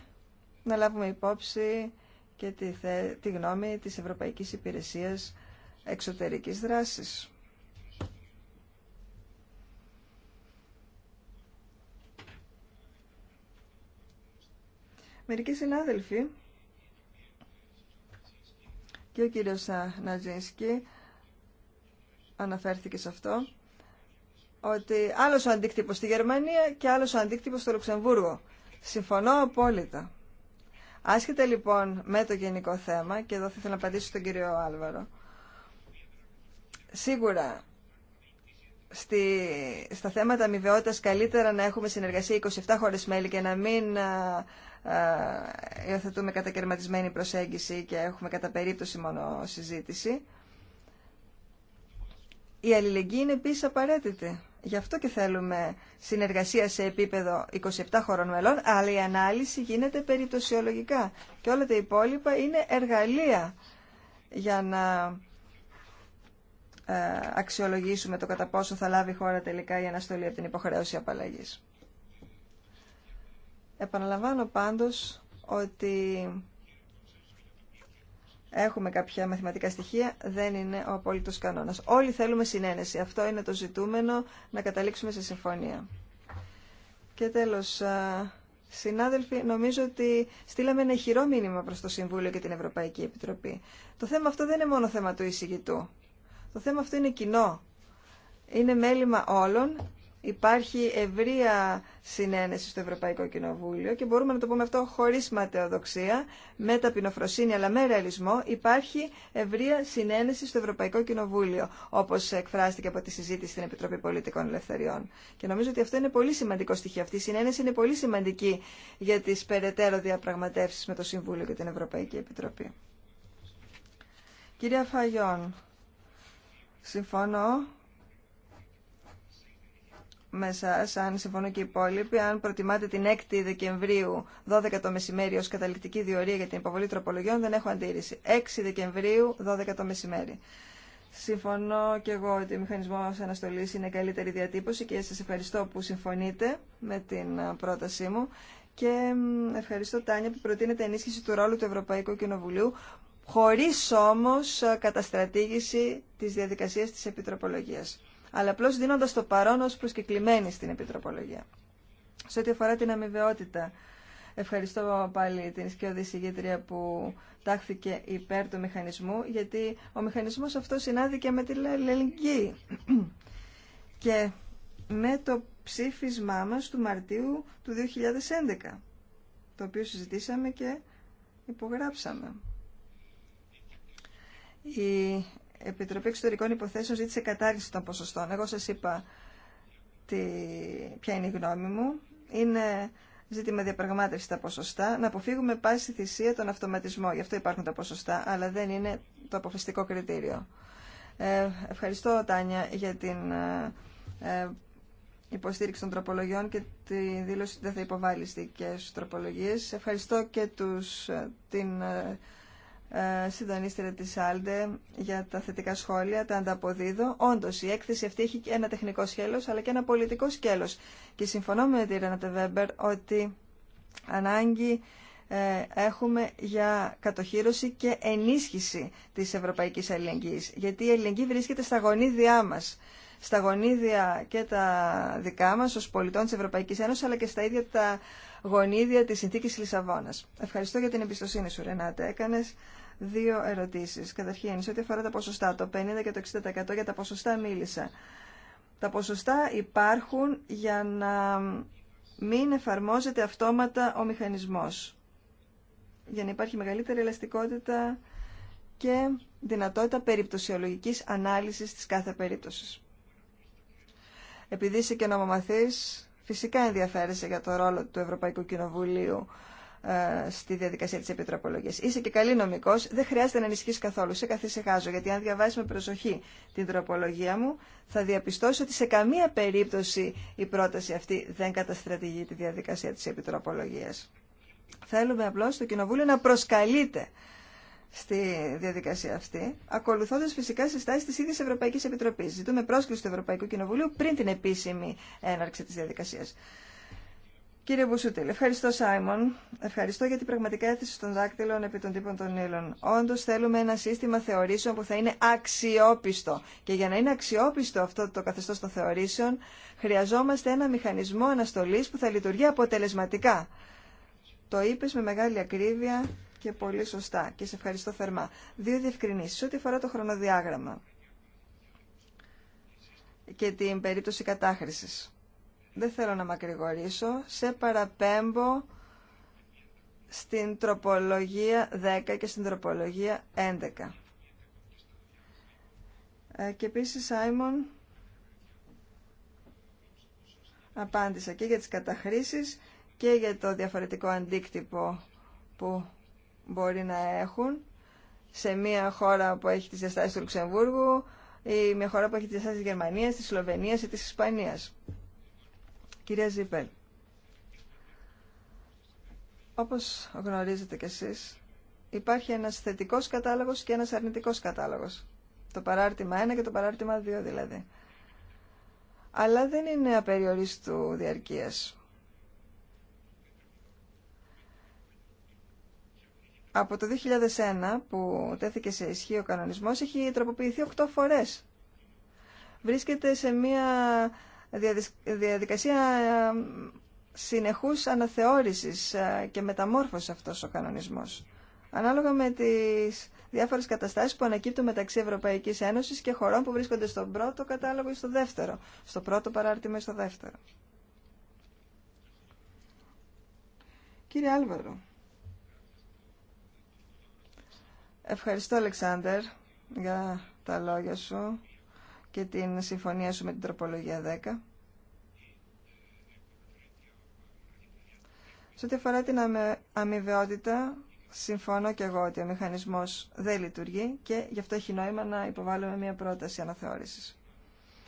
να λάβουμε υπόψη και τη, θε, τη γνώμη της Ευρωπαϊκής Υπηρεσίας Εξωτερικής Δράσης. Μερικοί συνάδελφοι και ο κύριος Νατζίνσκι αναφέρθηκε σε αυτό ότι άλλος ο αντίκτυπος στη Γερμανία και άλλος ο αντίκτυπος στο Λουξεμβούργο Συμφωνώ απόλυτα. Άσχετα λοιπόν με το γενικό θέμα, και εδώ θα ήθελα να απαντήσω στον κύριο Άλβαρο, σίγουρα στη, στα θέματα αμοιβαιότητας καλύτερα να έχουμε συνεργασία 27 χώρες μέλη και να μην α, α, υιοθετούμε κατακαιρματισμένη προσέγγιση και έχουμε κατά περίπτωση μόνο συζήτηση. Η αλληλεγγύη είναι επίση απαραίτητη. Γι' αυτό και θέλουμε συνεργασία σε επίπεδο 27 χωρών μελών, αλλά η ανάλυση γίνεται περιπτωσιολογικά και όλα τα υπόλοιπα είναι εργαλεία για να ε, αξιολογήσουμε το κατά πόσο θα λάβει η χώρα τελικά η αναστολή από την υποχρέωση απαλλαγής. Επαναλαμβάνω πάντως ότι έχουμε κάποια μαθηματικά στοιχεία, δεν είναι ο απόλυτος κανόνας. Όλοι θέλουμε συνένεση. Αυτό είναι το ζητούμενο, να καταλήξουμε σε συμφωνία. Και τέλος, συνάδελφοι, νομίζω ότι στείλαμε ένα χειρό μήνυμα προς το Συμβούλιο και την Ευρωπαϊκή Επιτροπή. Το θέμα αυτό δεν είναι μόνο θέμα του εισηγητού. Το θέμα αυτό είναι κοινό. Είναι μέλημα όλων υπάρχει ευρεία συνένεση στο Ευρωπαϊκό Κοινοβούλιο και μπορούμε να το πούμε αυτό χωρίς ματαιοδοξία, με ταπεινοφροσύνη αλλά με ρεαλισμό, υπάρχει ευρεία συνένεση στο Ευρωπαϊκό Κοινοβούλιο, όπως εκφράστηκε από τη συζήτηση στην Επιτροπή Πολιτικών Ελευθεριών. Και νομίζω ότι αυτό είναι πολύ σημαντικό στοιχείο. Αυτή η συνένεση είναι πολύ σημαντική για τις περαιτέρω διαπραγματεύσεις με το Συμβούλιο και την Ευρωπαϊκή Επιτροπή. Κυρία Φαγιόν, συμφωνώ με αν συμφωνούν και οι υπόλοιποι, αν προτιμάτε την 6η Δεκεμβρίου 12 το μεσημέρι ω καταληκτική διορία για την υποβολή τροπολογιών, δεν έχω αντίρρηση. 6 Δεκεμβρίου 12 το μεσημέρι. Συμφωνώ και εγώ ότι ο μηχανισμός αναστολής είναι καλύτερη διατύπωση και σας ευχαριστώ που συμφωνείτε με την πρότασή μου και ευχαριστώ Τάνια που προτείνεται ενίσχυση του ρόλου του Ευρωπαϊκού Κοινοβουλίου Χωρί όμω καταστρατήγηση τη διαδικασία τη επιτροπολογία αλλά απλώ δίνοντα το παρόν ω προσκεκλημένη στην Επιτροπολογία. Σε ό,τι αφορά την αμοιβαιότητα, ευχαριστώ πάλι την Σκιώδη Συγγήτρια που τάχθηκε υπέρ του μηχανισμού, γιατί ο μηχανισμό αυτό συνάδει και με τη ελληνική. Και με το ψήφισμά μας του Μαρτίου του 2011, το οποίο συζητήσαμε και υπογράψαμε. Η Επιτροπή Εξωτερικών Υποθέσεων ζήτησε κατάργηση των ποσοστών. Εγώ σας είπα τι, ποια είναι η γνώμη μου. Είναι ζήτημα διαπραγμάτευση τα ποσοστά. Να αποφύγουμε πάση θυσία τον αυτοματισμό. Γι' αυτό υπάρχουν τα ποσοστά, αλλά δεν είναι το αποφασιστικό κριτήριο. Ε, ευχαριστώ, Τάνια, για την ε, ε υποστήριξη των τροπολογιών και τη δήλωση ότι δεν θα υποβάλει στι δικέ τροπολογίε. Ευχαριστώ και τους, ε, την, ε, ε, συντονίστρια τη Άλντε για τα θετικά σχόλια, τα ανταποδίδω. Όντω η έκθεση αυτή έχει και ένα τεχνικό σχέλο, αλλά και ένα πολιτικό σκέλος. Και συμφωνώ με τη Ρένατε Βέμπερ ότι ανάγκη ε, έχουμε για κατοχύρωση και ενίσχυση της ευρωπαϊκής αλληλεγγύης. Γιατί η αλληλεγγύη βρίσκεται στα γονίδια μας. Στα γονίδια και τα δικά μας ως πολιτών της Ευρωπαϊκής Ένωσης, αλλά και στα ίδια τα γονίδια της συνθήκης Λισαβόνας. Ευχαριστώ για την εμπιστοσύνη σου, Ρενάτε. Έκανες δύο ερωτήσεις. Καταρχήν, σε ό,τι αφορά τα ποσοστά, το 50% και το 60% για τα ποσοστά μίλησα. Τα ποσοστά υπάρχουν για να μην εφαρμόζεται αυτόματα ο μηχανισμός. Για να υπάρχει μεγαλύτερη ελαστικότητα και δυνατότητα περιπτωσιολογικής ανάλυσης της κάθε περίπτωσης. Επειδή είσαι και νομομαθής, φυσικά ενδιαφέρεσαι για το ρόλο του Ευρωπαϊκού Κοινοβουλίου ε, στη διαδικασία τη επιτροπολογία. Είσαι και καλή νομικό, δεν χρειάζεται να ανησυχεί καθόλου. Σε καθησυχάζω, γιατί αν διαβάσει με προσοχή την τροπολογία μου, θα διαπιστώσει ότι σε καμία περίπτωση η πρόταση αυτή δεν καταστρατηγεί τη διαδικασία τη επιτροπολογία. Θέλουμε απλώ το Κοινοβούλιο να προσκαλείται στη διαδικασία αυτή, ακολουθώντα φυσικά συστάσει τη ίδια Ευρωπαϊκή Επιτροπή. Ζητούμε πρόσκληση του Ευρωπαϊκού Κοινοβουλίου πριν την επίσημη έναρξη τη διαδικασία. Κύριε Μπουσούτιλ, ευχαριστώ Σάιμον. Ευχαριστώ για την πραγματικά έθεση των δάκτυλων επί των τύπων των ύλων. Όντω θέλουμε ένα σύστημα θεωρήσεων που θα είναι αξιόπιστο. Και για να είναι αξιόπιστο αυτό το καθεστώ των θεωρήσεων, χρειαζόμαστε ένα μηχανισμό αναστολή που θα λειτουργεί αποτελεσματικά. Το είπε με μεγάλη ακρίβεια και πολύ σωστά. Και σε ευχαριστώ θερμά. Δύο διευκρινήσει ό,τι αφορά το χρονοδιάγραμμα και την περίπτωση κατάχρηση δεν θέλω να μακρηγορήσω, σε παραπέμπω στην τροπολογία 10 και στην τροπολογία 11. Ε, και επίσης, Σάιμον, απάντησα και για τις καταχρήσεις και για το διαφορετικό αντίκτυπο που μπορεί να έχουν σε μια χώρα που έχει τις διαστάσεις του Λουξεμβούργου ή μια χώρα που έχει τις διαστάσεις της Γερμανίας, της Σλοβενίας ή της Ισπανίας. Κυρία Ζήπελ, όπως γνωρίζετε κι εσείς, υπάρχει ένας θετικός κατάλογος και ένας αρνητικός κατάλογος. Το παράρτημα 1 και το παράρτημα 2 δηλαδή. Αλλά δεν είναι απεριορίστου διαρκείας. Από το 2001 που τέθηκε σε ισχύ ο κανονισμός έχει τροποποιηθεί 8 φορές. Βρίσκεται σε μία διαδικασία συνεχούς αναθεώρησης ε, και μεταμόρφωσης αυτός ο κανονισμός. Ανάλογα με τις διάφορες καταστάσεις που ανακύπτουν μεταξύ Ευρωπαϊκής Ένωσης και χωρών που βρίσκονται στον πρώτο κατάλογο ή στο δεύτερο, στο πρώτο παράρτημα ή στο δεύτερο. Κύριε Άλβαρο, ευχαριστώ Αλεξάνδερ για τα λόγια σου και την συμφωνία σου με την τροπολογία 10. Σε ό,τι αφορά την αμοιβαιότητα, συμφωνώ και εγώ ότι ο μηχανισμός δεν λειτουργεί και γι' αυτό έχει νόημα να υποβάλουμε μια πρόταση αναθεώρησης.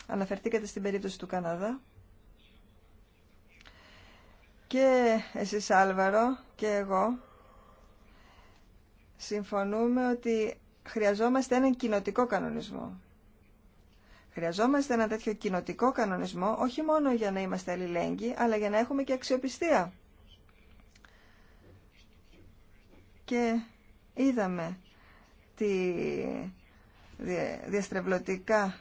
Αναφερθήκατε στην περίπτωση του Καναδά. Και εσείς Άλβαρο και εγώ συμφωνούμε ότι χρειαζόμαστε έναν κοινοτικό κανονισμό. Χρειαζόμαστε ένα τέτοιο κοινοτικό κανονισμό όχι μόνο για να είμαστε αλληλέγγυοι, αλλά για να έχουμε και αξιοπιστία. Και είδαμε τη διαστρεβλωτικά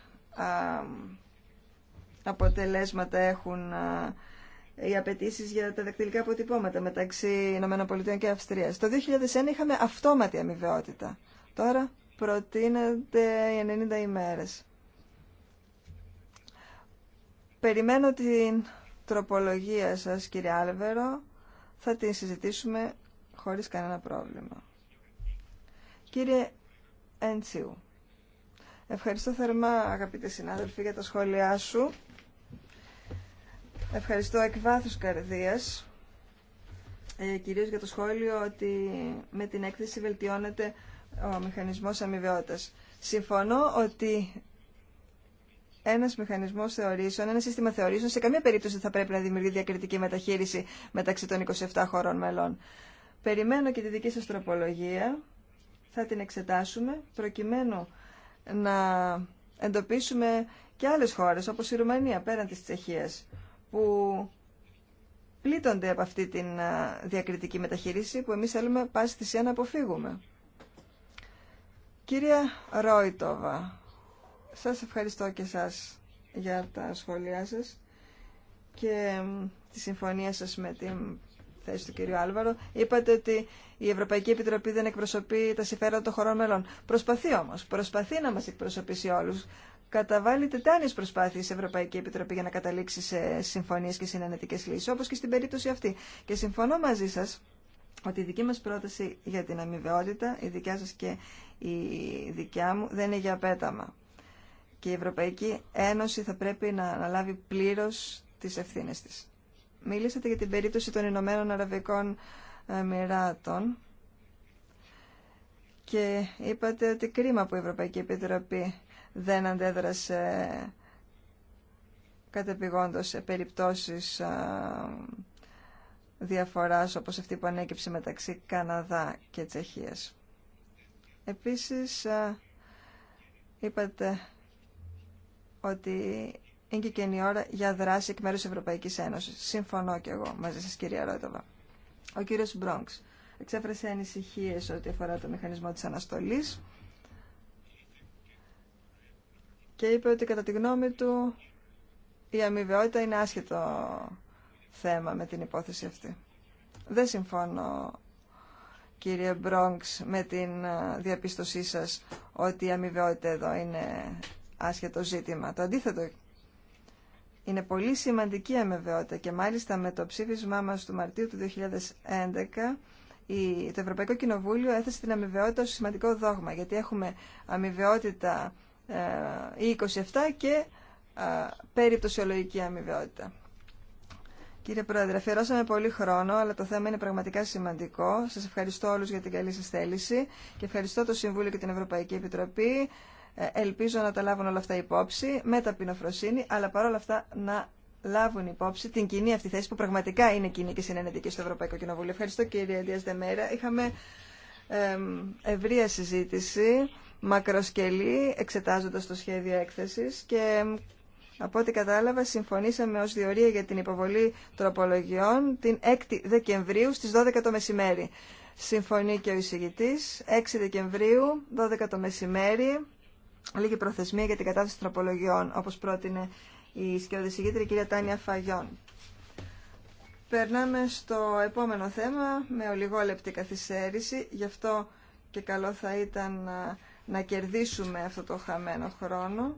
αποτελέσματα έχουν οι απαιτήσει για τα δακτυλικά αποτυπώματα μεταξύ ΗΠΑ και Αυστρίας. Το 2001 είχαμε αυτόματη αμοιβαιότητα. Τώρα προτείνεται οι 90 ημέρες. Περιμένω την τροπολογία σας, κύριε Άλβερο. Θα την συζητήσουμε χωρίς κανένα πρόβλημα. Κύριε Έντσιου, ευχαριστώ θερμά αγαπητοί συνάδελφοι για τα σχόλιά σου. Ευχαριστώ εκ βάθους καρδίας, ε, κυρίως για το σχόλιο ότι με την έκθεση βελτιώνεται ο μηχανισμός αμοιβαιότητας. Συμφωνώ ότι ένα μηχανισμό θεωρήσεων, ένα σύστημα θεωρήσεων, σε καμία περίπτωση δεν θα πρέπει να δημιουργεί διακριτική μεταχείριση μεταξύ των 27 χωρών μελών. Περιμένω και τη δική σα τροπολογία. Θα την εξετάσουμε προκειμένου να εντοπίσουμε και άλλες χώρες όπως η Ρουμανία πέραν της Τσεχίας που πλήττονται από αυτή τη διακριτική μεταχείριση που εμείς θέλουμε πάση θυσία να αποφύγουμε. Κυρία Ρόιτοβα, σας ευχαριστώ και σας για τα σχόλιά σας και τη συμφωνία σας με την θέση του κυρίου Άλβαρο. Είπατε ότι η Ευρωπαϊκή Επιτροπή δεν εκπροσωπεί τα συμφέροντα των χωρών μελών. Προσπαθεί όμως, προσπαθεί να μας εκπροσωπήσει όλους. Καταβάλει τετάνιες προσπάθειες η Ευρωπαϊκή Επιτροπή για να καταλήξει σε συμφωνίες και συνενετικές λύσεις, όπως και στην περίπτωση αυτή. Και συμφωνώ μαζί σας ότι η δική μας πρόταση για την αμοιβαιότητα, η δικιά σας και η δικιά μου, δεν είναι για πέταμα και η Ευρωπαϊκή Ένωση θα πρέπει να αναλάβει πλήρως τις ευθύνες της. Μίλησατε για την περίπτωση των Ηνωμένων Αραβικών Εμμυράτων και είπατε ότι κρίμα που η Ευρωπαϊκή Επιτροπή δεν αντέδρασε κατεπηγόντως σε περιπτώσεις ε, διαφοράς όπως αυτή που ανέκυψε μεταξύ Καναδά και Τσεχίας. Επίσης, ε, είπατε ότι είναι και καινή ώρα για δράση εκ μέρους της Ευρωπαϊκής Ένωσης. Συμφωνώ και εγώ μαζί σας κυρία Ρότοβα. Ο κύριος Μπρόγκς εξέφρασε ανησυχίες ό,τι αφορά το μηχανισμό της αναστολής και είπε ότι κατά τη γνώμη του η αμοιβαιότητα είναι άσχετο θέμα με την υπόθεση αυτή. Δεν συμφωνώ κύριε Μπρόγκς με την ε, διαπίστωσή σας ότι η αμοιβαιότητα εδώ είναι άσχετο ζήτημα. Το αντίθετο είναι πολύ σημαντική και μάλιστα με το ψήφισμά μας του Μαρτίου του 2011 το Ευρωπαϊκό Κοινοβούλιο έθεσε την αμοιβαιότητα ως σημαντικό δόγμα γιατί έχουμε αμοιβαιότητα ή ε, 27 και ε, περιπτωσιολογική αμοιβαιότητα. Κύριε Πρόεδρε, αφιερώσαμε πολύ χρόνο, αλλά το θέμα είναι πραγματικά σημαντικό. Σας ευχαριστώ όλους για την καλή σας θέληση και ευχαριστώ το Συμβούλιο και την Ευρωπαϊκή Επιτροπή. Ελπίζω να τα λάβουν όλα αυτά υπόψη με ταπεινοφροσύνη, αλλά παρόλα αυτά να λάβουν υπόψη την κοινή αυτή θέση που πραγματικά είναι κοινή και συνενετική στο Ευρωπαϊκό Κοινοβούλιο. Ευχαριστώ κύριε Δίας Δεμέρα. Είχαμε ευρεία συζήτηση, μακροσκελή, εξετάζοντας το σχέδιο έκθεσης και από ό,τι κατάλαβα συμφωνήσαμε ως διορία για την υποβολή τροπολογιών την 6η Δεκεμβρίου στις 12 το μεσημέρι. Συμφωνεί και ο εισηγητής, 6 Δεκεμβρίου, 12 το μεσημέρι λίγη προθεσμία για την κατάθεση τροπολογιών, όπως πρότεινε η η κυρία Τάνια Φαγιών. Περνάμε στο επόμενο θέμα με ολιγόλεπτη καθυστέρηση, γι' αυτό και καλό θα ήταν να, να κερδίσουμε αυτό το χαμένο χρόνο.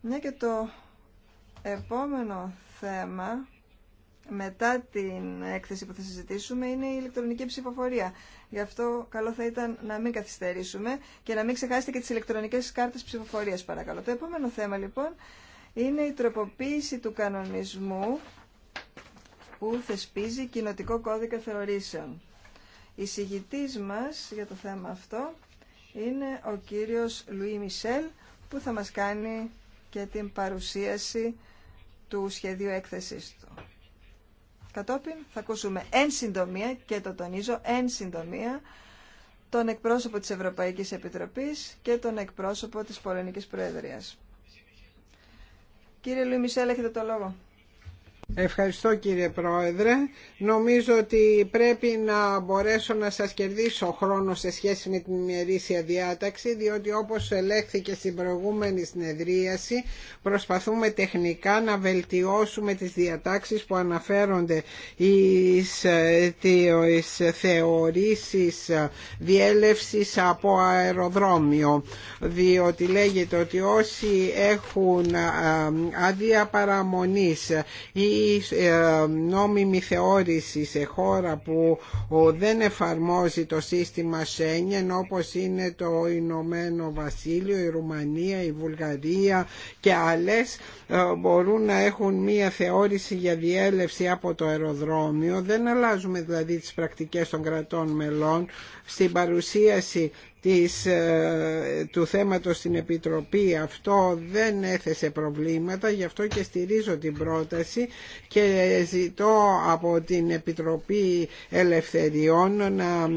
Μια και το επόμενο θέμα μετά την έκθεση που θα συζητήσουμε είναι η ηλεκτρονική ψηφοφορία. Γι' αυτό καλό θα ήταν να μην καθυστερήσουμε και να μην ξεχάσετε και τις ηλεκτρονικές κάρτες ψηφοφορίας παρακαλώ. Το επόμενο θέμα λοιπόν είναι η τροποποίηση του κανονισμού που θεσπίζει κοινοτικό κώδικα θεωρήσεων. Η συγητής μας για το θέμα αυτό είναι ο κύριος Λουί Μισελ που θα μας κάνει και την παρουσίαση του σχεδίου έκθεσης του. Κατόπιν θα ακούσουμε εν συντομία, και το τονίζω, εν συντομία, τον εκπρόσωπο της Ευρωπαϊκής Επιτροπής και τον εκπρόσωπο της Πολωνικής Προεδρίας. Κύριε Λούιμισέλ, έχετε το λόγο. Ευχαριστώ κύριε Πρόεδρε. Νομίζω ότι πρέπει να μπορέσω να σας κερδίσω χρόνο σε σχέση με την ημερήσια διάταξη, διότι όπως ελέγχθηκε στην προηγούμενη συνεδρίαση, προσπαθούμε τεχνικά να βελτιώσουμε τις διατάξεις που αναφέρονται εις εις θεωρήσεις διέλευσης από αεροδρόμιο, διότι λέγεται ότι όσοι έχουν αδία παραμονής ή η ε, νόμιμη θεώρηση σε χώρα που δεν εφαρμόζει το σύστημα Σένιεν όπως είναι το Ηνωμένο Βασίλειο, η Ρουμανία, η Βουλγαρία και άλλες ε, μπορούν να έχουν μία θεώρηση για διέλευση από το αεροδρόμιο. Δεν αλλάζουμε δηλαδή τις πρακτικές των κρατών μελών στην παρουσίαση της, ε, του θέματος στην Επιτροπή αυτό δεν έθεσε προβλήματα γι' αυτό και στηρίζω την πρόταση και ζητώ από την Επιτροπή Ελευθεριών να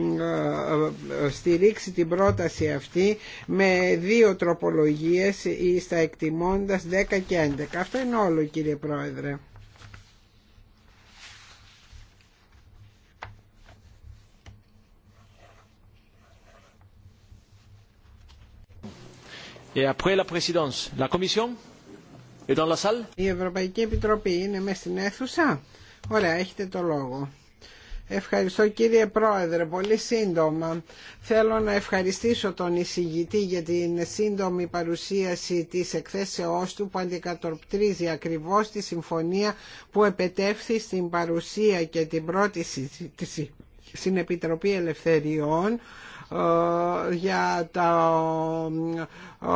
ε, ε, στηρίξει την πρόταση αυτή με δύο τροπολογίες ή στα εκτιμώντας 10 και 11. Αυτό είναι όλο κύριε Πρόεδρε. Η Ευρωπαϊκή Επιτροπή είναι μέσα στην αίθουσα. Ωραία, έχετε το λόγο. Ευχαριστώ κύριε Πρόεδρε, πολύ σύντομα. Θέλω να ευχαριστήσω τον εισηγητή για την σύντομη παρουσίαση της εκθέσεώς του που αντικατορπτρίζει ακριβώς τη συμφωνία που επετεύθη στην παρουσία και την πρώτη συζήτηση στην Επιτροπή Ελευθεριών ε, για τα ε,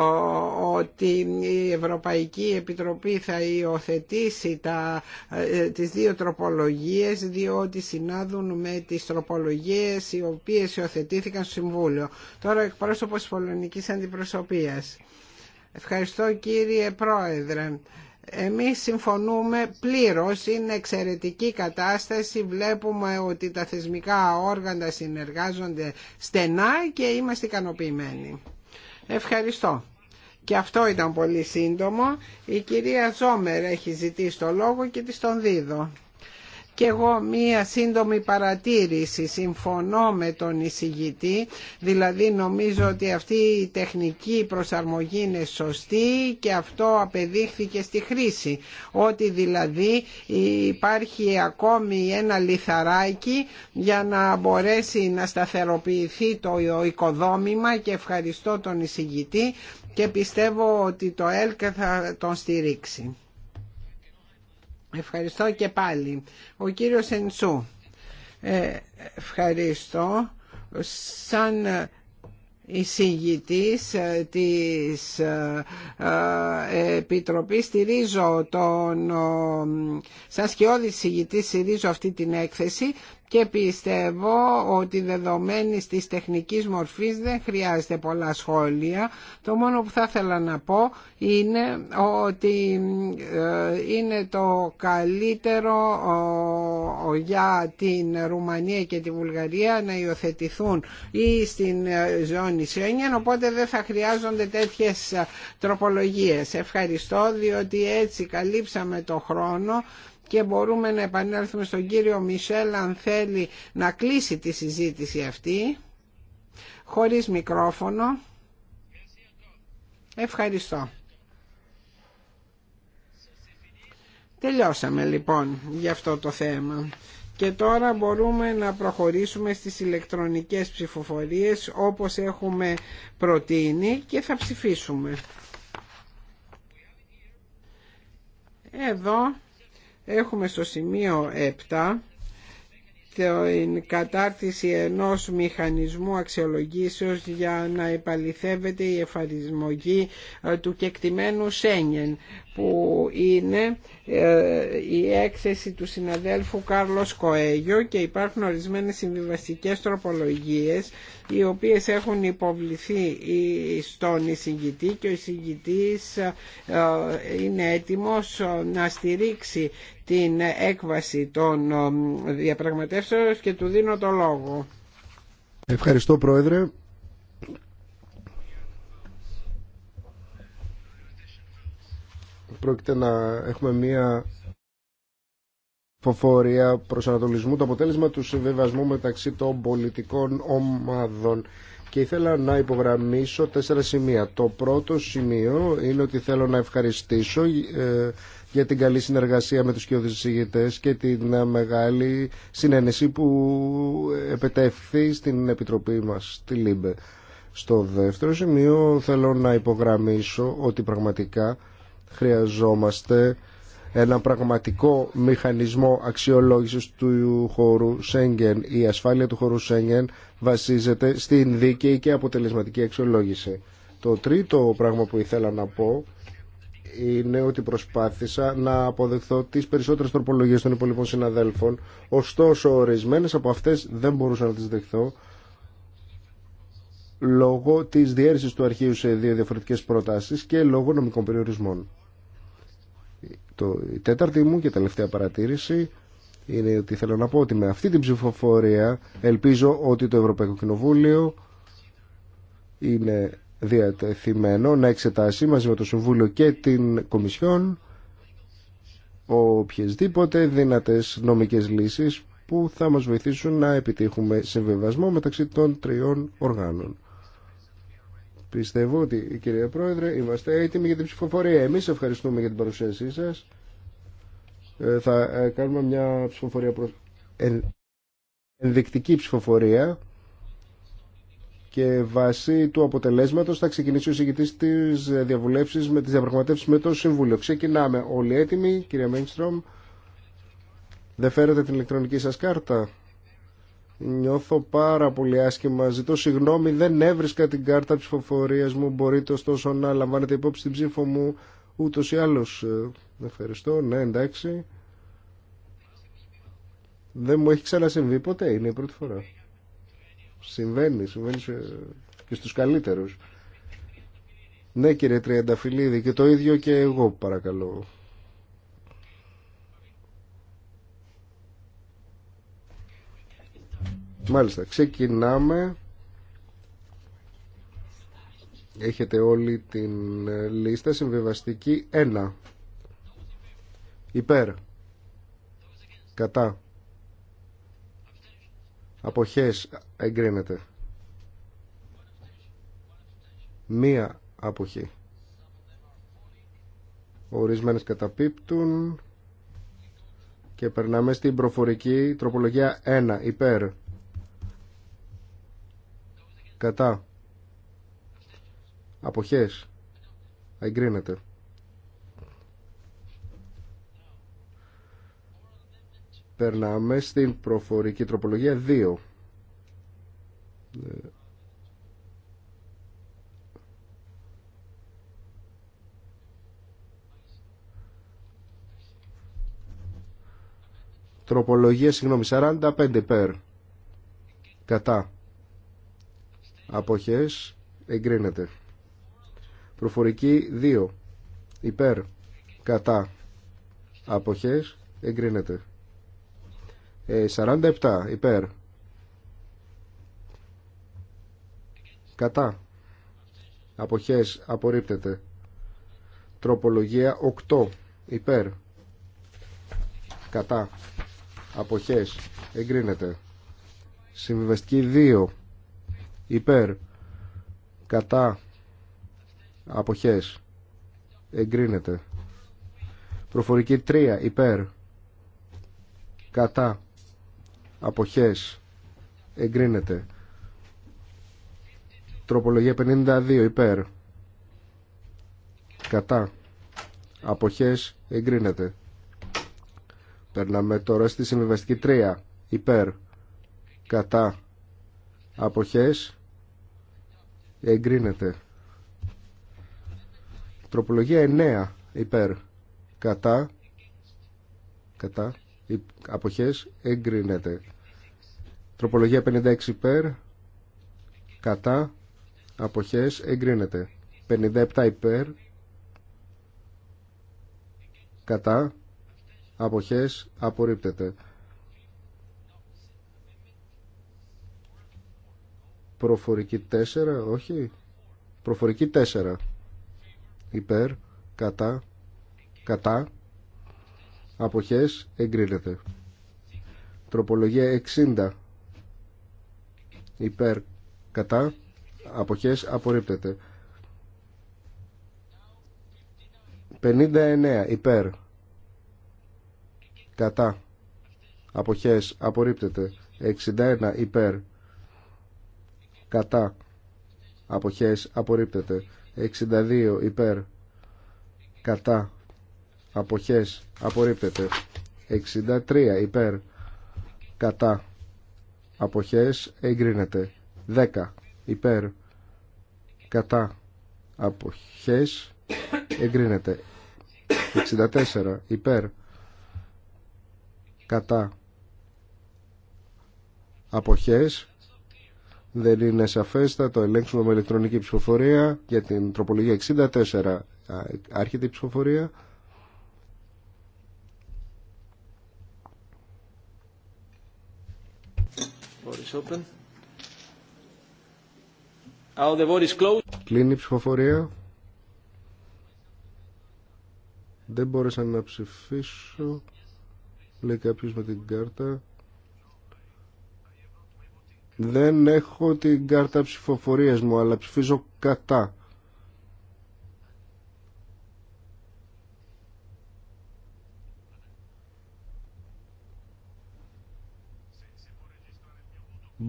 ότι η Ευρωπαϊκή Επιτροπή θα υιοθετήσει τα, ε, τις δύο τροπολογίες διότι συνάδουν με τις τροπολογίες οι οποίες υιοθετήθηκαν στο Συμβούλιο. Τώρα εκπρόσωπος της Πολωνικής Αντιπροσωπείας. Ευχαριστώ κύριε Πρόεδρε. Εμείς συμφωνούμε πλήρως, είναι εξαιρετική κατάσταση, βλέπουμε ότι τα θεσμικά όργανα συνεργάζονται στενά και είμαστε ικανοποιημένοι. Ευχαριστώ. Και αυτό ήταν πολύ σύντομο. Η κυρία Ζόμερ έχει ζητήσει το λόγο και της τον δίδω και εγώ μία σύντομη παρατήρηση. Συμφωνώ με τον εισηγητή, δηλαδή νομίζω ότι αυτή η τεχνική προσαρμογή είναι σωστή και αυτό απεδείχθηκε στη χρήση. Ότι δηλαδή υπάρχει ακόμη ένα λιθαράκι για να μπορέσει να σταθεροποιηθεί το οικοδόμημα και ευχαριστώ τον εισηγητή και πιστεύω ότι το ΕΛΚΑ θα τον στηρίξει. Ευχαριστώ και πάλι. Ο κύριος Ενσού. Ε, ευχαριστώ. Σαν εισηγητής ε, της ε, ε, Επιτροπής στηρίζω τον σαν σκιώδη εισηγητή στηρίζω αυτή την έκθεση και πιστεύω ότι δεδομένη της τεχνικής μορφής δεν χρειάζεται πολλά σχόλια. Το μόνο που θα ήθελα να πω είναι ότι ε, είναι το καλύτερο ε, για την Ρουμανία και τη Βουλγαρία να υιοθετηθούν ή στην ε, ζώνη Σένιαν, οπότε δεν θα χρειάζονται τέτοιες τροπολογίες. Ευχαριστώ διότι έτσι καλύψαμε το χρόνο και μπορούμε να επανέλθουμε στον κύριο Μισελ αν θέλει να κλείσει τη συζήτηση αυτή χωρίς μικρόφωνο. Ευχαριστώ. Τελειώσαμε λοιπόν για αυτό το θέμα. Και τώρα μπορούμε να προχωρήσουμε στις ηλεκτρονικές ψηφοφορίες όπως έχουμε προτείνει και θα ψηφίσουμε. Εδώ Έχουμε στο σημείο 7 την κατάρτιση ενός μηχανισμού αξιολογήσεως για να επαληθεύεται η εφαρισμογή ε, του κεκτημένου Σένιεν που είναι ε, η έκθεση του συναδέλφου Κάρλος Κοέγιο και υπάρχουν ορισμένες συμβιβαστικές τροπολογίες οι οποίες έχουν υποβληθεί στον εισηγητή και ο εισηγητής ε, είναι έτοιμος να στηρίξει την έκβαση των ε, διαπραγματεύσεων και του δίνω το λόγο. Ευχαριστώ Πρόεδρε. Πρόκειται να έχουμε μία φοφορία προσανατολισμού το αποτέλεσμα του συμβεβασμού μεταξύ των πολιτικών ομάδων. Και ήθελα να υπογραμμίσω τέσσερα σημεία. Το πρώτο σημείο είναι ότι θέλω να ευχαριστήσω ε, για την καλή συνεργασία με τους κοιόδους και την μεγάλη συνένεση που επετεύχθη στην Επιτροπή μας, τη ΛΥΜΠΕ. Στο δεύτερο σημείο θέλω να υπογραμμίσω ότι πραγματικά χρειαζόμαστε ένα πραγματικό μηχανισμό αξιολόγησης του χώρου Σέγγεν. Η ασφάλεια του χώρου Σέγγεν βασίζεται στην δίκαιη και αποτελεσματική αξιολόγηση. Το τρίτο πράγμα που ήθελα να πω είναι ότι προσπάθησα να αποδεχθώ τις περισσότερες τροπολογίες των υπολοιπών συναδέλφων. Ωστόσο, ορισμένες από αυτές δεν μπορούσα να τις δεχθώ λόγω της διαίρεση του αρχείου σε δύο διαφορετικές προτάσεις και λόγω νομικών περιορισμών. Το, η τέταρτη μου και τελευταία παρατήρηση είναι ότι θέλω να πω ότι με αυτή την ψηφοφορία ελπίζω ότι το Ευρωπαϊκό Κοινοβούλιο είναι διατεθειμένο να εξετάσει μαζί με το Συμβούλιο και την Κομισιόν οποιασδήποτε δυνατές νομικές λύσεις που θα μας βοηθήσουν να επιτύχουμε συμβιβασμό μεταξύ των τριών οργάνων. Πιστεύω ότι, κυρία Πρόεδρε, είμαστε έτοιμοι για την ψηφοφορία. Εμείς ευχαριστούμε για την παρουσίασή σας. Ε, θα ε, κάνουμε μια ψηφοφορία ενδεικτική ψηφοφορία και βάσει του αποτελέσματος θα ξεκινήσει ο συγκητής της διαβουλεύσεις με τις διαπραγματεύσεις με το Συμβούλιο. Ξεκινάμε όλοι έτοιμοι, κυρία Μέγκστρομ. Δεν φέρετε την ηλεκτρονική σας κάρτα. Νιώθω πάρα πολύ άσχημα. Ζητώ συγγνώμη, δεν έβρισκα την κάρτα ψηφοφορία μου. Μπορείτε ωστόσο να λαμβάνετε υπόψη την ψήφο μου ούτω ή άλλω. Ευχαριστώ. Ναι, εντάξει. Δεν μου έχει ξανασυμβεί ποτέ. Είναι η πρώτη φορά. Συμβαίνει, συμβαίνει και στους καλύτερους. Ναι κύριε Τριανταφυλλίδη και το ίδιο και εγώ παρακαλώ. Μάλιστα, ξεκινάμε. Έχετε όλη την λίστα συμβιβαστική 1. Υπέρ. Κατά. Αποχές εγκρίνεται. Μία αποχή. Ορισμένες καταπίπτουν και περνάμε στην προφορική τροπολογία 1 υπέρ. Κατά. Αποχές. Εγκρίνεται. Περνάμε στην προφορική τροπολογία 2. Τροπολογία, συγγνώμη, 45 υπέρ. Κατά. Αποχές εγκρίνεται. Προφορική 2. Υπέρ. Κατά. Αποχές εγκρίνεται. 47 ε, υπέρ κατά αποχές απορρίπτεται τροπολογία 8 υπέρ κατά αποχές εγκρίνεται συμβιβαστική 2 υπέρ κατά αποχές εγκρίνεται προφορική 3 υπέρ κατά αποχές εγκρίνεται τροπολογία 52 υπέρ κατά αποχές εγκρίνεται περνάμε τώρα στη συμβιβαστική 3 υπέρ κατά αποχές εγκρίνεται τροπολογία 9 υπέρ κατά κατά αποχές εγκρίνεται τροπολογία 56 υπέρ κατά αποχές εγκρίνεται 57 υπέρ κατά αποχές απορρίπτεται προφορική 4 όχι προφορική 4 υπέρ κατά κατά αποχές εγκρίνεται τροπολογία 60 υπέρ κατά αποχές απορρίπτεται 59 υπέρ κατά αποχές απορρίπτεται 61 υπέρ κατά αποχές απορρίπτεται 62 υπέρ κατά αποχές απορρίπτεται 63 υπέρ κατά αποχές εγκρίνεται 10 υπέρ κατά αποχές εγκρίνεται 64 υπέρ κατά αποχές δεν είναι σαφές θα το ελέγξουμε με ηλεκτρονική ψηφοφορία για την τροπολογία 64 άρχεται η ψηφοφορία Κλείνει η ψηφοφορία. Δεν μπόρεσα να ψηφίσω. Λέει κάποιο με την κάρτα. Δεν έχω την κάρτα ψηφοφορίας μου, αλλά ψηφίζω κατά.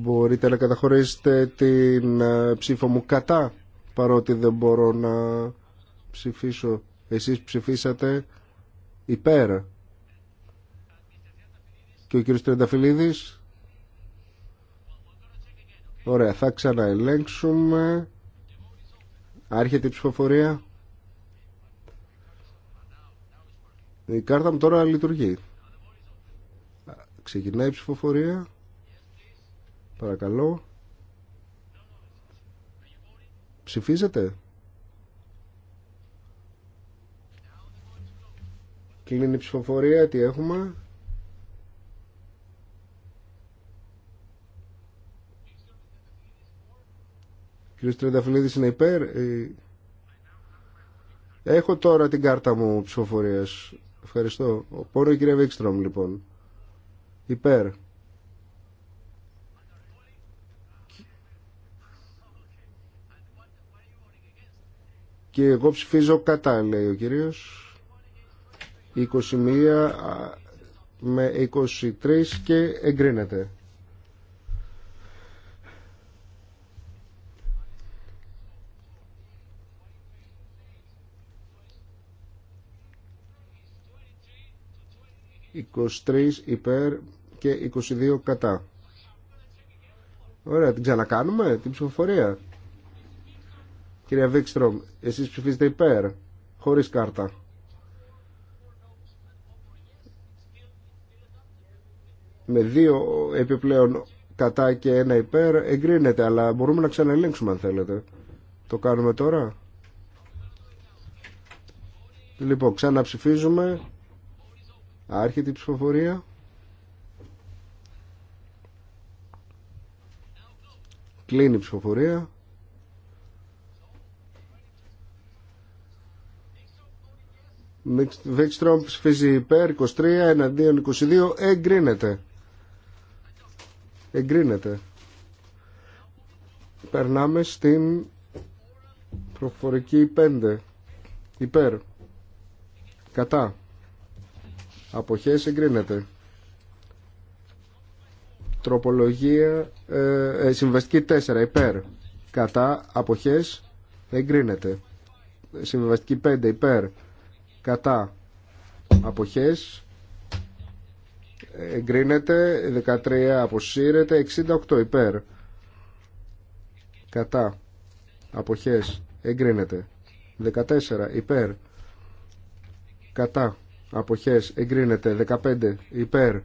Μπορείτε να καταχωρήσετε την ε, ψήφο μου κατά, παρότι δεν μπορώ να ψηφίσω. Εσείς ψηφίσατε υπέρ. Και ο κύριος Τρενταφυλίδης Ωραία, θα ξαναελέγξουμε. Άρχεται η ψηφοφορία. Η κάρτα μου τώρα λειτουργεί. Ξεκινάει η ψηφοφορία. Παρακαλώ. Ψηφίζετε. Κλείνει η ψηφοφορία. Τι έχουμε. Κύριος Τρενταφυλίδης είναι υπέρ. Ε, έχω τώρα την κάρτα μου ψηφοφορίας. Ευχαριστώ. Πόρο η Βίξτρομ λοιπόν. Υπέρ. Και εγώ ψηφίζω κατά, λέει ο κυρίος. 21 με 23 και εγκρίνεται. ...23 υπέρ και 22 κατά. Ωραία, την ξανακάνουμε, την ψηφοφορία. Κυρία Βίξτρομ, εσείς ψηφίζετε υπέρ, χωρίς κάρτα. Με δύο επιπλέον κατά και ένα υπέρ εγκρίνεται, αλλά μπορούμε να ξαναελέγξουμε αν θέλετε. Το κάνουμε τώρα. Λοιπόν, ξαναψηφίζουμε. Άρχεται η ψηφοφορία. Κλείνει η ψηφοφορία. Βίξτρομ ψηφίζει υπέρ 23 εναντίον 22 εγκρίνεται εγκρίνεται περνάμε στην προφορική 5 υπέρ κατά αποχές εγκρίνεται τροπολογία ε, ε συμβαστική 4 υπέρ κατά αποχές εγκρίνεται συμβαστική 5 υπέρ κατά αποχές εγκρίνεται 13 αποσύρεται 68 υπέρ κατά αποχές εγκρίνεται 14 υπέρ κατά αποχές εγκρίνεται 15 υπέρ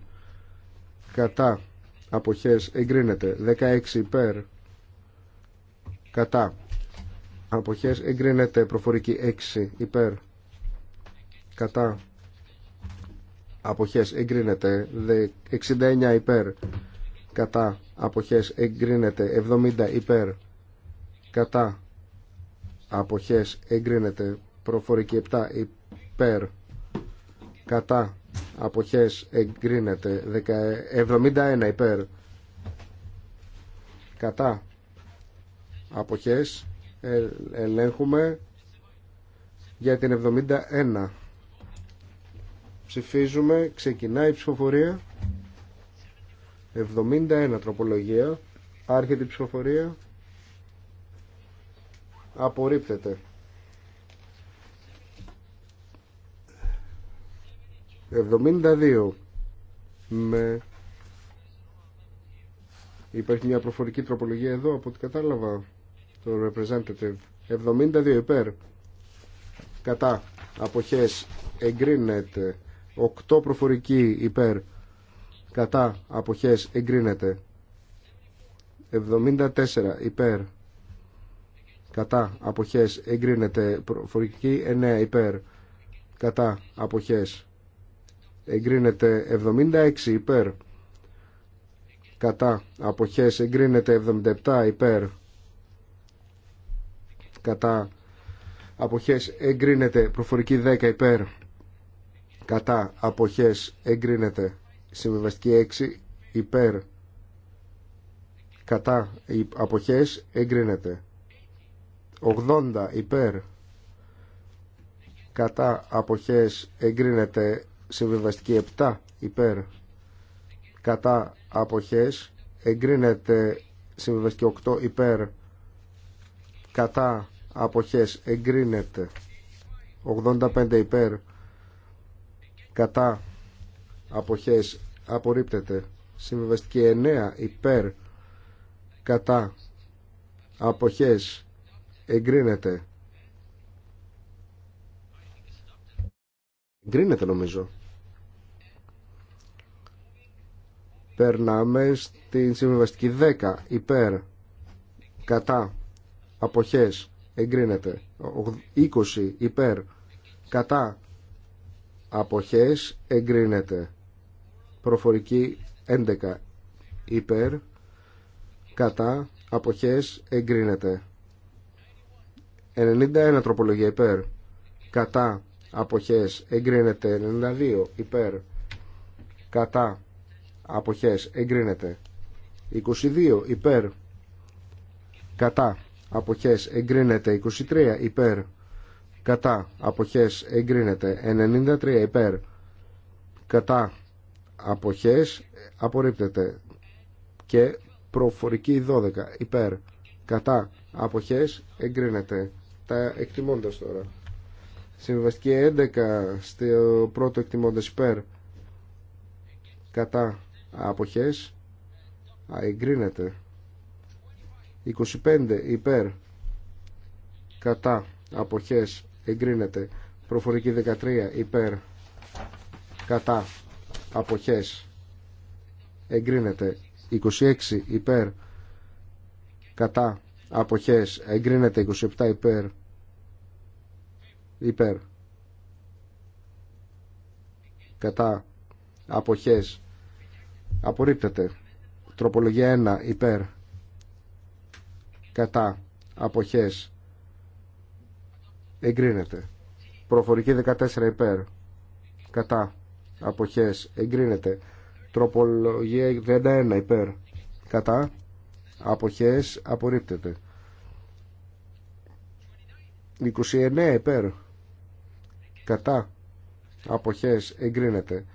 κατά αποχές εγκρίνεται 16 υπέρ κατά αποχές εγκρίνεται προφορική 6 υπέρ κατά αποχές εγκρίνεται 69 υπέρ κατά αποχές εγκρίνεται 70 υπέρ κατά αποχές εγκρίνεται προφορική 7 υπέρ κατά αποχές εγκρίνεται 71 υπέρ κατά αποχές ε, ελέγχουμε για την 71 Ψηφίζουμε. Ξεκινάει η ψηφοφορία. 71 τροπολογία. Άρχεται η ψηφοφορία. Απορρίπτεται. 72 με υπάρχει μια προφορική τροπολογία εδώ από ό,τι κατάλαβα το representative 72 υπέρ κατά αποχές εγκρίνεται 8 προφορική υπέρ κατά αποχές εγκρίνεται 74 υπέρ κατά αποχές εγκρίνεται προφορική 9 υπέρ κατά αποχές εγκρίνεται 76 υπέρ κατά αποχές εγκρίνεται 77 υπέρ κατά αποχές εγκρίνεται προφορική 10 υπέρ κατά αποχές εγκρίνεται συμβιβαστική 6 υπέρ κατά αποχές εγκρίνεται 80 υπέρ κατά αποχές εγκρίνεται συμβιβαστική 7 υπέρ κατά αποχές εγκρίνεται συμβιβαστική 8 υπέρ κατά αποχές εγκρίνεται 85 υπέρ κατά αποχές απορρίπτεται συμβιβαστική 9 υπέρ κατά αποχές εγκρίνεται εγκρίνεται νομίζω περνάμε στην συμβιβαστική 10 υπέρ κατά αποχές εγκρίνεται 20 υπέρ κατά αποχές εγκρίνεται προφορική 11 υπέρ κατά αποχές εγκρίνεται 91 τροπολογία υπέρ κατά αποχές εγκρίνεται 92 υπέρ κατά αποχές εγκρίνεται 22 υπέρ κατά αποχές εγκρίνεται 23 υπέρ κατά αποχές εγκρίνεται 93 υπέρ κατά αποχές απορρίπτεται και προφορική 12 υπέρ κατά αποχές εγκρίνεται τα εκτιμώντας τώρα συμβαστική 11 στο πρώτο εκτιμώντας υπέρ κατά αποχές εγκρίνεται 25 υπέρ κατά αποχές εγκρίνεται. Προφορική 13 υπέρ κατά αποχές εγκρίνεται. 26 υπέρ κατά αποχές εγκρίνεται. 27 υπέρ υπέρ κατά αποχές απορρίπτεται. Τροπολογία 1 υπέρ κατά αποχές εγκρίνεται. Προφορική 14 υπέρ, κατά, αποχές, εγκρίνεται. Τροπολογία 31 υπέρ, κατά, αποχές, απορρίπτεται. 29 υπέρ, κατά, αποχές, εγκρίνεται.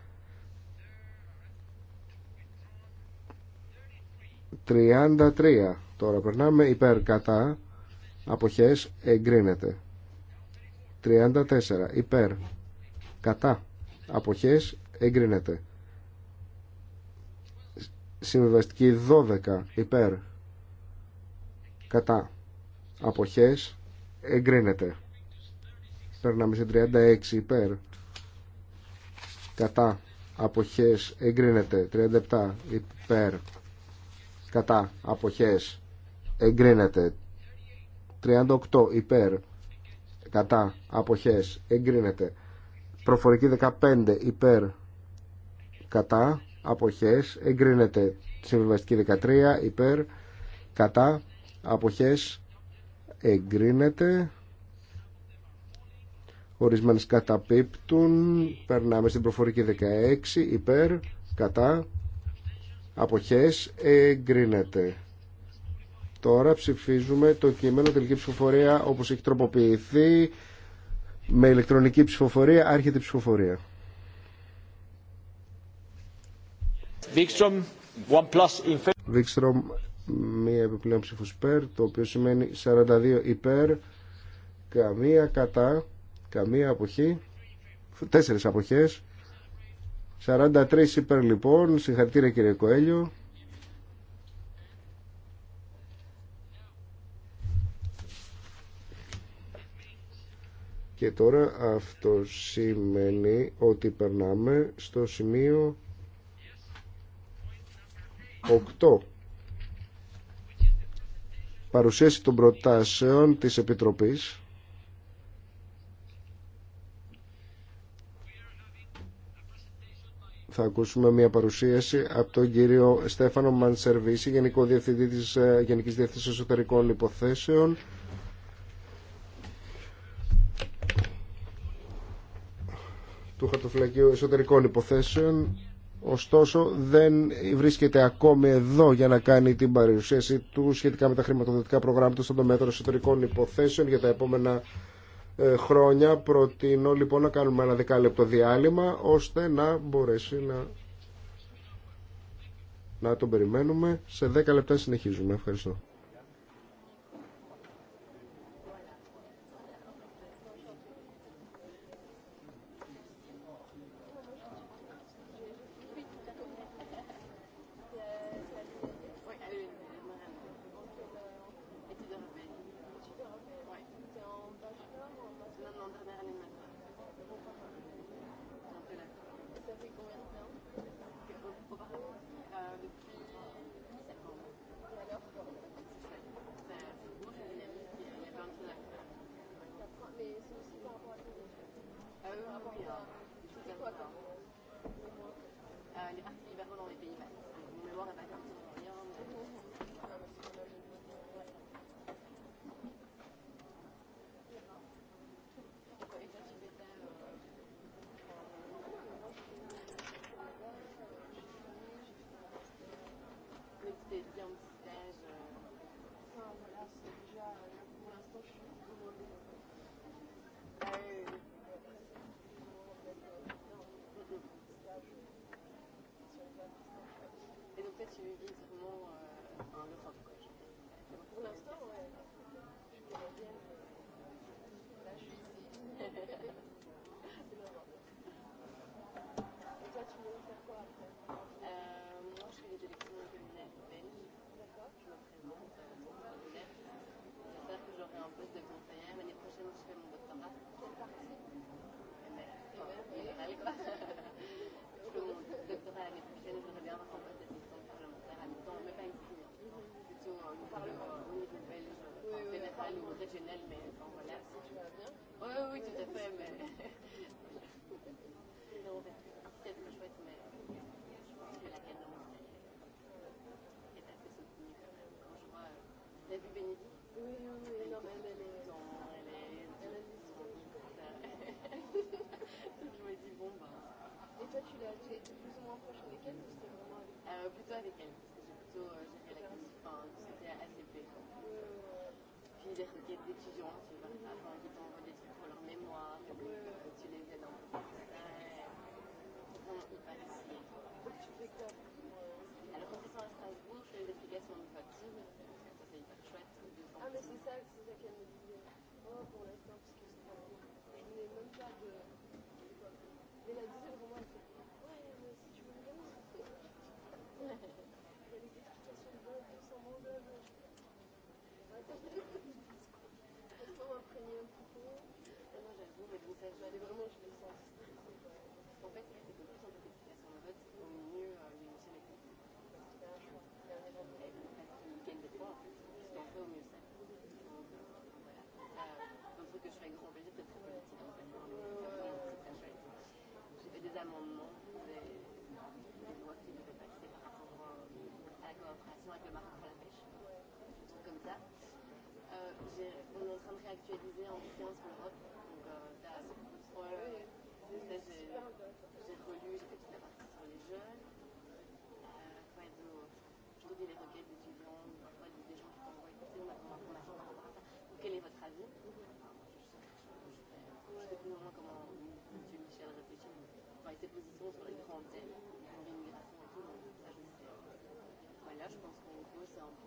33 τώρα περνάμε υπέρ κατά αποχές εγκρίνεται 34 υπέρ κατά αποχές εγκρίνεται συμβιβαστική 12 υπέρ κατά αποχές εγκρίνεται περνάμε σε 36 υπέρ κατά αποχές εγκρίνεται 37 υπέρ κατά αποχές εγκρίνεται 38 υπέρ κατά αποχές εγκρίνεται προφορική 15 υπέρ κατά αποχές εγκρίνεται συμβιβαστική 13 υπέρ κατά αποχές εγκρίνεται ορισμένες καταπίπτουν περνάμε στην προφορική 16 υπέρ κατά αποχές εγκρίνεται Τώρα ψηφίζουμε το κείμενο τελική ψηφοφορία όπως έχει τροποποιηθεί με ηλεκτρονική ψηφοφορία, άρχεται η ψηφοφορία. Βίξτρομ, μία επιπλέον ψήφος υπέρ, το οποίο σημαίνει 42 υπέρ, καμία κατά, καμία αποχή, τέσσερις αποχές, 43 υπέρ λοιπόν, συγχαρητήρια κύριε Κοέλιο. Και τώρα αυτό σημαίνει ότι περνάμε στο σημείο 8. Παρουσίαση των προτάσεων της Επιτροπής. Θα ακούσουμε μια παρουσίαση από τον κύριο Στέφανο Μανσερβίση, Γενικό Διευθυντή της ε, Γενικής Διεύθυνσης Εσωτερικών Υποθέσεων του χαρτοφυλακίου εσωτερικών υποθέσεων ωστόσο δεν βρίσκεται ακόμη εδώ για να κάνει την παρουσίαση του σχετικά με τα χρηματοδοτικά προγράμματα στον τομέα των εσωτερικών υποθέσεων για τα επόμενα ε, χρόνια. Προτείνω λοιπόν να κάνουμε ένα δεκάλεπτο διάλειμμα ώστε να μπορέσει να, να τον περιμένουμε. Σε 10 λεπτά συνεχίζουμε. Ευχαριστώ. tu plus Plutôt avec elle, parce que j'ai plutôt la c'était assez Puis les requêtes d'étudiants, tu vois, des trucs pour leur mémoire, tu les aides en j'allais vraiment, je les sens En fait, les techniques sont plus efficaces en mode, au mieux, il y a aussi les techniques. Il y a gagne des points, en fait. Ce qu'on fait au mieux, ça. Voilà. Un truc que je ferais grand plaisir, c'est très politique, en fait. C'est très chouette. J'ai fait des amendements, des, des lois qui devaient passer par rapport à la coopération avec le marché pour la pêche. Des trucs comme ça. Euh, on est en train de réactualiser en séance pour l'Europe J'ai les jeunes. les requêtes des gens qui t'envoient écouter, on a quel est votre avis Je sais plus vraiment comment Michel réfléchit, sur je pense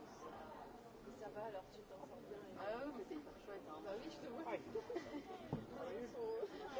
ça. va, alors tu t'en bien. Ah oui, mais c'est hyper je te vois.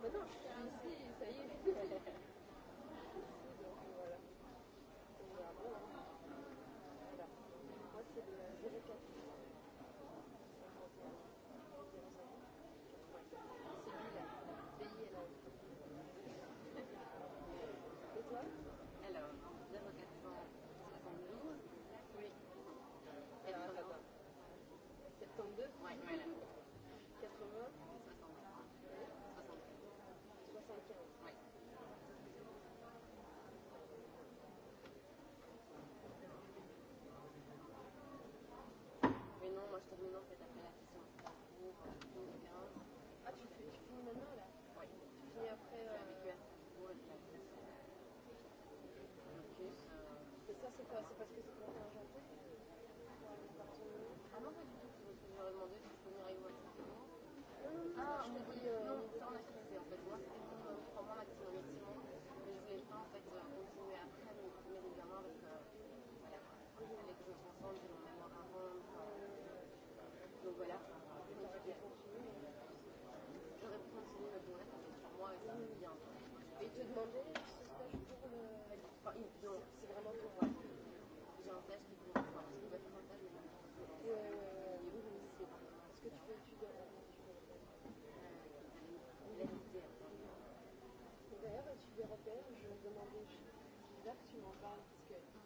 Bueno, c'est parce que c'est pour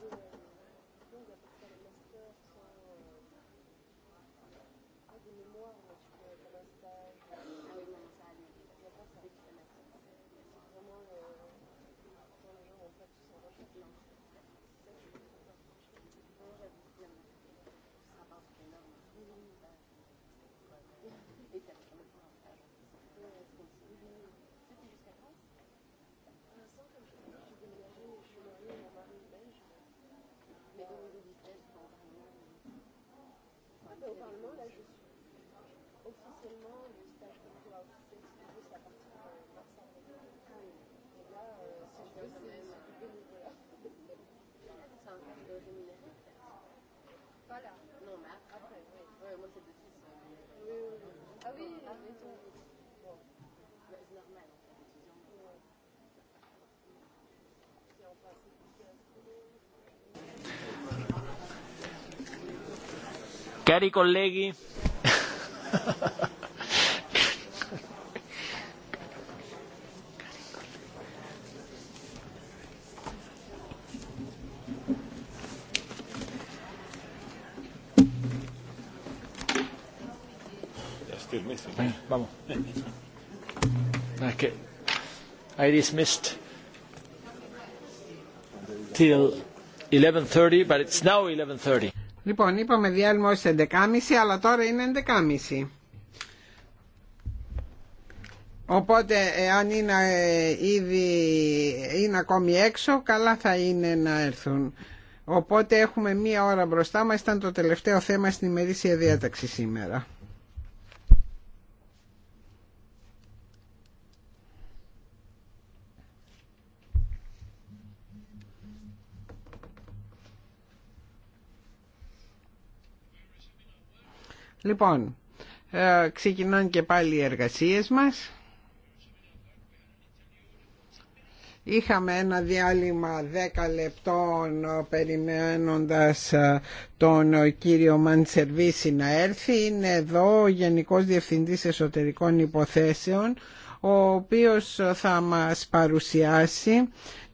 Ευχαριστώ. Pas Ah oui, Cari colleghi, Ναι. Ναι, λοιπόν, είπαμε διάλειμμα ως 11.30, αλλά τώρα είναι 11.30. Οπότε, αν είναι ε, ήδη είναι ακόμη έξω, καλά θα είναι να έρθουν. Οπότε έχουμε μία ώρα μπροστά μας, ήταν το τελευταίο θέμα στην ημερήσια διάταξη σήμερα. Λοιπόν, ε, ξεκινάν και πάλι οι εργασίες μας. Είχαμε ένα διάλειμμα 10 λεπτών ε, περιμένοντας ε, τον κύριο Μαντσερβίση να έρθει. Είναι εδώ ο Γενικός Διευθυντής Εσωτερικών Υποθέσεων ο οποίος θα μας παρουσιάσει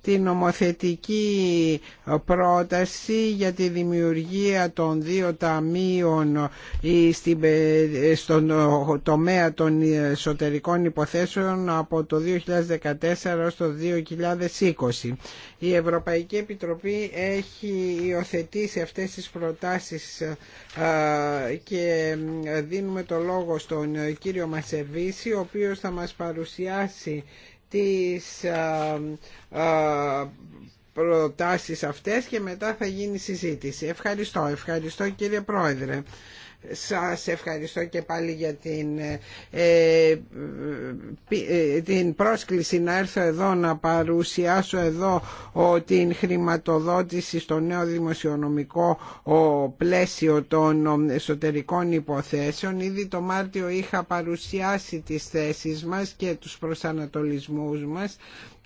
την νομοθετική πρόταση για τη δημιουργία των δύο ταμείων ε, ε, στον ε, τομέα των εσωτερικών υποθέσεων από το 2014 έως το 2020. Η Ευρωπαϊκή Επιτροπή έχει υιοθετήσει αυτές τις προτάσεις και δίνουμε το λόγο στον κύριο Μασεβίση ο οποίος θα μας παρουσιάσει τις προτάσεις αυτές και μετά θα γίνει συζήτηση. Ευχαριστώ, ευχαριστώ κύριε Πρόεδρε. Σας ευχαριστώ και πάλι για την, ε, ε, ε, την πρόσκληση να έρθω εδώ να παρουσιάσω εδώ την χρηματοδότηση στο νέο δημοσιονομικό πλαίσιο των εσωτερικών υποθέσεων. Ήδη το Μάρτιο είχα παρουσιάσει τις θέσεις μας και τους προσανατολισμούς μας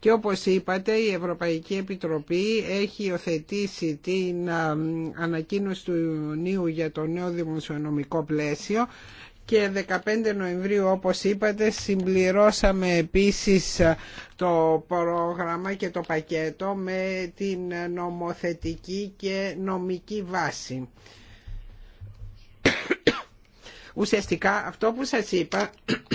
και όπως είπατε η Ευρωπαϊκή Επιτροπή έχει υιοθετήσει την ανακοίνωση του Ιουνίου για το νέο δημοσιονομικό πλαίσιο και 15 Νοεμβρίου όπως είπατε συμπληρώσαμε επίσης το πρόγραμμα και το πακέτο με την νομοθετική και νομική βάση. Ουσιαστικά αυτό που σας είπα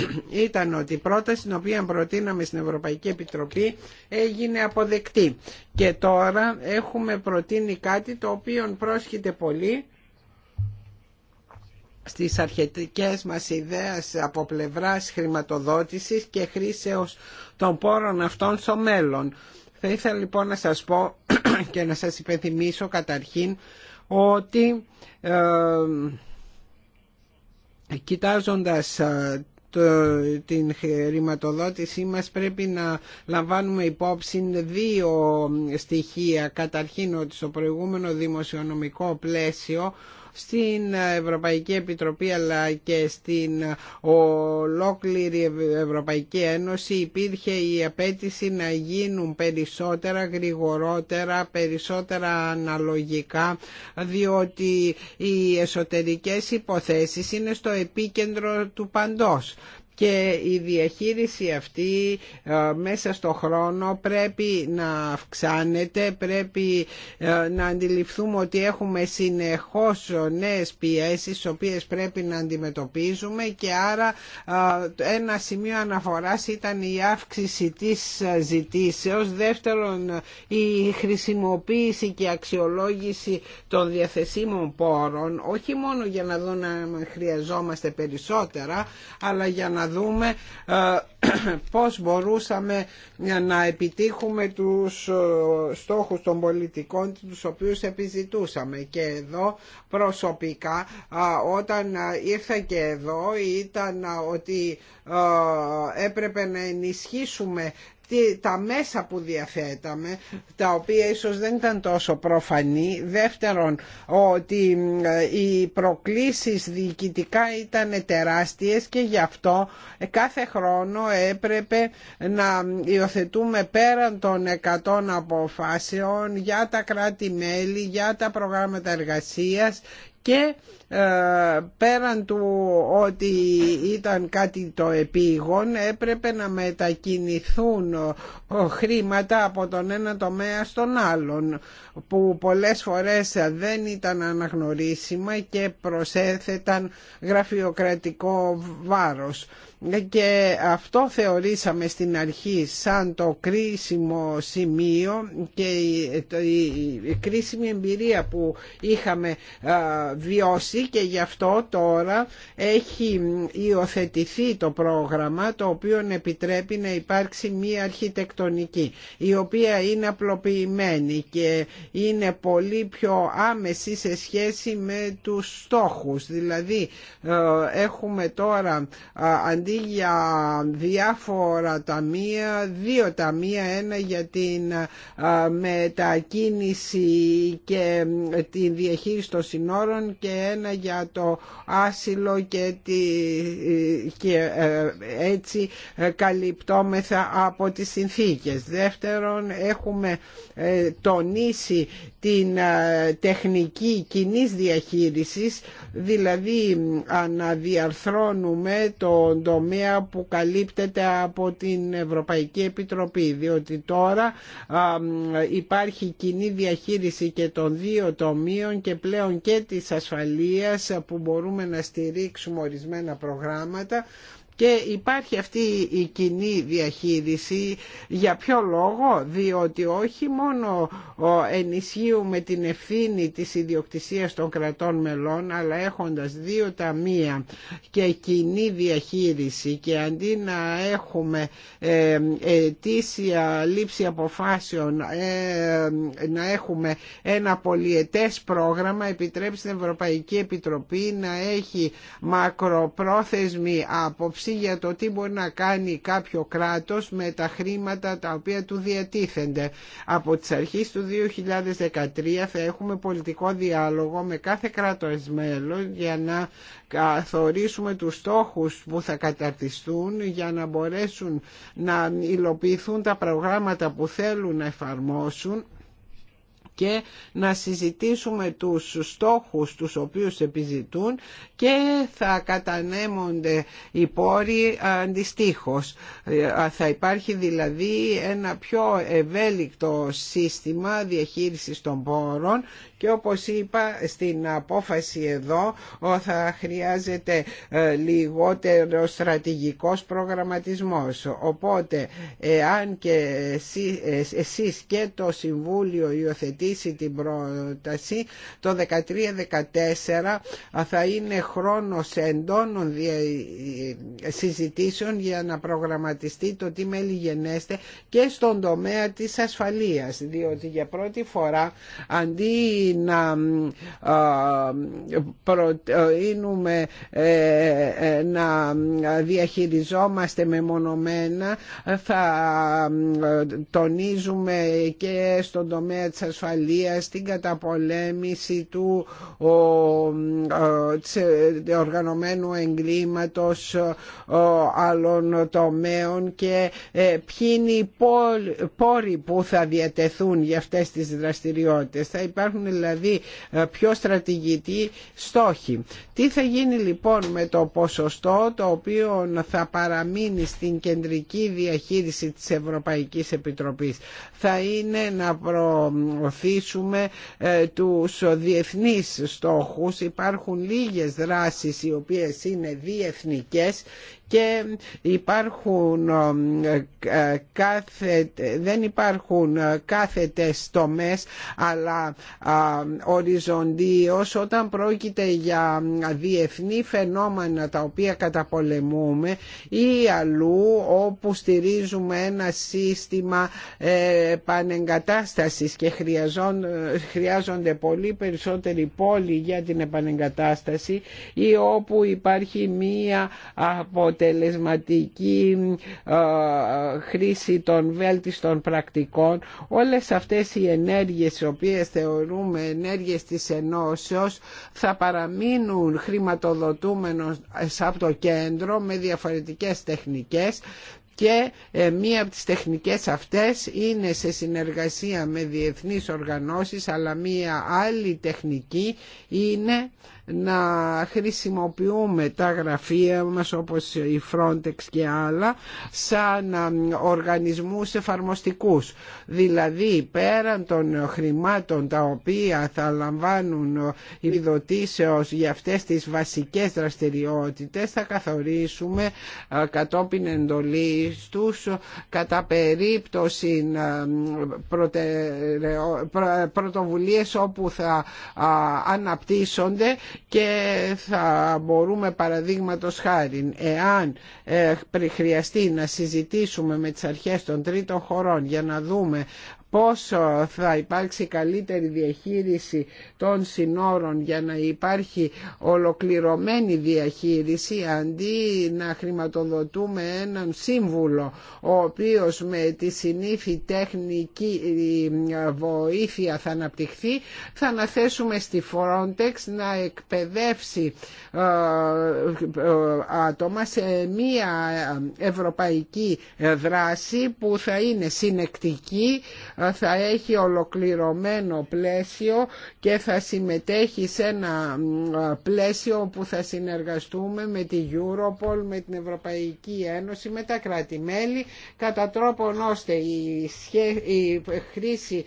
ήταν ότι η πρόταση την οποία προτείναμε στην Ευρωπαϊκή Επιτροπή έγινε αποδεκτή και τώρα έχουμε προτείνει κάτι το οποίο πρόσχεται πολύ στις αρχιτικές μας ιδέες από πλευράς χρηματοδότησης και χρήσεως των πόρων αυτών στο μέλλον. Θα ήθελα λοιπόν να σας πω και να σας υπενθυμίσω καταρχήν ότι... Ε, κοιτάζοντας την χρηματοδότησή μας πρέπει να λαμβάνουμε υπόψη δύο στοιχεία. Καταρχήν ότι στο προηγούμενο δημοσιονομικό πλαίσιο στην Ευρωπαϊκή Επιτροπή αλλά και στην ολόκληρη Ευρωπαϊκή Ένωση υπήρχε η απέτηση να γίνουν περισσότερα, γρηγορότερα, περισσότερα αναλογικά διότι οι εσωτερικές υποθέσεις είναι στο επίκεντρο του παντός και η διαχείριση αυτή ε, μέσα στο χρόνο πρέπει να αυξάνεται, πρέπει ε, να αντιληφθούμε ότι έχουμε συνεχώς νέες πιέσεις τις οποίες πρέπει να αντιμετωπίζουμε και άρα ε, ένα σημείο αναφοράς ήταν η αύξηση της ζητήσεως, δεύτερον η χρησιμοποίηση και αξιολόγηση των διαθεσίμων πόρων, όχι μόνο για να δούμε αν χρειαζόμαστε περισσότερα, αλλά για να δούμε πώς μπορούσαμε να επιτύχουμε τους στόχους των πολιτικών τους οποίους επιζητούσαμε και εδώ προσωπικά όταν ήρθα και εδώ ήταν ότι έπρεπε να ενισχύσουμε τα μέσα που διαθέταμε τα οποία ίσως δεν ήταν τόσο προφανή δεύτερον ότι ε, οι προκλήσεις διοικητικά ήταν τεράστιες και γι' αυτό ε, κάθε χρόνο έπρεπε να υιοθετούμε πέραν των 100 αποφάσεων για τα κράτη-μέλη, για τα προγράμματα εργασίας και ε, πέραν του ότι ήταν κάτι το επίγον έπρεπε να μετακινηθούν ε, χρήματα από τον ένα τομέα στον άλλον που πολλές φορές δεν ήταν αναγνωρίσιμα και προσέθεταν γραφειοκρατικό βάρος και αυτό θεωρήσαμε στην αρχή σαν το κρίσιμο σημείο και η κρίσιμη εμπειρία που είχαμε βιώσει και γι' αυτό τώρα έχει υιοθετηθεί το πρόγραμμα το οποίο επιτρέπει να υπάρξει μία αρχιτεκτονική η οποία είναι απλοποιημένη και είναι πολύ πιο άμεση σε σχέση με τους στόχους δηλαδή ε, έχουμε τώρα αντί για διάφορα ταμεία, δύο ταμεία, ένα για την ε, μετακίνηση και ε, τη διαχείριση των συνόρων και ένα για το άσυλο και, τη, και ε, έτσι καλυπτόμεθα από τις συνθήκες. Δεύτερον, έχουμε τονίσει την τεχνική κοινή διαχείρισης, δηλαδή αναδιαρθρώνουμε τον το τομέα που καλύπτεται από την Ευρωπαϊκή Επιτροπή διότι τώρα υπάρχει κοινή διαχείριση και των δύο τομείων και πλέον και της ασφαλείας που μπορούμε να στηρίξουμε ορισμένα προγράμματα και υπάρχει αυτή η κοινή διαχείριση για ποιο λόγο, διότι όχι μόνο ενισχύουμε την ευθύνη της ιδιοκτησίας των κρατών μελών, αλλά έχοντας δύο ταμεία και κοινή διαχείριση και αντί να έχουμε ε, ετήσια λήψη αποφάσεων, ε, να έχουμε ένα πολιετές πρόγραμμα, επιτρέπει στην Ευρωπαϊκή Επιτροπή να έχει μακροπρόθεσμη άποψη για το τι μπορεί να κάνει κάποιο κράτος με τα χρήματα τα οποία του διατίθενται. Από τις αρχές του 2013 θα έχουμε πολιτικό διάλογο με κάθε κράτος μέλος για να καθορίσουμε τους στόχους που θα καταρτιστούν για να μπορέσουν να υλοποιηθούν τα προγράμματα που θέλουν να εφαρμόσουν και να συζητήσουμε τους στόχους τους οποίους επιζητούν και θα κατανέμονται οι πόροι αντιστοίχω. Ε, θα υπάρχει δηλαδή ένα πιο ευέλικτο σύστημα διαχείρισης των πόρων και όπως είπα στην απόφαση εδώ θα χρειάζεται ε, λιγότερο στρατηγικός προγραμματισμός. Οπότε αν και ε, εσείς και το Συμβούλιο υιοθετήσει την πρόταση το 13-14 θα είναι χρόνος εντόνων ε, συζητήσεων για να προγραμματιστεί το τι μέλη γενέστε και στον τομέα της ασφαλείας διότι για πρώτη φορά αντί να προτείνουμε ε, ε, να διαχειριζόμαστε μεμονωμένα θα τονίζουμε και στον τομέα της ασφαλείας την καταπολέμηση του ε, οργανωμένου εγκλήματος άλλων τομέων και ποιοι είναι οι πόροι που θα διατεθούν για αυτές τις δραστηριότητες. Θα υπάρχουν δηλαδή ε, πιο στρατηγική στόχη. Τι θα γίνει λοιπόν με το ποσοστό το οποίο θα παραμείνει στην κεντρική διαχείριση της Ευρωπαϊκής Επιτροπής. Θα είναι να προωθήσουμε ε, τους διεθνείς στόχους. Υπάρχουν λίγες δράσεις οι οποίες είναι διεθνικές και υπάρχουν ε, ε, δεν υπάρχουν ε, κάθετες τομές αλλά οριζοντίως όταν πρόκειται για διεθνή φαινόμενα τα οποία καταπολεμούμε ή αλλού όπου στηρίζουμε ένα σύστημα επανεγκατάστασης και χρειάζονται πολύ περισσότεροι πόλοι για την επανεγκατάσταση ή όπου υπάρχει μία αποτελεσματική αποτελεσματική ε, χρήση των βέλτιστων πρακτικών, όλες αυτές οι ενέργειες οι οποίες θεωρούμε ενέργειες της ενώσεως θα παραμείνουν χρηματοδοτούμενος από το κέντρο με διαφορετικές τεχνικές και ε, μία από τις τεχνικές αυτές είναι σε συνεργασία με διεθνείς οργανώσεις αλλά μία άλλη τεχνική είναι να χρησιμοποιούμε τα γραφεία μας όπως η Frontex και άλλα σαν οργανισμούς εφαρμοστικούς. Δηλαδή πέραν των χρημάτων τα οποία θα λαμβάνουν επιδοτήσεως για αυτές τις βασικές δραστηριότητες θα καθορίσουμε κατόπιν εντολής τους κατά περίπτωση πρωτοβουλίες όπου θα αναπτύσσονται και θα μπορούμε παραδείγματο χάρη εάν ε, χρειαστεί να συζητήσουμε με τις αρχές των τρίτων χωρών για να δούμε πόσο θα υπάρξει καλύτερη διαχείριση των συνόρων για να υπάρχει ολοκληρωμένη διαχείριση αντί να χρηματοδοτούμε έναν σύμβουλο ο οποίος με τη συνήθη τεχνική ε, βοήθεια θα αναπτυχθεί θα αναθέσουμε στη Frontex να εκπαιδεύσει ε, ε, άτομα σε μία ευρωπαϊκή δράση που θα είναι συνεκτική θα έχει ολοκληρωμένο πλαίσιο και θα συμμετέχει σε ένα πλαίσιο που θα συνεργαστούμε με τη Europol, με την Ευρωπαϊκή Ένωση, με τα κράτη-μέλη κατά τρόπον ώστε η, η χρήση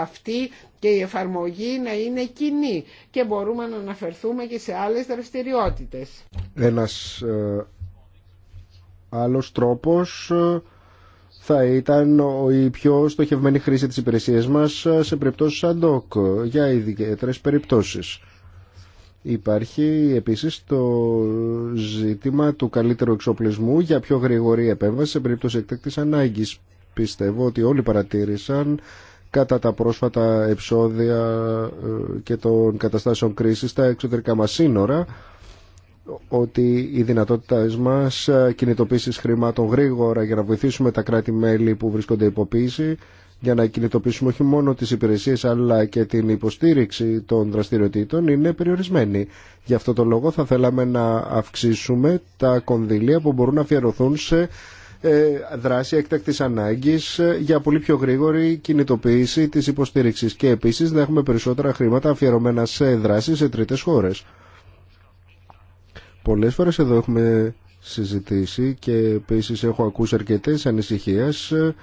αυτή και η εφαρμογή να είναι κοινή και μπορούμε να αναφερθούμε και σε άλλες δραστηριότητες. Ένας ε, άλλος τρόπος ε, θα ήταν η πιο στοχευμένη χρήση της υπηρεσίας μας σε περιπτώσεις ad hoc για ιδιαίτερες περιπτώσεις. Υπάρχει επίσης το ζήτημα του καλύτερου εξοπλισμού για πιο γρήγορη επέμβαση σε περίπτωση εκτέκτης ανάγκης. Πιστεύω ότι όλοι παρατήρησαν κατά τα πρόσφατα επεισόδια ε, και των καταστάσεων κρίσης στα εξωτερικά μας σύνορα ότι οι δυνατότητε μα ε, κινητοποίησης χρημάτων γρήγορα για να βοηθήσουμε τα κράτη-μέλη που βρίσκονται υποποίηση για να κινητοποιήσουμε όχι μόνο τις υπηρεσίες αλλά και την υποστήριξη των δραστηριοτήτων είναι περιορισμένη. Γι' αυτό το λόγο θα θέλαμε να αυξήσουμε τα κονδυλία που μπορούν να αφιερωθούν σε ε, δράση έκτακτη ανάγκης ε, για πολύ πιο γρήγορη κινητοποίηση τη υποστήριξη. και επίση να έχουμε περισσότερα χρήματα αφιερωμένα σε δράσει σε τρίτε χώρε. Πολλές φορές εδώ έχουμε συζητήσει και επίση έχω ακούσει αρκετές ανησυχίες ε,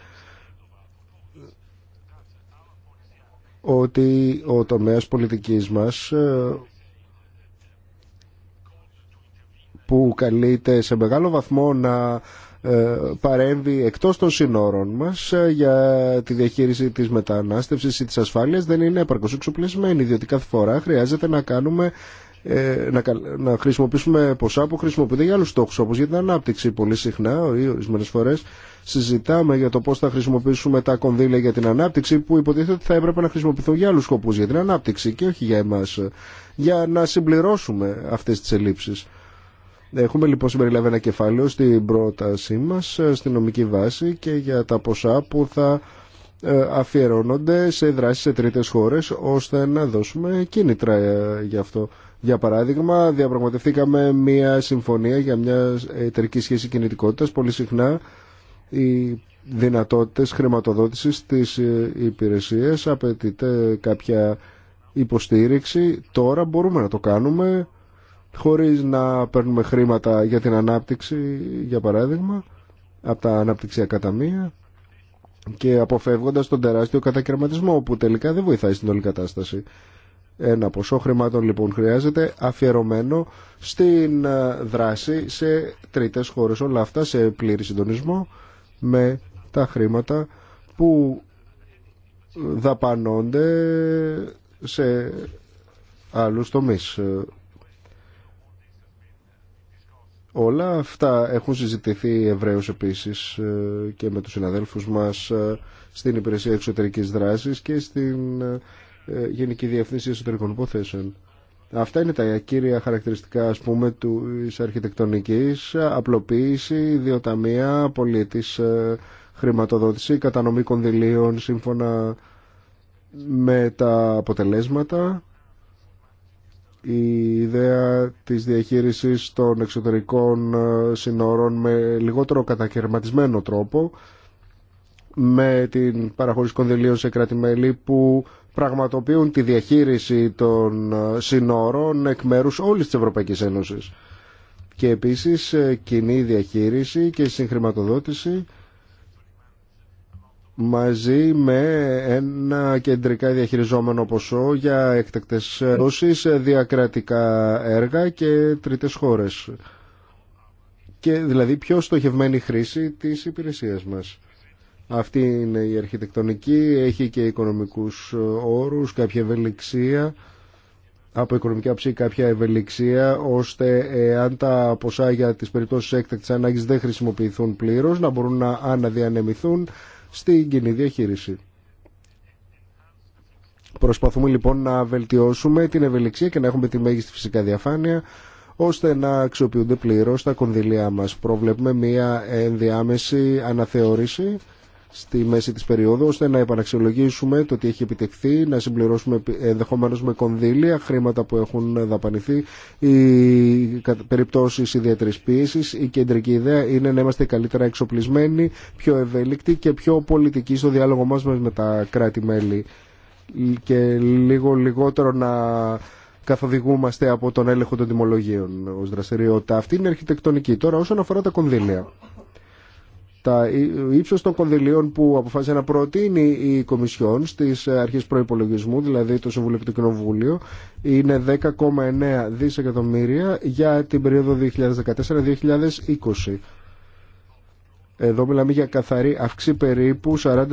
ότι ο τομέας πολιτικής μας ε, που καλείται σε μεγάλο βαθμό να ε, παρέμβει εκτός των συνόρων μας για τη διαχείριση της μετανάστευσης ή της ασφάλειας δεν είναι επαρκώς εξοπλισμένη διότι κάθε φορά χρειάζεται να κάνουμε ε, να χρησιμοποιήσουμε ποσά που χρησιμοποιούνται για άλλου στόχου, όπω για την ανάπτυξη. Πολύ συχνά, ορισμένε φορέ, συζητάμε για το πώ θα χρησιμοποιήσουμε τα κονδύλια για την ανάπτυξη, που υποτίθεται ότι θα έπρεπε να χρησιμοποιηθούν για άλλου σκοπού, για την ανάπτυξη και όχι για εμά, για να συμπληρώσουμε αυτέ τι ελλείψει. Έχουμε λοιπόν συμπεριλάβει ένα κεφάλαιο στην πρότασή μα, στην νομική βάση και για τα ποσά που θα ε, αφιερώνονται σε δράσεις σε τρίτες χώρες ώστε να δώσουμε κίνητρα ε, για αυτό. Για παράδειγμα, διαπραγματευτήκαμε μια συμφωνία για μια εταιρική σχέση κινητικότητας. Πολύ συχνά οι δυνατότητες χρηματοδότησης τη ε, υπηρεσία απαιτείται κάποια υποστήριξη. Τώρα μπορούμε να το κάνουμε χωρίς να παίρνουμε χρήματα για την ανάπτυξη, για παράδειγμα, από τα αναπτυξιακά ταμεία και αποφεύγοντας τον τεράστιο κατακαιρματισμό που τελικά δεν βοηθάει στην όλη κατάσταση. Ένα ποσό χρημάτων λοιπόν χρειάζεται αφιερωμένο στην ε, δράση σε τρίτες χώρες. Όλα αυτά σε πλήρη συντονισμό με τα χρήματα που δαπανώνται σε άλλους τομείς. Όλα αυτά έχουν συζητηθεί ευρέως επίσης ε, και με τους συναδέλφους μας ε, στην Υπηρεσία Εξωτερικής Δράσης και στην ε, Γενική Διευθύνση Εσωτερικών Υποθέσεων. Αυτά είναι τα κύρια χαρακτηριστικά ας πούμε της αρχιτεκτονικής, απλοποίηση, ιδιοταμία, πολίτης, ε, χρηματοδότηση, κατανομή κονδυλίων σύμφωνα με τα αποτελέσματα, η ιδέα της διαχείρισης των εξωτερικών ε, συνόρων με λιγότερο κατακαιρματισμένο τρόπο, με την παραχώρηση κονδυλίων σε κράτη-μέλη που πραγματοποιούν τη διαχείριση των ε, συνόρων εκ μέρου όλη τη Ευρωπαϊκή Ένωσης. Και επίσης ε, κοινή διαχείριση και συγχρηματοδότηση μαζί με ένα κεντρικά διαχειριζόμενο ποσό για εκτακτές δόσει, ε, διακρατικά έργα και τρίτες χώρες. Και δηλαδή πιο στοχευμένη χρήση της υπηρεσίας μας. Αυτή είναι η αρχιτεκτονική, έχει και οικονομικούς όρους, κάποια ευελιξία, από οικονομική άψη κάποια ευελιξία, ώστε αν τα ποσά για τις περιπτώσεις έκτακτης ανάγκης δεν χρησιμοποιηθούν πλήρως, να μπορούν να αναδιανεμηθούν στην κοινή διαχείριση. Προσπαθούμε λοιπόν να βελτιώσουμε την ευελιξία και να έχουμε τη μέγιστη φυσικά διαφάνεια ώστε να αξιοποιούνται πλήρως τα κονδυλία μας. Προβλέπουμε μία ενδιάμεση αναθεώρηση στη μέση της περίοδου ώστε να επαναξιολογήσουμε το τι έχει επιτευχθεί, να συμπληρώσουμε ενδεχομένω με κονδύλια, χρήματα που έχουν δαπανηθεί, οι περιπτώσεις ιδιαίτερη πίεση. Η κεντρική ιδέα είναι να είμαστε καλύτερα εξοπλισμένοι, πιο ευέλικτοι και πιο πολιτικοί στο διάλογο μας με τα κράτη-μέλη και λίγο λιγότερο να καθοδηγούμαστε από τον έλεγχο των τιμολογίων ως δραστηριότητα. Αυτή είναι η αρχιτεκτονική. Τώρα, όσον αφορά τα κονδύλια τα ύψος των κονδυλίων που αποφάσισε να προτείνει η Κομισιόν στις ε, αρχές προπολογισμού, δηλαδή το Συμβουλίο και το Κοινοβούλιο, είναι 10,9 δισεκατομμύρια για την περίοδο 2014-2020. Εδώ μιλάμε για καθαρή αύξηση περίπου 40%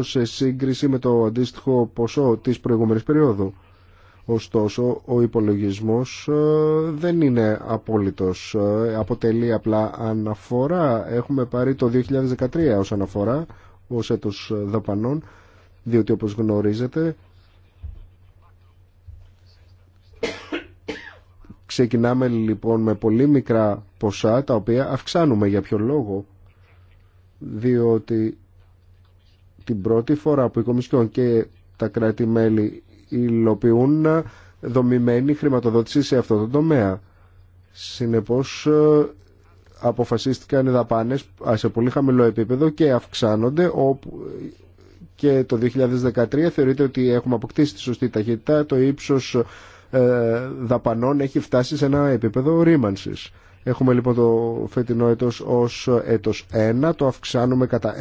σε σύγκριση με το αντίστοιχο ποσό της προηγούμενης περίοδου. Ωστόσο, ο υπολογισμός ε, δεν είναι απόλυτος. Ε, αποτελεί απλά αναφορά. Έχουμε πάρει το 2013 ως αναφορά, ως έτος δαπανών, διότι όπως γνωρίζετε ξεκινάμε λοιπόν με πολύ μικρά ποσά τα οποία αυξάνουμε για ποιο λόγο διότι την πρώτη φορά που η Κομισιόν και τα κράτη-μέλη υλοποιούν δομημένη χρηματοδότηση σε αυτό το τομέα. Συνεπώς ε, αποφασίστηκαν οι δαπάνες σε πολύ χαμηλό επίπεδο και αυξάνονται όπου και το 2013 θεωρείται ότι έχουμε αποκτήσει τη σωστή ταχύτητα το ύψος ε, δαπανών έχει φτάσει σε ένα επίπεδο ρήμανσης. Έχουμε λοιπόν το φετινό έτος ως έτος 1, το αυξάνουμε κατά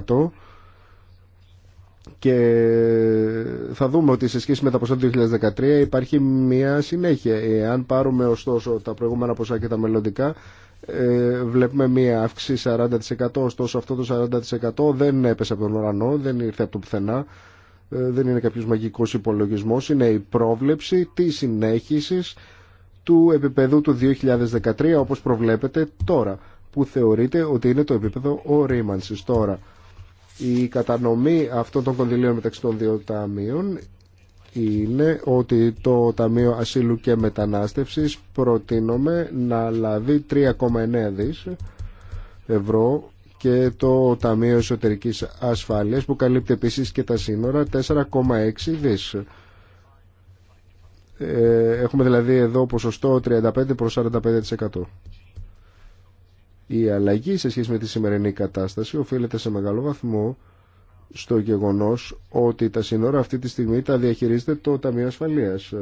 1% και θα δούμε ότι σε σχέση με τα ποσά του 2013 υπάρχει μια συνέχεια. Εάν πάρουμε ωστόσο τα προηγούμενα ποσά και τα μελλοντικά, ε, βλέπουμε μια αύξηση 40%. Ωστόσο αυτό το 40% δεν έπεσε από τον ουρανό, δεν ήρθε από το πουθενά. Ε, δεν είναι κάποιος μαγικός υπολογισμός, είναι η πρόβλεψη της συνέχισης του επίπεδου του 2013 όπως προβλέπετε τώρα που θεωρείται ότι είναι το επίπεδο ορίμανσης τώρα η κατανομή αυτών των κονδυλίων μεταξύ των δύο ταμείων είναι ότι το Ταμείο Ασύλου και Μετανάστευσης προτείνουμε να λάβει 3,9 δις ευρώ και το Ταμείο Εσωτερικής Ασφάλειας που καλύπτει επίσης και τα σύνορα 4,6 δις. Ε, έχουμε δηλαδή εδώ ποσοστό 35 προς 45%. Η αλλαγή σε σχέση με τη σημερινή κατάσταση οφείλεται σε μεγάλο βαθμό στο γεγονός ότι τα σύνορα αυτή τη στιγμή τα διαχειρίζεται το Ταμείο Ασφαλείας.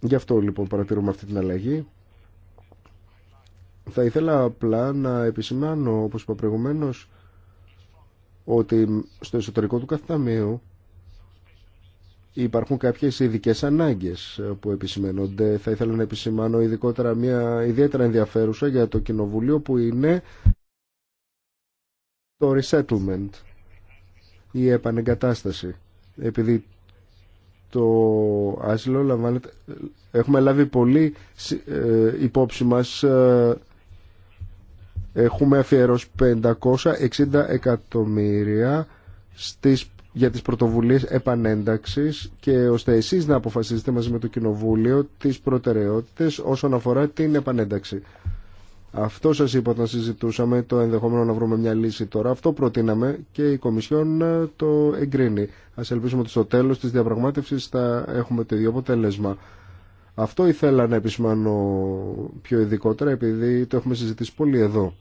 Γι' αυτό λοιπόν παρατηρούμε αυτή την αλλαγή. Θα ήθελα απλά να επισημάνω, όπως είπα προηγουμένως, ότι στο εσωτερικό του κάθε Υπάρχουν κάποιες ειδικέ ανάγκες που επισημαίνονται. Θα ήθελα να επισημάνω ειδικότερα μια ιδιαίτερα ενδιαφέρουσα για το Κοινοβουλίο που είναι το resettlement, η επανεγκατάσταση. Επειδή το άσυλο λαμβάνεται... Έχουμε λάβει πολύ ε, υπόψη μας ε, Έχουμε αφιερώσει 560 εκατομμύρια στις για τις πρωτοβουλίες επανένταξης και ώστε εσείς να αποφασίσετε μαζί με το Κοινοβούλιο τις προτεραιότητες όσον αφορά την επανένταξη. Αυτό σας είπα όταν συζητούσαμε το ενδεχόμενο να βρούμε μια λύση τώρα. Αυτό προτείναμε και η Κομισιόν ε, το εγκρίνει. Ας ελπίσουμε ότι στο τέλος της διαπραγμάτευσης θα έχουμε το ίδιο αποτέλεσμα. Αυτό ήθελα να επισημάνω πιο ειδικότερα επειδή το έχουμε συζητήσει πολύ εδώ.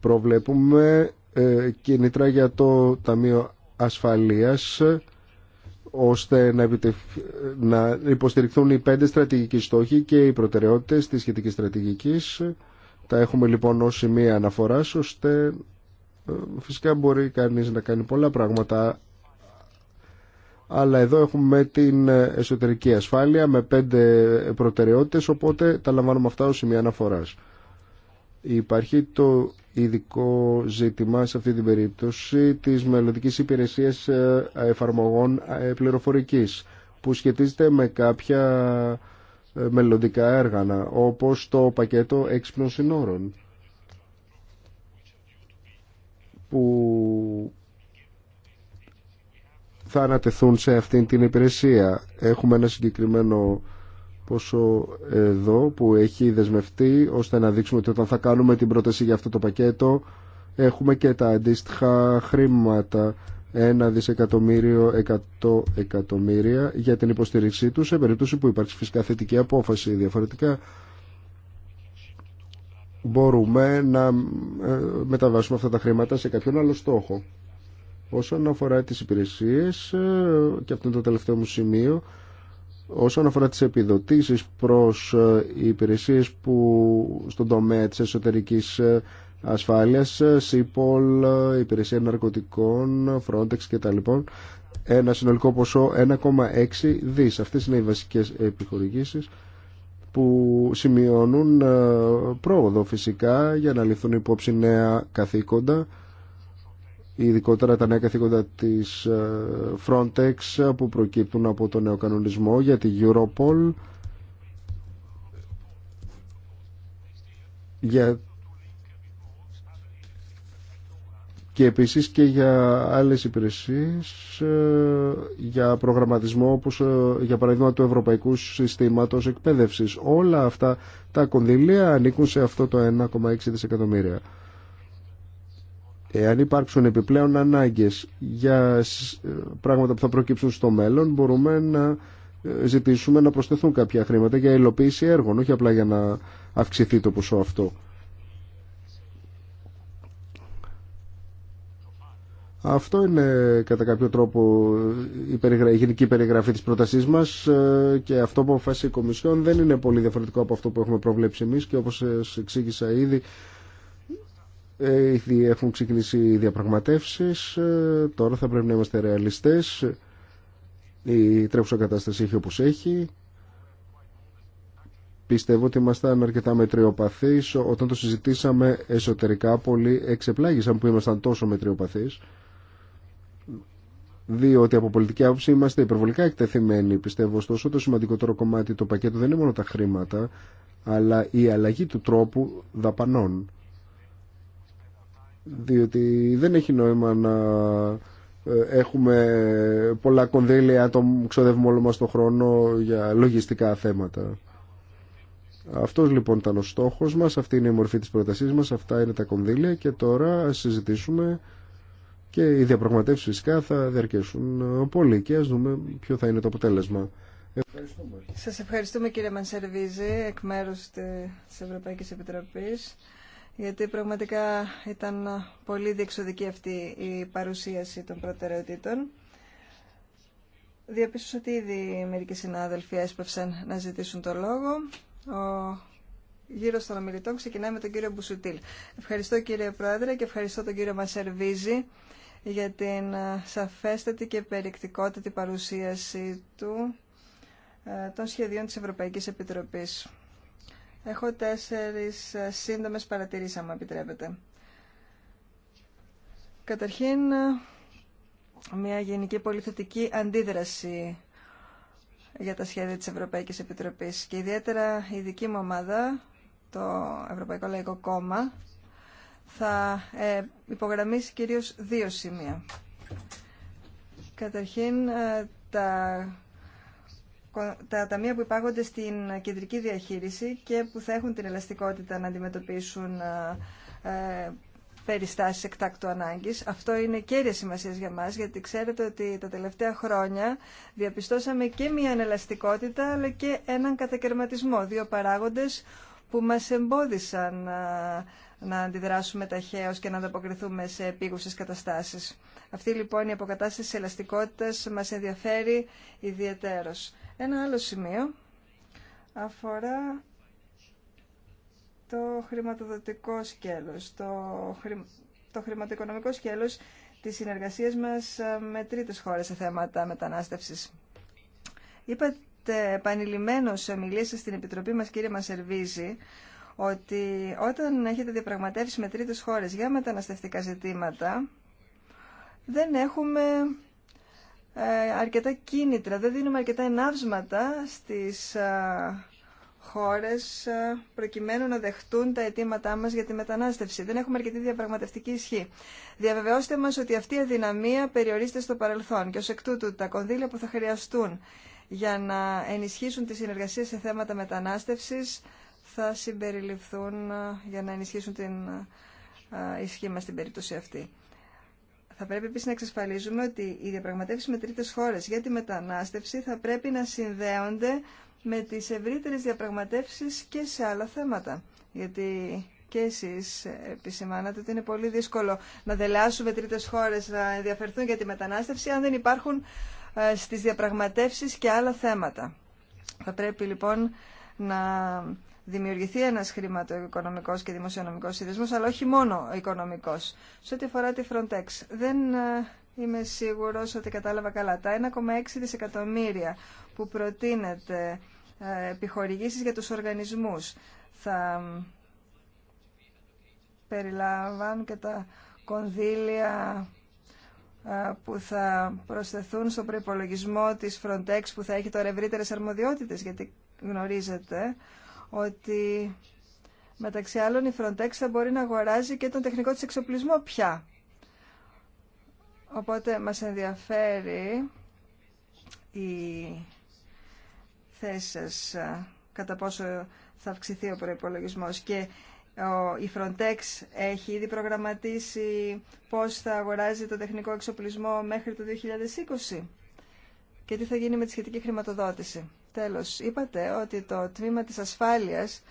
Προβλέπουμε ε, κίνητρα για το Ταμείο Ασφαλείας ώστε να, να υποστηριχθούν οι πέντε στρατηγικοί στόχοι και οι προτεραιότητες της σχετικής στρατηγικής. Τα έχουμε λοιπόν ως σημεία αναφοράς ώστε ε, φυσικά μπορεί κανείς να κάνει πολλά πράγματα αλλά εδώ έχουμε την εσωτερική ασφάλεια με πέντε προτεραιότητες οπότε τα λαμβάνουμε αυτά ως σημεία αναφοράς. Υπάρχει το ειδικό ζήτημα σε αυτή την περίπτωση της μελλοντική υπηρεσίας ε, εφαρμογών ε, πληροφορικής που σχετίζεται με κάποια ε, μελλοντικά έργανα όπως το πακέτο έξυπνων συνόρων που θα ανατεθούν σε αυτή την υπηρεσία. Έχουμε ένα συγκεκριμένο πόσο εδώ που έχει δεσμευτεί ώστε να δείξουμε ότι όταν θα κάνουμε την πρόταση για αυτό το πακέτο έχουμε και τα αντίστοιχα χρήματα ένα δισεκατομμύριο εκατό εκατομμύρια για την υποστήριξή του σε περίπτωση που υπάρξει φυσικά θετική απόφαση διαφορετικά μπορούμε να ε, μεταβάσουμε αυτά τα χρήματα σε κάποιον άλλο στόχο όσον αφορά τις υπηρεσίες ε, και αυτό είναι το τελευταίο μου σημείο Όσον αφορά τις επιδοτήσεις προς ε, υπηρεσίες που στον τομέα της εσωτερικής ε, ασφάλειας, ε, ΣΥΠΟΛ, υπηρεσία ναρκωτικών, Frontex κτλ. Ένα συνολικό ποσό 1,6 δις. Αυτές είναι οι βασικές επιχορηγήσεις που σημειώνουν πρόοδο φυσικά για να ληφθούν υπόψη νέα καθήκοντα ειδικότερα τα νέα καθήκοντα της ε, Frontex που προκύπτουν από τον νέο κανονισμό για τη Europol για... και επίσης και για άλλες υπηρεσίες ε, για προγραμματισμό όπως ε, για παράδειγμα του Ευρωπαϊκού Συστήματος Εκπαίδευσης όλα αυτά τα κονδυλία ανήκουν σε αυτό το 1,6 δισεκατομμύρια Εάν υπάρξουν επιπλέον ανάγκες για ε, πράγματα που θα προκύψουν στο μέλλον, μπορούμε να ε, ζητήσουμε να προσθεθούν κάποια χρήματα για υλοποίηση έργων, όχι απλά για να αυξηθεί το ποσό αυτό. Αυτό είναι κατά κάποιο τρόπο η, η γενική περιγραφή της πρότασής μας ε, και αυτό που αποφάσισε η Κομισιόν δεν είναι πολύ διαφορετικό από αυτό που έχουμε προβλέψει εμείς και όπως σας εξήγησα ήδη ε, ήδη έχουν ξεκινήσει οι διαπραγματεύσεις, ε, τώρα θα πρέπει να είμαστε ρεαλιστές. Η τρέχουσα κατάσταση έχει όπως έχει. Πιστεύω ότι ήμασταν αρκετά μετριοπαθείς. Όταν το συζητήσαμε εσωτερικά πολύ εξεπλάγησαν που ήμασταν τόσο μετριοπαθείς. Διότι από πολιτική άποψη είμαστε υπερβολικά εκτεθειμένοι. Πιστεύω ωστόσο το σημαντικότερο κομμάτι το πακέτο δεν είναι μόνο τα χρήματα, αλλά η αλλαγή του τρόπου δαπανών διότι δεν έχει νόημα να ε, έχουμε πολλά κονδύλια, το ξοδεύουμε όλο μας το χρόνο για λογιστικά θέματα. Αυτός λοιπόν ήταν ο στόχος μας, αυτή είναι η μορφή της πρότασής μας, αυτά είναι τα κονδύλια και τώρα συζητήσουμε και οι διαπραγματεύσεις φυσικά θα διαρκέσουν πολύ και ας δούμε ποιο θα είναι το αποτέλεσμα. Ευχαριστούμε. Σας ευχαριστούμε κύριε Μανσερβίζη εκ μέρους της Ευρωπαϊκής Επιτροπής γιατί πραγματικά ήταν πολύ διεξοδική αυτή η παρουσίαση των προτεραιοτήτων. Διαπίστωσα ότι ήδη μερικοί συνάδελφοι έσπευσαν να ζητήσουν το λόγο. Ο γύρο των ομιλητών ξεκινάει με τον κύριο Μπουσουτήλ. Ευχαριστώ κύριε Πρόεδρε και ευχαριστώ τον κύριο Μασερβίζη για την ε, σαφέστατη και περιεκτικότητη παρουσίαση του ε, των σχεδίων της Ευρωπαϊκής Επιτροπής. Έχω τέσσερις ε, σύντομες παρατηρήσεις, αν επιτρέπετε. Καταρχήν, ε, μια γενική πολυθετική αντίδραση για τα σχέδια της Ευρωπαϊκής Επιτροπής και ιδιαίτερα η δική μου ομάδα, το Ευρωπαϊκό Λαϊκό Κόμμα, θα ε, υπογραμμίσει κυρίως δύο σημεία. Καταρχήν, τα τα ταμεία που υπάγονται στην κεντρική διαχείριση και που θα έχουν την ελαστικότητα να αντιμετωπίσουν ε, ε, περιστάσεις εκτάκτου ανάγκης. Αυτό είναι κέρια σημασία για μας, γιατί ξέρετε ότι τα τελευταία χρόνια διαπιστώσαμε και μια ανελαστικότητα, αλλά και έναν κατακαιρματισμό. Δύο παράγοντες που μας εμπόδισαν ε, να, αντιδράσουμε ταχαίως και να ανταποκριθούμε σε επίγουσες καταστάσεις. Αυτή λοιπόν η αποκατάσταση της ελαστικότητας μας ενδιαφέρει ιδιαίτερος. Ένα άλλο σημείο αφορά το χρηματοδοτικό σκέλος, το, το χρηματοοικονομικό σκέλος της συνεργασίας μας ε, με τρίτες χώρες σε θέματα μετανάστευσης. Είπατε επανειλημμένως σε μιλή στην Επιτροπή μας, κύριε Μασερβίζη, ότι όταν έχετε διαπραγματεύσει με τρίτες χώρες για μεταναστευτικά ζητήματα, δεν έχουμε ε, αρκετά κίνητρα, δεν δίνουμε αρκετά ενάυσματα στις ε, χώρες ε, προκειμένου να δεχτούν τα αιτήματά μας για τη μετανάστευση. Δεν έχουμε αρκετή διαπραγματευτική ισχύ. Διαβεβαιώστε μας ότι αυτή η αδυναμία περιορίζεται στο παρελθόν και ως εκ τούτου τα κονδύλια που θα χρειαστούν για να ενισχύσουν τη συνεργασία σε θέματα μετανάστευσης θα συμπεριληφθούν για να ενισχύσουν την ισχύ μας στην περίπτωση αυτή θα πρέπει επίσης να εξασφαλίζουμε ότι οι διαπραγματεύσει με τρίτε χώρες για τη μετανάστευση θα πρέπει να συνδέονται με τις ευρύτερε διαπραγματεύσεις και σε άλλα θέματα. Γιατί και εσείς επισημάνατε ότι είναι πολύ δύσκολο να δελάσουμε τρίτες χώρες να ενδιαφερθούν για τη μετανάστευση αν δεν υπάρχουν ε, στι διαπραγματεύσει και άλλα θέματα. Θα πρέπει λοιπόν να δημιουργηθεί ένας χρηματοοικονομικός και δημοσιονομικός σύνδεσμος, αλλά όχι μόνο ο οικονομικός. Σε ό,τι αφορά τη Frontex, δεν ε, είμαι σίγουρος ότι κατάλαβα καλά. Τα 1,6 δισεκατομμύρια που προτείνεται ε, επιχορηγήσεις για τους οργανισμούς θα περιλαμβάνουν και τα κονδύλια ε, που θα προσθεθούν στον προπολογισμό της Frontex που θα έχει τώρα ευρύτερες αρμοδιότητες γιατί γνωρίζετε ότι μεταξύ άλλων η Frontex θα μπορεί να αγοράζει και τον τεχνικό της εξοπλισμό πια. Οπότε μας ενδιαφέρει η θέση σας ε, κατά πόσο θα αυξηθεί ο προπολογισμό και η Frontex έχει ήδη προγραμματίσει πώς θα αγοράζει το τεχνικό εξοπλισμό μέχρι το 2020 και τι θα γίνει με τη σχετική χρηματοδότηση. Τέλος, είπατε ότι το τμήμα της ασφάλειας,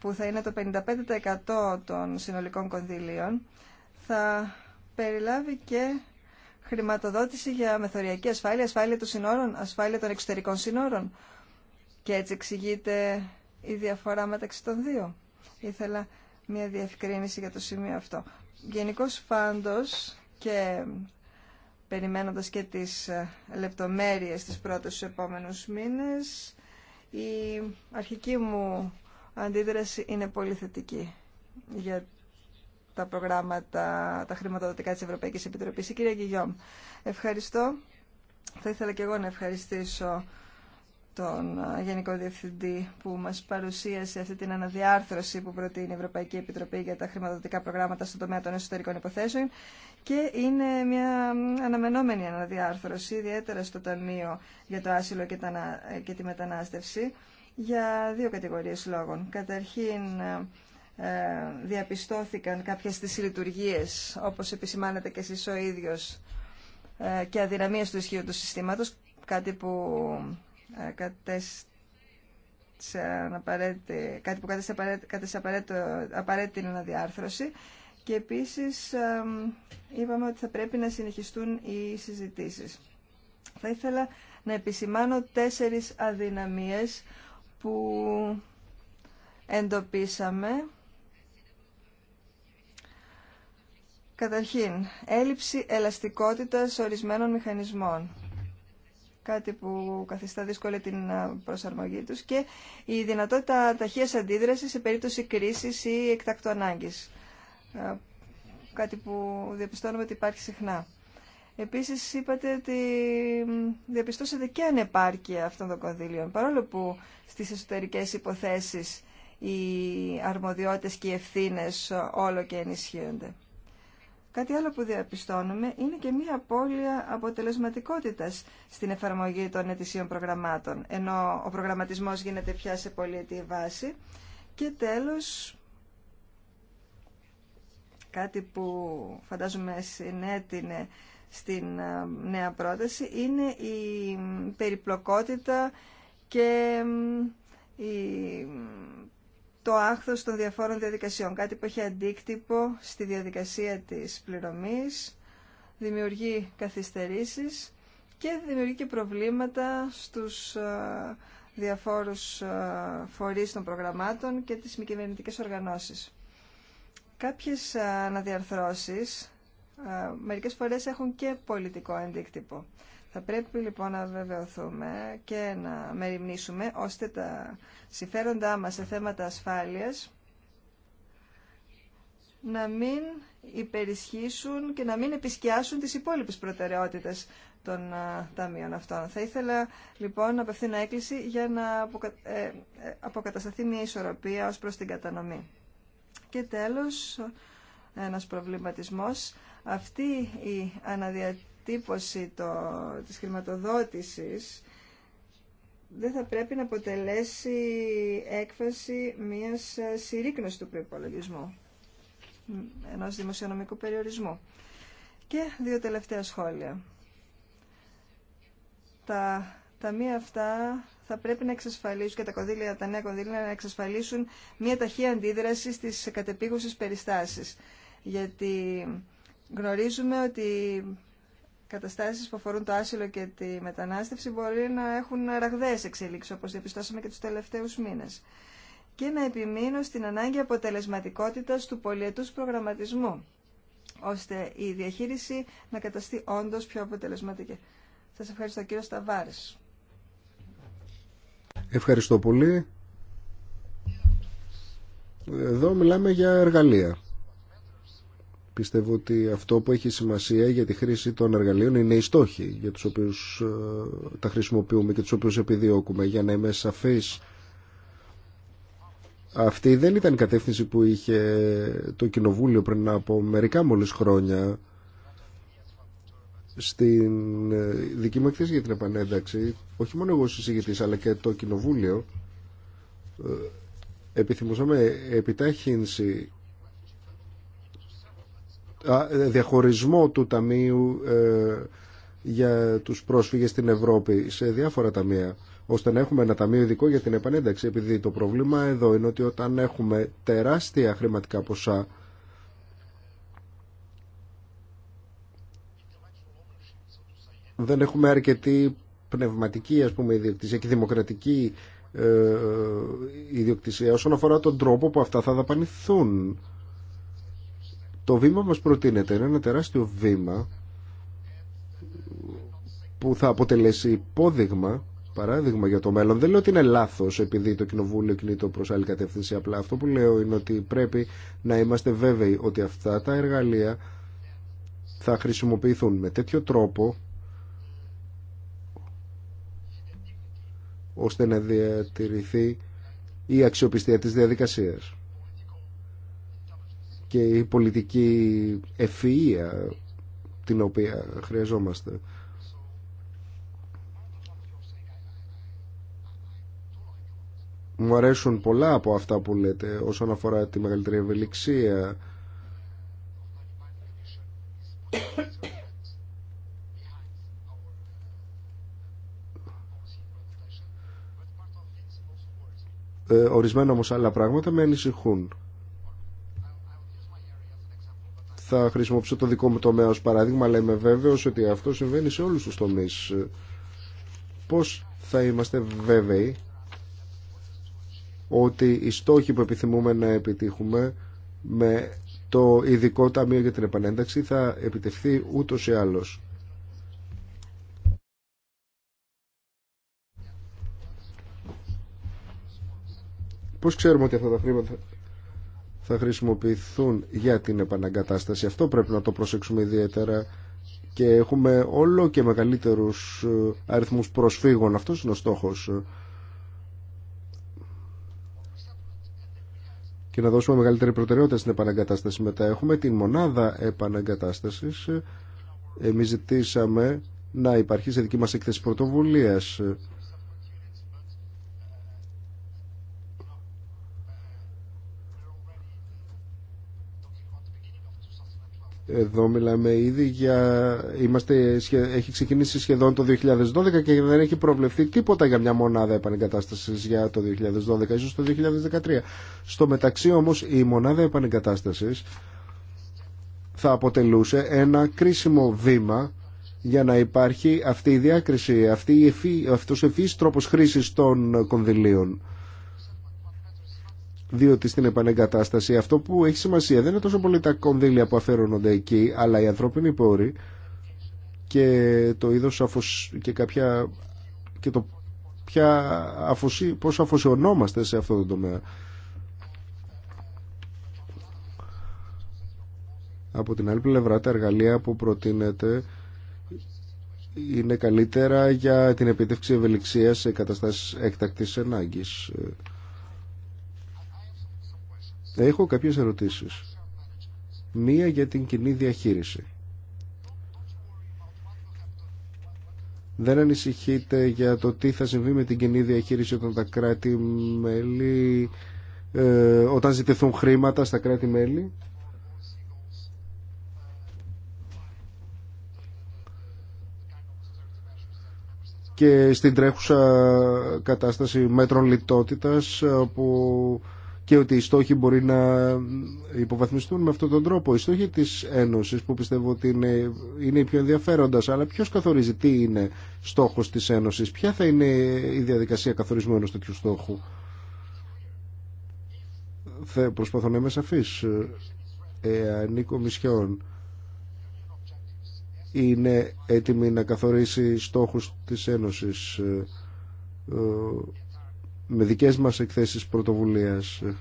που θα είναι το 55% των συνολικών κονδύλιων, θα περιλάβει και χρηματοδότηση για μεθοριακή ασφάλεια, ασφάλεια των συνόρων, ασφάλεια των εξωτερικών συνόρων. Και έτσι εξηγείται η διαφορά μεταξύ των δύο. Ήθελα μια διευκρίνηση για το σημείο αυτό. Γενικώ πάντως και περιμένοντας και τις ε, λεπτομέρειες της πρώτης στους επόμενους μήνες. Η αρχική μου αντίδραση είναι πολύ θετική για τα προγράμματα, τα χρηματοδοτικά της Ευρωπαϊκής Επιτροπής. Η κυρία Γιγιόμ, ευχαριστώ. Θα ήθελα και εγώ να ευχαριστήσω τον ε, Γενικό Διευθυντή που μας παρουσίασε αυτή την αναδιάρθρωση που προτείνει η Ευρωπαϊκή Επιτροπή για τα χρηματοδοτικά προγράμματα στον τομέα των εσωτερικών υποθέσεων και είναι μια αναμενόμενη αναδιάρθρωση, ιδιαίτερα στο Ταμείο για το Άσυλο και τη Μετανάστευση, για δύο κατηγορίες λόγων. Καταρχήν, ε, διαπιστώθηκαν κάποιες τις όπως επισημάνατε και εσείς ο ίδιος, ε, και αδυναμίες του ισχύου του συστήματος, κάτι που ε, κατέστησε κάτι που απαραίτητη αναδιάρθρωση και επίσης είπαμε ότι θα πρέπει να συνεχιστούν οι συζητήσεις. Θα ήθελα να επισημάνω τέσσερις αδυναμίες που εντοπίσαμε. Καταρχήν, έλλειψη ελαστικότητας ορισμένων μηχανισμών κάτι που καθιστά δύσκολη την ε, προσαρμογή τους και η δυνατότητα ταχείας αντίδρασης σε περίπτωση κρίσης ή εκτάκτου ανάγκης κάτι που διαπιστώνουμε ότι υπάρχει συχνά. Επίσης είπατε ότι διαπιστώσατε και ανεπάρκεια αυτών των κονδύλιων, παρόλο που στις εσωτερικές υποθέσεις οι αρμοδιότητες και οι ευθύνες όλο και ενισχύονται. Κάτι άλλο που διαπιστώνουμε είναι και μία απώλεια αποτελεσματικότητας στην εφαρμογή των ετησίων προγραμμάτων, ενώ ο προγραμματισμός γίνεται πια σε πολυετή βάση. Και τέλος, κάτι που φαντάζομαι συνέτεινε στην ε, νέα πρόταση, είναι η περιπλοκότητα και το άχθος των διαφόρων διαδικασιών. Κάτι που έχει αντίκτυπο στη διαδικασία της πληρωμής, δημιουργεί καθυστερήσεις και δημιουργεί και προβλήματα στους ε, διαφόρους ε, φορείς των προγραμμάτων και τις μη οργανώσεις. Κάποιες αναδιαρθρώσεις μερικές φορές έχουν και πολιτικό αντίκτυπο. Θα πρέπει λοιπόν να βεβαιωθούμε και να μεριμνήσουμε ώστε τα συμφέροντά μας σε θέματα ασφάλειας να μην υπερισχύσουν και να μην επισκιάσουν τις υπόλοιπες προτεραιότητες των ταμείων αυτών. Θα ήθελα λοιπόν να απευθύνω έκκληση για να ε, ε, αποκατασταθεί μια ισορροπία ως προς την κατανομή. Και τέλος, ένας προβληματισμός. Αυτή η αναδιατύπωση το, της χρηματοδότησης δεν θα πρέπει να αποτελέσει έκφραση μιας συρρήκνωσης του προϋπολογισμού, ενός δημοσιονομικού περιορισμού. Και δύο τελευταία σχόλια. Τα μία αυτά θα πρέπει να εξασφαλίσουν και τα, κονδύλια, τα νέα κονδύλια να εξασφαλίσουν μια ταχεία αντίδραση στις κατεπίγουσες περιστάσεις. Γιατί γνωρίζουμε ότι καταστάσεις που αφορούν το άσυλο και τη μετανάστευση μπορεί να έχουν ραγδαίες εξελίξεις, όπως διαπιστώσαμε και τους τελευταίους μήνες. Και να επιμείνω στην ανάγκη αποτελεσματικότητας του πολιετούς προγραμματισμού, ώστε η διαχείριση να καταστεί όντως πιο αποτελεσματική. Σας ευχαριστώ κύριο Σταβάρης. Ευχαριστώ πολύ. Εδώ μιλάμε για εργαλεία. Πιστεύω ότι αυτό που έχει σημασία για τη χρήση των εργαλείων είναι οι στόχοι για τους οποίους ε, τα χρησιμοποιούμε και τους οποίους επιδιώκουμε. Για να είμαι σαφής, αυτή δεν ήταν η κατεύθυνση που είχε το Κοινοβούλιο πριν από μερικά μόλις χρόνια στην ε, δική μου εκθέση για την επανένταξη, όχι μόνο εγώ συζητή, αλλά και το Κοινοβούλιο, ε, επιθυμούσαμε επιτάχυνση ε, διαχωρισμό του Ταμείου για τους πρόσφυγες στην Ευρώπη σε διάφορα ταμεία ώστε να έχουμε ένα ταμείο ειδικό για την επανένταξη επειδή το πρόβλημα εδώ είναι ότι όταν έχουμε τεράστια χρηματικά ποσά δεν έχουμε αρκετή πνευματική ας πούμε, ιδιοκτησία και δημοκρατική ε, ε, ιδιοκτησία όσον αφορά τον τρόπο που αυτά θα δαπανηθούν. Το βήμα μας προτείνεται είναι ένα τεράστιο βήμα που θα αποτελέσει υπόδειγμα, παράδειγμα για το μέλλον. Δεν λέω ότι είναι λάθος επειδή το Κοινοβούλιο κινείται προς άλλη κατεύθυνση. Απλά αυτό που λέω είναι ότι πρέπει να είμαστε βέβαιοι ότι αυτά τα εργαλεία θα χρησιμοποιηθούν με τέτοιο τρόπο ώστε να διατηρηθεί η αξιοπιστία της διαδικασίας και η πολιτική ευφυΐα την οποία χρειαζόμαστε. Μου αρέσουν πολλά από αυτά που λέτε όσον αφορά τη μεγαλύτερη ευελιξία Ε, ορισμένα όμως άλλα πράγματα με ανησυχούν. Θα χρησιμοποιήσω το δικό μου τομέα ως παράδειγμα, αλλά είμαι βέβαιος ότι αυτό συμβαίνει σε όλους τους τομείς. Ε, πώς θα είμαστε βέβαιοι ότι οι στόχοι που επιθυμούμε να επιτύχουμε με το ειδικό ταμείο για την επανένταξη θα επιτευχθεί ούτως ή άλλως. Πώς ξέρουμε ότι αυτά τα χρήματα θα χρησιμοποιηθούν για την επαναγκατάσταση. Αυτό πρέπει να το προσέξουμε ιδιαίτερα και έχουμε όλο και μεγαλύτερους ε, αριθμούς προσφύγων. Αυτός είναι ο στόχος. Και να δώσουμε μεγαλύτερη προτεραιότητα στην επαναγκατάσταση. Μετά έχουμε την μονάδα επαναγκατάστασης. Εμείς ζητήσαμε να υπάρχει σε δική μας έκθεση πρωτοβουλίας Εδώ μιλάμε ήδη για... Είμαστε... Έχει ξεκινήσει σχεδόν το 2012 και δεν έχει προβλεφθεί τίποτα για μια μονάδα επανεγκατάστασης για το 2012, ίσως το 2013. Στο μεταξύ όμως η μονάδα επανεγκατάστασης θα αποτελούσε ένα κρίσιμο βήμα για να υπάρχει αυτή η διάκριση, αυτή η ευφύ, αυτός χρήση τρόπος χρήσης των κονδυλίων διότι στην επανεγκατάσταση αυτό που έχει σημασία δεν είναι τόσο πολύ τα κονδύλια που αφαιρώνονται εκεί, αλλά οι ανθρώπινοι πόροι και το είδος και, κάποια... και το ποια αφοσι... πώς αφοσιωνόμαστε σε αυτό το τομέα. Από την άλλη πλευρά τα εργαλεία που προτείνεται είναι καλύτερα για την επίτευξη ευελιξίας σε καταστάσεις έκτακτης ανάγκης. Έχω κάποιες ερωτήσεις. Μία για την κοινή διαχείριση. Δεν ανησυχείτε για το τι θα συμβεί με την κοινή διαχείριση όταν τα κράτη-μέλη, ε, όταν ζητηθούν χρήματα στα κράτη-μέλη. και στην τρέχουσα κατάσταση μέτρων λιτότητας που και ότι οι στόχοι μπορεί να υποβαθμιστούν με αυτόν τον τρόπο. Οι στόχοι της Ένωσης που πιστεύω ότι είναι, είναι οι πιο ενδιαφέροντας, αλλά ποιος καθορίζει τι είναι στόχος της Ένωσης, ποια θα είναι η διαδικασία καθορισμού ενός τέτοιου στόχου. Θα προσπαθώ να είμαι σαφής. Εάν η είναι έτοιμη να καθορίσει στόχους της Ένωσης ε, ε, με δικές μας εκθέσεις πρωτοβουλίας ε,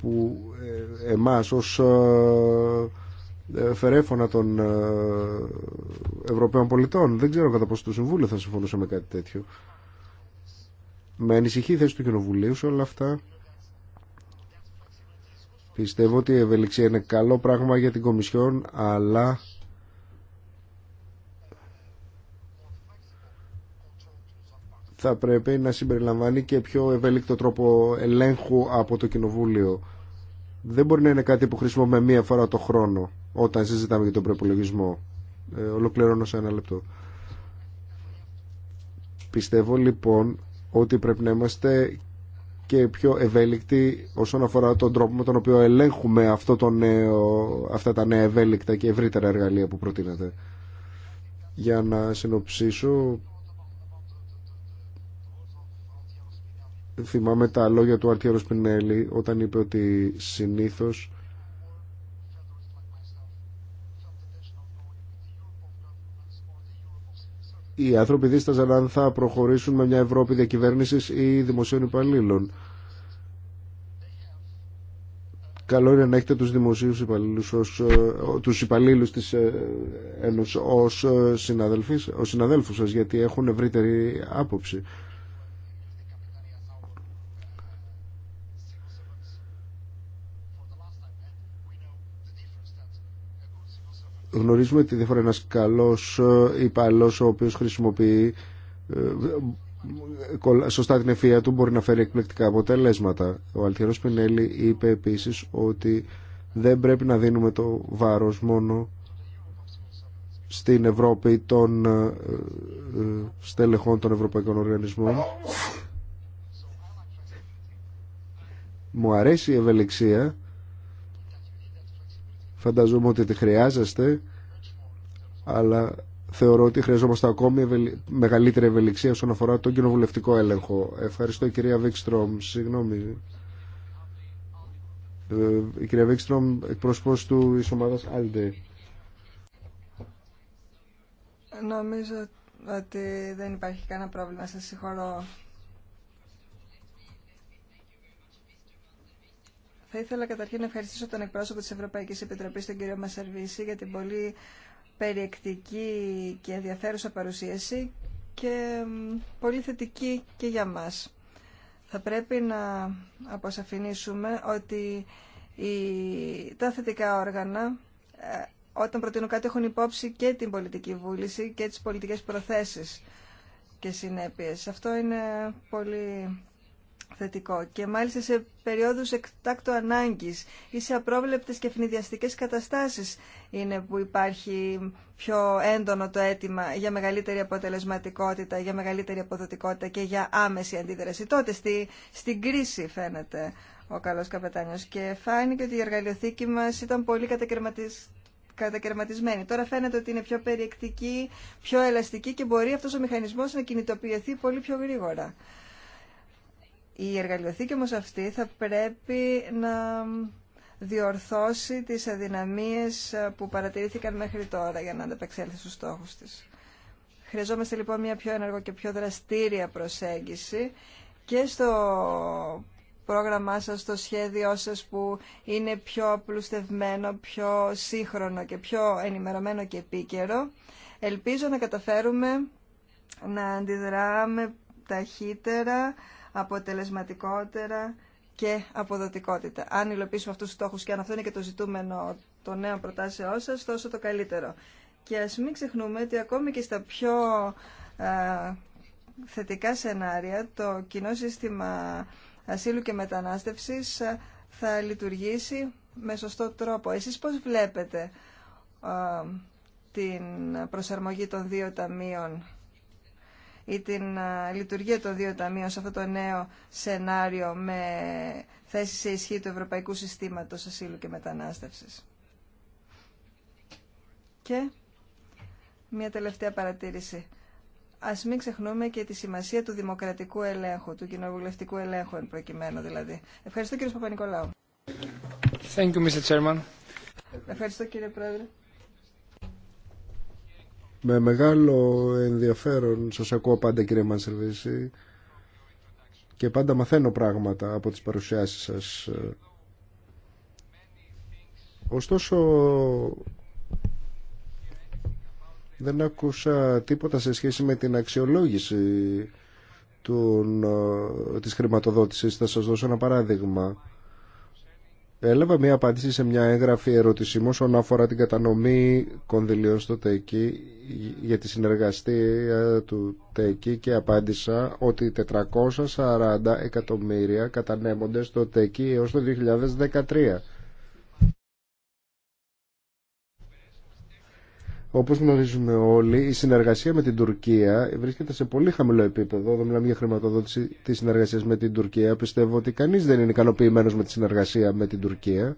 που ε, εμάς ως ε, φερέφωνα των Ευρωπαίων πολιτών δεν ξέρω κατά πόσο το Συμβούλιο θα συμφωνούσε με κάτι τέτοιο με ανησυχεί θέση του Κοινοβουλίου σε όλα αυτά πιστεύω ότι η ευελιξία είναι καλό πράγμα για την Κομισιόν αλλά θα πρέπει να συμπεριλαμβάνει και πιο ευέλικτο τρόπο ελέγχου από το Κοινοβούλιο. Δεν μπορεί να είναι κάτι που χρησιμοποιούμε μία φορά το χρόνο όταν συζητάμε για τον προπολογισμό. Ε, ολοκληρώνω σε ένα λεπτό. Πιστεύω λοιπόν ότι πρέπει να είμαστε και πιο ευέλικτοι όσον αφορά τον τρόπο με τον οποίο ελέγχουμε αυτό αυτά τα νέα ευέλικτα και ευρύτερα εργαλεία που προτείνατε. Για να συνοψίσω, θυμάμαι τα λόγια του Αρτιέρο Σπινέλη όταν είπε ότι συνήθως οι άνθρωποι δίσταζαν αν θα προχωρήσουν με μια Ευρώπη διακυβέρνηση ή δημοσίων υπαλλήλων. Καλό είναι να έχετε τους δημοσίους υπαλλήλους, ως, ε, τους υπαλλήλους της ε, Ένωσης ε, ως, συναδέλφους σας, γιατί έχουν ευρύτερη άποψη. γνωρίζουμε τη διαφορά ένας καλός ε, υπάλληλος ο οποίος χρησιμοποιεί ε, σωστά την ευφυΐα του μπορεί να φέρει εκπληκτικά αποτελέσματα. Ο Αλτιερός Πινέλη είπε επίσης ότι δεν πρέπει να δίνουμε το βάρος μόνο στην Ευρώπη των ε, στελεχών των Ευρωπαϊκών Οργανισμών. Μου αρέσει η ευελιξία Φανταζόμαι ότι τη χρειάζεστε, αλλά θεωρώ ότι χρειαζόμαστε ακόμη μεγαλύτερη ευελιξία όσον αφορά τον κοινοβουλευτικό έλεγχο. Ευχαριστώ κυρία Βίξτρομ. Συγγνώμη. Η κυρία Βίξτρομ, ε, εκπρόσωπος του της ομάδας Νομίζω ότι δεν υπάρχει κανένα πρόβλημα. Σας συγχωρώ Θα ήθελα καταρχήν να ευχαριστήσω τον εκπρόσωπο της Ευρωπαϊκής Επιτροπής, τον κύριο Μασαρβίση, για την πολύ περιεκτική και ενδιαφέρουσα παρουσίαση και πολύ θετική και για μας. Θα πρέπει να αποσαφηνίσουμε ότι οι, τα θετικά όργανα ε, όταν προτείνουν κάτι έχουν υπόψη και την πολιτική βούληση και τις πολιτικές προθέσεις και συνέπειες. Αυτό είναι πολύ θετικό και μάλιστα σε περιόδους εκτάκτου ανάγκης ή σε απρόβλεπτες και φνηδιαστικές καταστάσεις είναι που υπάρχει πιο έντονο το αίτημα για μεγαλύτερη αποτελεσματικότητα, για μεγαλύτερη αποδοτικότητα και για άμεση αντίδραση. Τότε στη, στην κρίση φαίνεται ο καλός καπετάνιος και φάνηκε ότι η εργαλειοθήκη μας ήταν πολύ κατακαιρματισμένη κατακαιρματισμένη. Τώρα φαίνεται ότι είναι πιο περιεκτική, πιο ελαστική και μπορεί αυτός ο μηχανισμός να κινητοποιηθεί πολύ πιο γρήγορα. Η εργαλειοθήκη όμως αυτή θα πρέπει να διορθώσει τις αδυναμίες ε, που παρατηρήθηκαν μέχρι τώρα για να ανταπεξέλθει στους στόχους της. Χρειαζόμαστε λοιπόν μια πιο ενεργό και πιο δραστήρια προσέγγιση και στο πρόγραμμά σας, στο σχέδιό σας που είναι πιο απλουστευμένο, πιο σύγχρονο και πιο ενημερωμένο και επίκαιρο. Ελπίζω να καταφέρουμε να αντιδράμε ταχύτερα αποτελεσματικότερα και αποδοτικότητα. Αν υλοποιήσουμε αυτούς τους στόχους και αν αυτό είναι και το ζητούμενο των νέων προτάσεών σα, τόσο το καλύτερο. Και ας μην ξεχνούμε ότι ακόμη και στα πιο θετικά σενάρια, το κοινό σύστημα ασύλου και μετανάστευσης θα λειτουργήσει με σωστό τρόπο. Εσείς πώς βλέπετε την προσαρμογή των δύο ταμείων ή την ε, λειτουργία των δύο ταμείων σε αυτό το νέο σενάριο με θέση σε ισχύ του Ευρωπαϊκού Συστήματος Ασύλου και Μετανάστευσης. Και μια τελευταία παρατήρηση. Ας μην ξεχνούμε και τη σημασία του δημοκρατικού ελέγχου, του κοινοβουλευτικού ελέγχου εν προκειμένου δηλαδή. Ευχαριστώ κύριε Παπα-Νικολάου. Thank you, Mr. Chairman. Ευχαριστώ κύριε Πρόεδρε. Με μεγάλο ενδιαφέρον σας ακούω πάντα κύριε Μανσερβίση και πάντα μαθαίνω πράγματα από τις παρουσιάσεις σας. Ωστόσο δεν άκουσα τίποτα σε σχέση με την αξιολόγηση των, ε, της χρηματοδότησης. Θα σας δώσω ένα παράδειγμα. Έλαβα μια απάντηση σε μια έγγραφη ερώτησή μου όσον αφορά την κατανομή κονδυλίων στο ΤΕΚΙ για τη συνεργασία του ΤΕΚΙ και απάντησα ότι 440 εκατομμύρια κατανέμονται στο ΤΕΚΙ έως το 2013. Όπως γνωρίζουμε όλοι, η συνεργασία με την Τουρκία βρίσκεται σε πολύ χαμηλό επίπεδο. Εδώ μιλάμε για χρηματοδότηση της συνεργασίας με την Τουρκία. Πιστεύω ότι κανείς δεν είναι ικανοποιημένος με τη συνεργασία με την Τουρκία.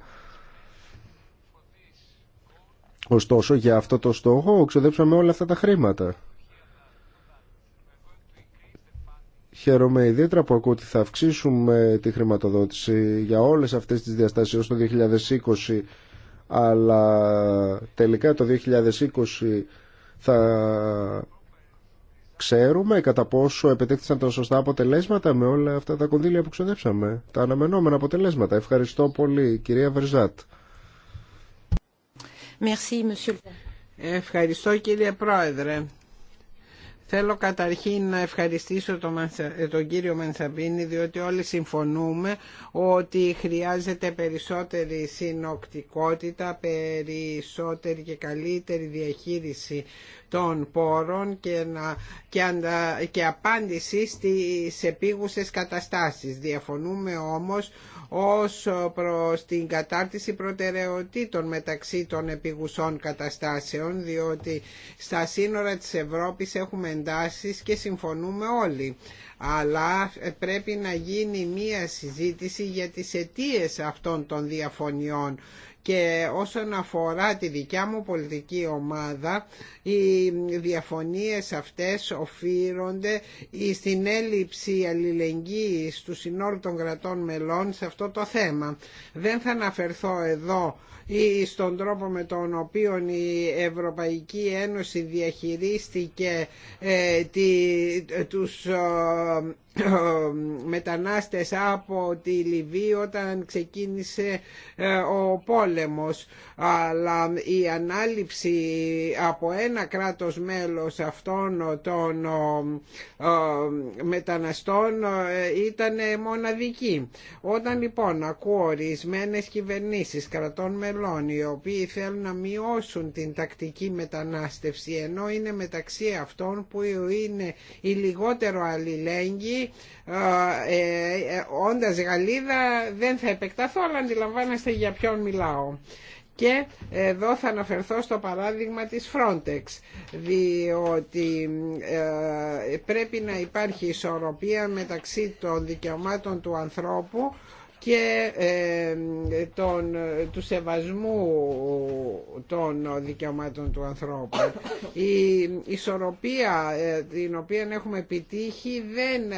Ωστόσο, για αυτό το στόχο ξοδέψαμε όλα αυτά τα χρήματα. Χαίρομαι ιδιαίτερα που ακούω ότι θα αυξήσουμε τη χρηματοδότηση για όλες αυτές τις διαστάσεις έως το 2020 αλλά τελικά το 2020 θα ξέρουμε κατά πόσο επιτέχθησαν τα σωστά αποτελέσματα με όλα αυτά τα κονδύλια που ξοδέψαμε. Τα αναμενόμενα αποτελέσματα. Ευχαριστώ πολύ, κυρία Βερζάτ. Ευχαριστώ κύριε Πρόεδρε. Θέλω καταρχήν να ευχαριστήσω τον κύριο Μανσαμπίνη διότι όλοι συμφωνούμε ότι χρειάζεται περισσότερη συνοκτικότητα, περισσότερη και καλύτερη διαχείριση των πόρων και, να, και, και απάντηση στις επίγουσες καταστάσεις. Διαφωνούμε όμως ως προς την κατάρτιση προτεραιοτήτων μεταξύ των επιγουσών καταστάσεων διότι στα σύνορα της Ευρώπης έχουμε και συμφωνούμε όλοι. Αλλά ε, πρέπει να γίνει μία συζήτηση για τις αιτίες αυτών των διαφωνιών και όσον αφορά τη δικιά μου πολιτική ομάδα οι διαφωνίες αυτές οφείλονται στην έλλειψη αλληλεγγύης του συνόλου των κρατών μελών σε αυτό το θέμα. Δεν θα αναφερθώ εδώ ή στον τρόπο με τον οποίο η Ευρωπαϊκή Ένωση διαχειρίστηκε ε, τη, τους ε, μετανάστες από τη Λιβύη όταν ξεκίνησε ε, ο πόλεμος αλλά η ανάληψη από ένα κράτος μέλος αυτών των μεταναστών ε, ήταν μοναδική. Όταν λοιπόν ακούω ορισμένε κυβερνήσεις κρατών μελών οι οποίοι θέλουν να μειώσουν την τακτική μετανάστευση ενώ είναι μεταξύ αυτών που είναι οι λιγότερο αλληλέγγυοι ε, ε, όντας Γαλλίδα δεν θα επεκταθώ αλλά αντιλαμβάνεστε για ποιον μιλάω. Και εδώ θα αναφερθώ στο παράδειγμα της Frontex, διότι ε, πρέπει να υπάρχει ισορροπία μεταξύ των δικαιωμάτων του ανθρώπου και ε, τον, του σεβασμού των δικαιωμάτων του ανθρώπου. Η ισορροπία ε, την οποία έχουμε επιτύχει δεν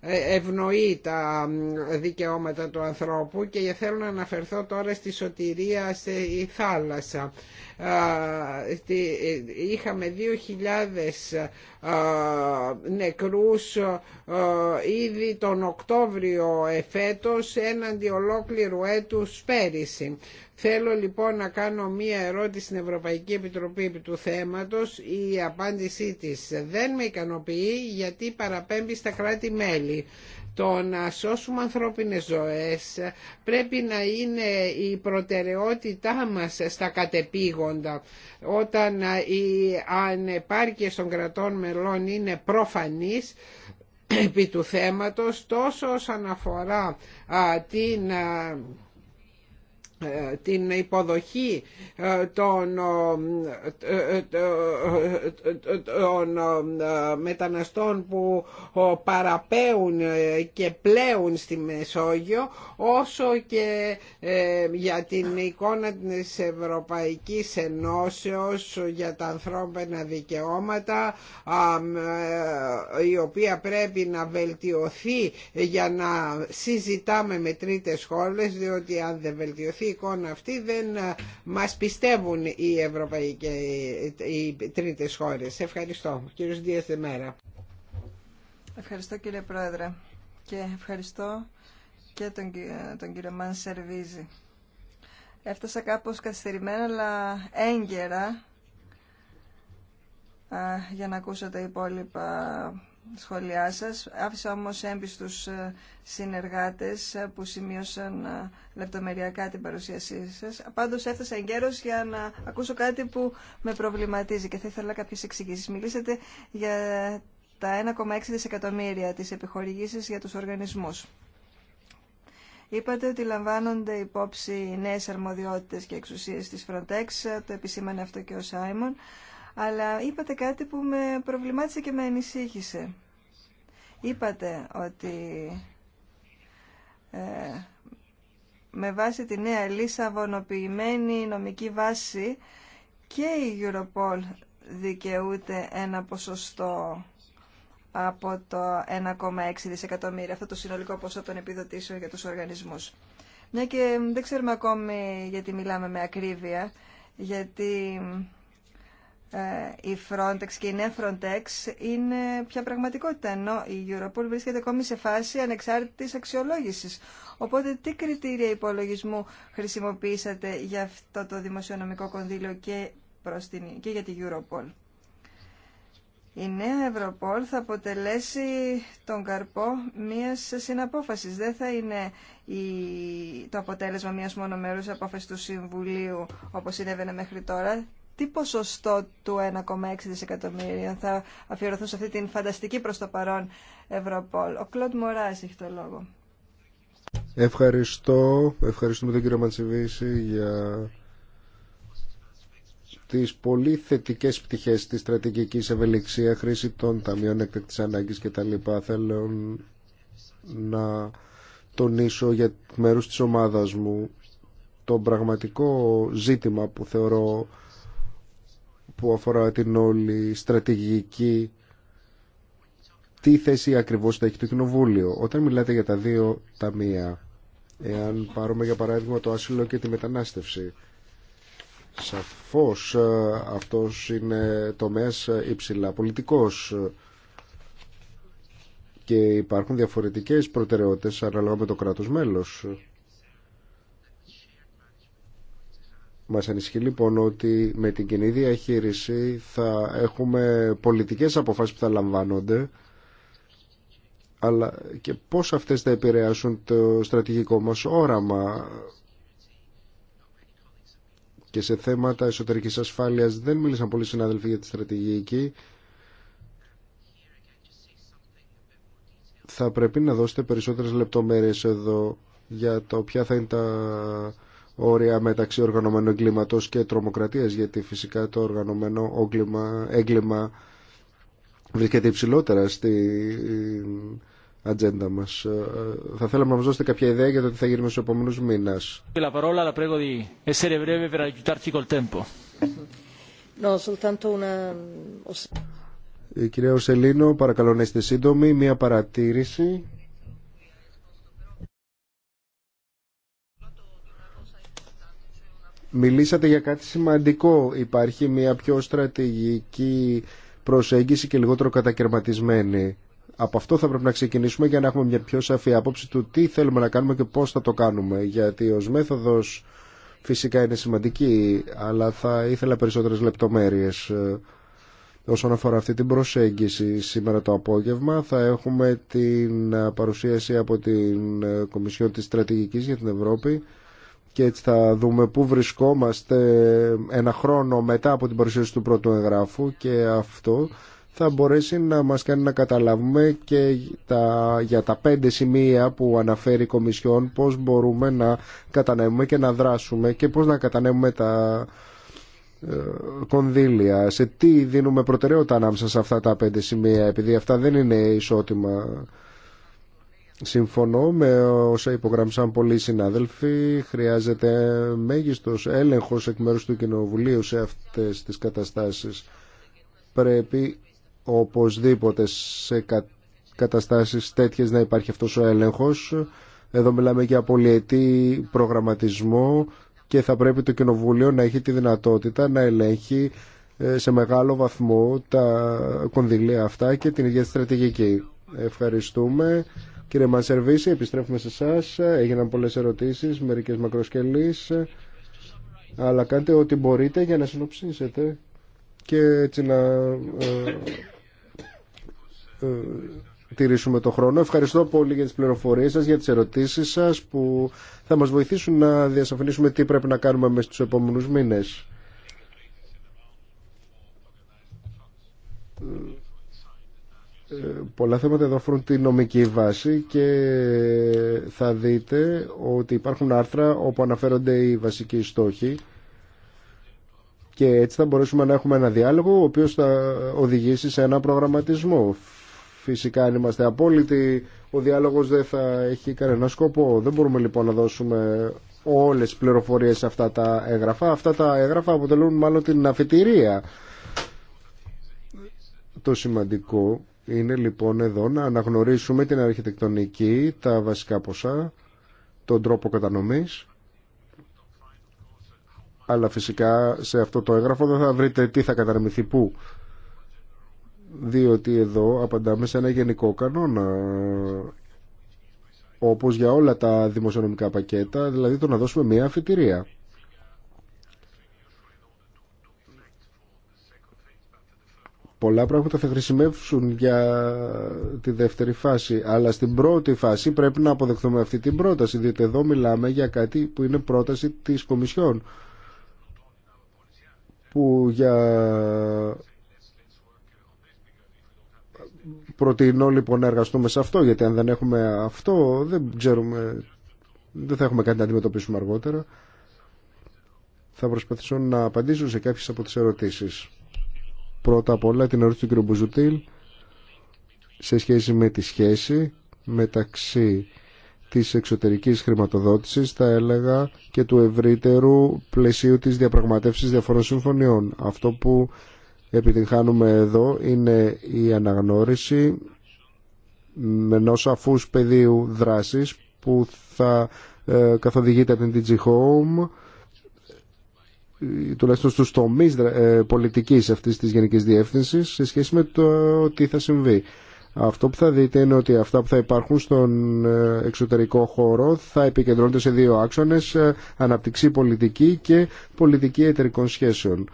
ε, ευνοεί τα δικαιώματα του ανθρώπου και θέλω να αναφερθώ τώρα στη σωτηρία στη θάλασσα είχαμε 2.000 νεκρούς ήδη τον Οκτώβριο εφέτος έναντι ολόκληρου έτους πέρυσι. Θέλω λοιπόν να κάνω μία ερώτηση στην Ευρωπαϊκή Επιτροπή του θέματος. Η απάντησή της δεν με ικανοποιεί γιατί παραπέμπει στα κράτη-μέλη. Το να σώσουμε ανθρώπινες ζωές πρέπει να είναι η προτεραιότητά μας στα κατεπήγοντα. Όταν οι ανεπάρκειες των κρατών μελών είναι προφανείς, επί του θέματος τόσο όσον αφορά την ε, την υποδοχή ε, των, ε, μεταναστών που παραπέουν και πλέουν στη Μεσόγειο όσο και για την εικόνα της Ευρωπαϊκής Ενώσεως για τα ανθρώπινα δικαιώματα η οποία πρέπει να βελτιωθεί για να συζητάμε με τρίτες χώρες διότι αν δεν βελτιωθεί εικόνα αυτή δεν μας πιστεύουν οι και οι τρίτες χώρες. Ευχαριστώ. Κύριος Δίας Δεμέρα. Ευχαριστώ κύριε Πρόεδρε και ευχαριστώ και τον, τον κύριο Μαν Σερβίζη. Έφτασα κάπως καθυστερημένα αλλά έγκαιρα για να ακούσω τα υπόλοιπα σχόλιά σα, Άφησα όμως έμπιστους ε, συνεργάτες ε, που σημείωσαν ε, λεπτομεριακά την παρουσίασή σας. Πάντως έφτασα εγκαίρως για να ακούσω κάτι που με προβληματίζει και θα ήθελα κάποιες εξηγήσεις. Μιλήσατε για τα 1,6 δισεκατομμύρια της επιχορηγήσεις για τους οργανισμούς. Είπατε ότι λαμβάνονται υπόψη νέες αρμοδιότητες και εξουσίες της Frontex, το επισήμανε αυτό και ο Σάιμον, αλλά είπατε κάτι που με προβλημάτισε και με ανησύχησε. Είπατε ότι ε, με βάση τη νέα λισαβονοποιημένη νομική βάση και η Europol δικαιούται ένα ποσοστό από το 1,6 δισεκατομμύρια, αυτό το συνολικό ποσό των επιδοτήσεων για τους οργανισμούς. Μια και δεν ξέρουμε ακόμη γιατί μιλάμε με ακρίβεια, γιατί ε, η Frontex και η νέα Frontex είναι πια πραγματικότητα, ενώ η Europol βρίσκεται ακόμη σε φάση ανεξάρτητης αξιολόγησης. Οπότε τι κριτήρια υπολογισμού χρησιμοποίησατε για αυτό το δημοσιονομικό κονδύλιο και, προς την, και για την Europol. Η νέα Ευρωπόλ θα αποτελέσει τον καρπό μιας συναπόφασης. Δεν θα είναι το αποτέλεσμα μιας μονομερούς απόφασης του Συμβουλίου, όπως συνέβαινε μέχρι τώρα τι ποσοστό του 1,6 δισεκατομμύρια θα αφιερωθούν σε αυτή την φανταστική προς το παρόν Ευρωπόλ. Ο Κλοντ Μωράς έχει το λόγο. Ευχαριστώ. Ευχαριστούμε τον κύριο Μαντσιβίση για τις πολύ θετικές πτυχές της στρατηγικής ευελιξία, χρήση των ταμείων εκτεκτής ανάγκης λοιπά. Θέλω να τονίσω για μέρους της ομάδας μου το πραγματικό ζήτημα που θεωρώ που αφορά την όλη στρατηγική τι θέση ακριβώς θα έχει το Κοινοβούλιο. Όταν μιλάτε για τα δύο ταμεία, εάν πάρουμε για παράδειγμα το άσυλο και τη μετανάστευση, σαφώς ε, αυτός είναι τομέας υψηλά πολιτικός και υπάρχουν διαφορετικές προτεραιότητες ανάλογα με το κράτος μέλος. Μας ανησυχεί λοιπόν ότι με την κοινή διαχείριση θα έχουμε πολιτικές αποφάσεις που θα λαμβάνονται αλλά και πώς αυτές θα επηρεάσουν το στρατηγικό μας όραμα και σε θέματα εσωτερικής ασφάλειας δεν μίλησαν πολλοί συνάδελφοι για τη στρατηγική θα πρέπει να δώσετε περισσότερες λεπτομέρειες εδώ για το ποια θα είναι τα όρια μεταξύ οργανωμένου εγκληματό και τρομοκρατίας γιατί φυσικά το οργανωμένο όγκλημα, έγκλημα βρίσκεται υψηλότερα στην ε, ατζέντα μα. Ε, θα θέλαμε να μα δώσετε κάποια ιδέα για το τι θα γίνει στους επόμενους μήνες. Η κυρία Οσελίνο, παρακαλώ να είστε σύντομοι. Μία παρατήρηση. Μιλήσατε για κάτι σημαντικό. Υπάρχει μια πιο στρατηγική προσέγγιση και λιγότερο κατακαιρματισμένη. Από αυτό θα πρέπει να ξεκινήσουμε για να έχουμε μια πιο σαφή άποψη του τι θέλουμε να κάνουμε και πώς θα το κάνουμε. Γιατί ως μέθοδος φυσικά είναι σημαντική, αλλά θα ήθελα περισσότερες λεπτομέρειες όσον αφορά αυτή την προσέγγιση. Σήμερα το απόγευμα θα έχουμε την παρουσίαση από την Κομισιόν της Στρατηγικής για την Ευρώπη και έτσι θα δούμε πού βρισκόμαστε ένα χρόνο μετά από την παρουσίαση του πρώτου εγγράφου και αυτό θα μπορέσει να μας κάνει να καταλάβουμε και τα, για τα πέντε σημεία που αναφέρει η Κομισιόν πώς μπορούμε να κατανέμουμε και να δράσουμε και πώς να κατανέμουμε τα ε, κονδύλια. Σε τι δίνουμε προτεραιότητα ανάμεσα σε αυτά τα πέντε σημεία επειδή αυτά δεν είναι ισότιμα Συμφωνώ με όσα υπογράμμισαν πολλοί συνάδελφοι. Χρειάζεται μέγιστος έλεγχος εκ μέρους του Κοινοβουλίου σε αυτές τις καταστάσεις. Πρέπει οπωσδήποτε σε καταστάσεις τέτοιες να υπάρχει αυτός ο έλεγχος. Εδώ μιλάμε για πολυετή προγραμματισμό και θα πρέπει το Κοινοβούλιο να έχει τη δυνατότητα να ελέγχει ε, σε μεγάλο βαθμό τα κονδυλία αυτά και την ίδια στρατηγική. Ευχαριστούμε. Κύριε Μανσερβίση, επιστρέφουμε σε εσά. Έγιναν πολλές ερωτήσεις, μερικές μακροσκελείς. Αλλά κάντε ό,τι μπορείτε για να συνοψίσετε και έτσι να ε, ε, τηρήσουμε το χρόνο. Ευχαριστώ πολύ για τις πληροφορίες σας, για τις ερωτήσεις σας που θα μας βοηθήσουν να διασαφηνίσουμε τι πρέπει να κάνουμε μέσα στους επόμενους μήνες πολλά θέματα εδώ αφορούν τη νομική βάση και θα δείτε ότι υπάρχουν άρθρα όπου αναφέρονται οι βασικοί στόχοι και έτσι θα μπορέσουμε να έχουμε ένα διάλογο ο οποίος θα οδηγήσει σε ένα προγραμματισμό. Φυσικά αν είμαστε απόλυτοι ο διάλογος δεν θα έχει κανένα σκοπό. Δεν μπορούμε λοιπόν να δώσουμε όλες τις πληροφορίες σε αυτά τα έγγραφα. Αυτά τα έγγραφα αποτελούν μάλλον την αφιτηρία. Το σημαντικό είναι λοιπόν εδώ να αναγνωρίσουμε την αρχιτεκτονική, τα βασικά ποσά, τον τρόπο κατανομής, αλλά φυσικά σε αυτό το έγγραφο δεν θα βρείτε τι θα κατανομηθεί πού. Διότι εδώ απαντάμε σε ένα γενικό κανόνα, όπως για όλα τα δημοσιονομικά πακέτα, δηλαδή το να δώσουμε μία αφιτηρία. πολλά πράγματα θα χρησιμεύσουν για τη δεύτερη φάση. Αλλά στην πρώτη φάση πρέπει να αποδεχθούμε αυτή την πρόταση, διότι εδώ μιλάμε για κάτι που είναι πρόταση της Κομισιόν. Που για... Προτείνω λοιπόν να εργαστούμε σε αυτό, γιατί αν δεν έχουμε αυτό δεν ξέρουμε, δεν θα έχουμε κάτι να αντιμετωπίσουμε αργότερα. Θα προσπαθήσω να απαντήσω σε κάποιες από τις ερωτήσεις. Πρώτα απ' όλα την ερώτηση του κ. Μπουζουτήλ σε σχέση με τη σχέση μεταξύ της εξωτερικής χρηματοδότησης, θα έλεγα, και του ευρύτερου πλαισίου της διαπραγματεύσης διαφορών συμφωνιών. Αυτό που επιτυγχάνουμε εδώ είναι η αναγνώριση ενό αφούς πεδίου δράσης που θα ε, καθοδηγείται από την DG Home τουλάχιστον στους τομείς ε, πολιτικής αυτής της Γενικής Διεύθυνσης σε σχέση με το τι θα συμβεί. Αυτό που θα δείτε είναι ότι αυτά που θα υπάρχουν στον ε, εξωτερικό χώρο θα επικεντρώνονται σε δύο άξονες, ε, αναπτυξή πολιτική και πολιτική εταιρικών σχέσεων.